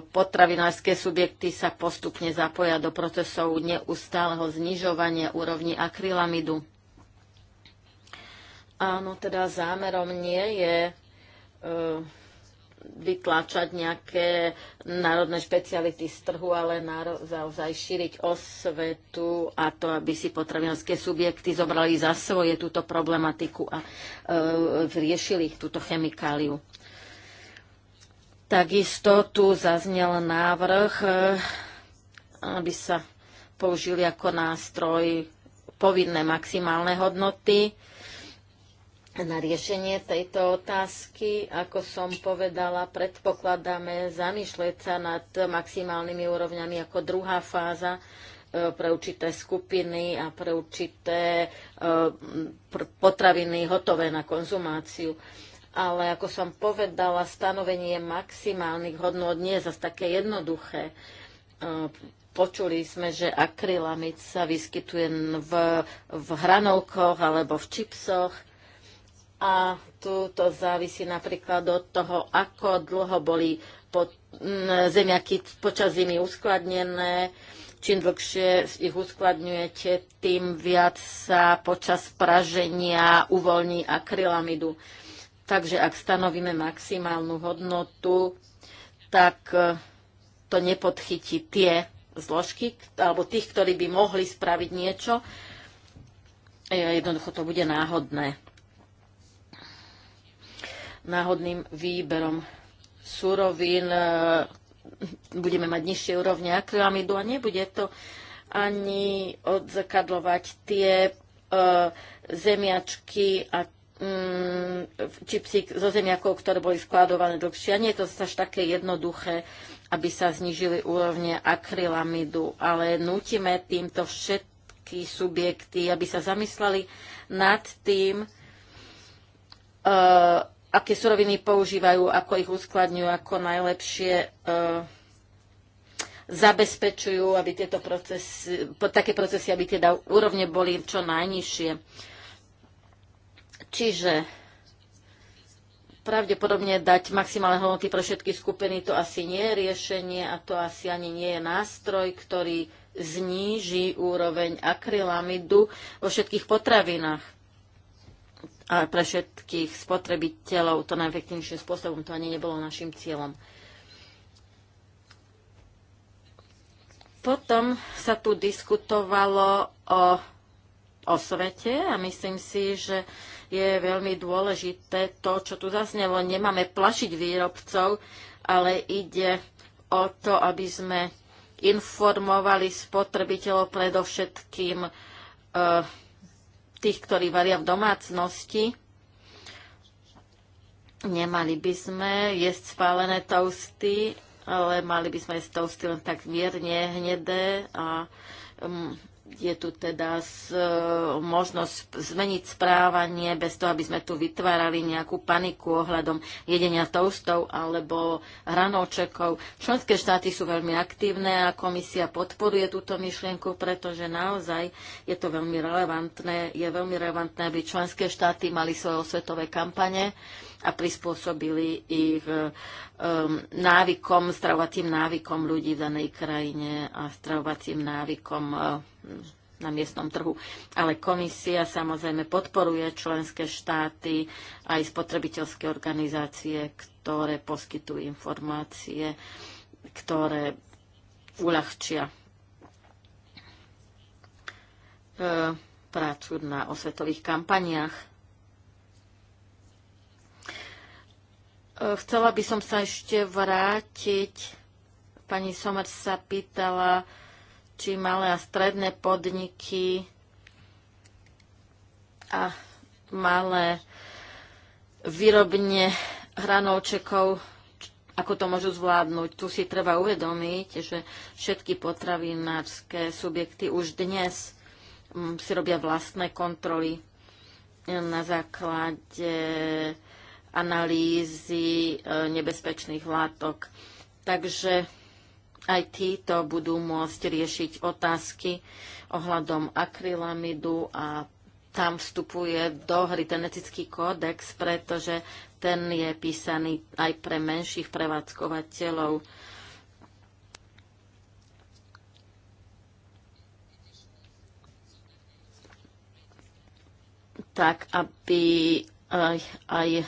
potravinárske subjekty sa postupne zapoja do procesov neustáleho znižovania úrovni akrylamidu. Áno, teda zámerom nie je e, vytláčať nejaké národné špeciality z trhu, ale naozaj šíriť osvetu a to, aby si potravinárske subjekty zobrali za svoje túto problematiku a e, riešili túto chemikáliu. Takisto tu zaznel návrh, eh, aby sa použili ako nástroj povinné maximálne hodnoty na riešenie tejto otázky. Ako som povedala, predpokladáme zamýšľať sa nad maximálnymi úrovňami ako druhá fáza eh, pre určité skupiny a pre určité eh, potraviny hotové na konzumáciu ale ako som povedala, stanovenie maximálnych hodnôt nie je zase také jednoduché. E, počuli sme, že akrylamid sa vyskytuje v, v hranolkoch alebo v čipsoch a tu to závisí napríklad od toho, ako dlho boli po, m, zemiaky počas zimy uskladnené. Čím dlhšie ich uskladňujete, tým viac sa počas praženia uvoľní akrylamidu. Takže ak stanovíme maximálnu hodnotu, tak e, to nepodchytí tie zložky, alebo tých, ktorí by mohli spraviť niečo. E, jednoducho to bude náhodné. Náhodným výberom surovín e, budeme mať nižšie úrovne akrylamidu a nebude to ani odzakadlovať tie zemiačky a Mm, čipsy zo zemiakov, ktoré boli skladované dlhšie. A nie je to až také jednoduché, aby sa znížili úrovne akrylamidu, ale nutíme týmto všetky subjekty, aby sa zamysleli nad tým, uh, aké suroviny používajú, ako ich uskladňujú, ako najlepšie uh, zabezpečujú, aby tieto procesy, také procesy, aby teda úrovne boli čo najnižšie. Čiže pravdepodobne dať maximálne hodnoty pre všetky skupiny, to asi nie je riešenie a to asi ani nie je nástroj, ktorý zníži úroveň akrylamidu vo všetkých potravinách a pre všetkých spotrebiteľov to najefektívnejším spôsobom. To ani nebolo našim cieľom. Potom sa tu diskutovalo o osvete a myslím si, že je veľmi dôležité to, čo tu zaznelo. Nemáme plašiť výrobcov, ale ide o to, aby sme informovali spotrebiteľov predovšetkým e, tých, ktorí varia v domácnosti. Nemali by sme jesť spálené toasty, ale mali by sme jesť toasty len tak mierne hnedé a mm, je tu teda z, e, možnosť zmeniť správanie bez toho, aby sme tu vytvárali nejakú paniku ohľadom jedenia toastov alebo hranolčekov. Členské štáty sú veľmi aktívne a komisia podporuje túto myšlienku, pretože naozaj je to veľmi relevantné. Je veľmi relevantné, aby členské štáty mali svoje osvetové kampane a prispôsobili ich e, um, návykom, stravovacím návykom ľudí v danej krajine a stravovacím návykom e, na miestnom trhu. Ale komisia samozrejme podporuje členské štáty aj spotrebiteľské organizácie, ktoré poskytujú informácie, ktoré uľahčia e, prácu na osvetových kampaniách Eh, chcela by som sa ešte vrátiť. Pani Somer sa pýtala, či malé a stredné podniky a malé výrobne hranolčekov, ako to môžu zvládnuť. Tu si treba uvedomiť, že všetky potravinárske subjekty už dnes mm, si robia vlastné kontroly na základe analýzy e, nebezpečných látok. Takže aj títo budú môcť riešiť otázky ohľadom akrylamidu a tam vstupuje do hry ten etický kódex, pretože ten je písaný aj pre menších prevádzkovateľov. tak, aby aj, aj e,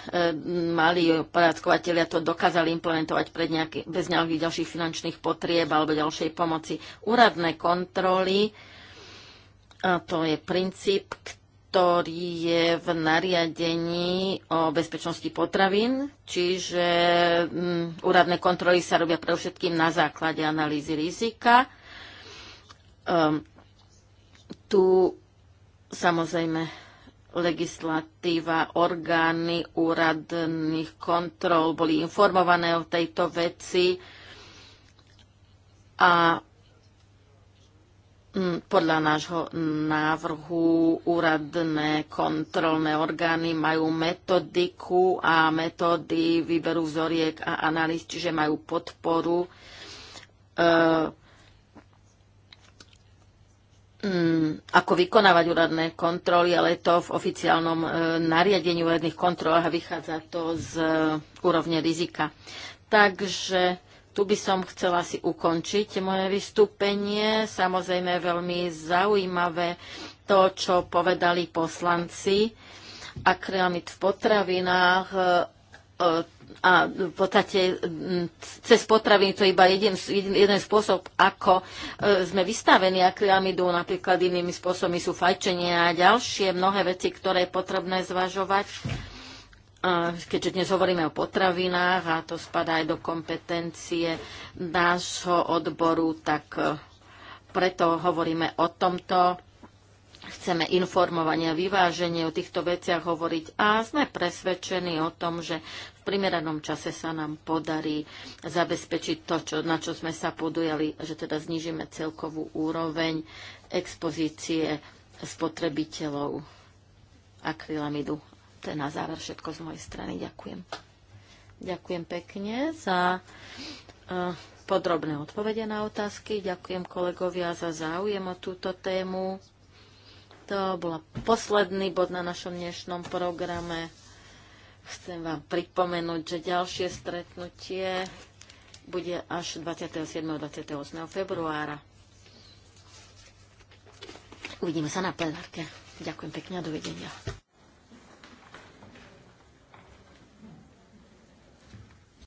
mali poradkovateľia to dokázali implementovať pred nejaký, bez nejakých ďalších finančných potrieb alebo ďalšej pomoci. Úradné kontroly, a to je princíp, ktorý je v nariadení o bezpečnosti potravín, čiže m, úradné kontroly sa robia pre všetkým na základe analýzy rizika. Um, tu samozrejme legislatíva, orgány úradných kontrol boli informované o tejto veci a mm, podľa nášho návrhu úradné kontrolné orgány majú metodiku a metódy výberu vzoriek a analýz, čiže majú podporu e, mm, ako vykonávať úradné kontroly, ale je to v oficiálnom e, nariadení úradných kontrol a vychádza to z e, úrovne rizika. Takže tu by som chcela si ukončiť moje vystúpenie. Samozrejme veľmi zaujímavé to, čo povedali poslanci. Akrylamid v potravinách, e, e, a v podstate mm, cez potraviny to je iba jeden, jeden spôsob, ako e, sme vystavení akrylamidou, napríklad inými spôsobmi sú fajčenie a ďalšie mnohé veci, ktoré je potrebné zvažovať. Keďže dnes hovoríme o potravinách a to spadá aj do kompetencie nášho odboru, tak e, preto hovoríme o tomto chceme informovanie a vyváženie o týchto veciach hovoriť a sme presvedčení o tom, že primeranom čase sa nám podarí zabezpečiť to, čo, na čo sme sa podujali, že teda znižíme celkovú úroveň expozície spotrebiteľov akrylamidu. To je na záver všetko z mojej strany. Ďakujem. Ďakujem pekne za e, podrobné odpovede na otázky. Ďakujem kolegovia za záujem o túto tému. To bola posledný bod na našom dnešnom programe. Chcem vám pripomenúť, že ďalšie stretnutie bude až 27. a 28. februára. Uvidíme sa na plenárke. Ďakujem pekne a dovidenia.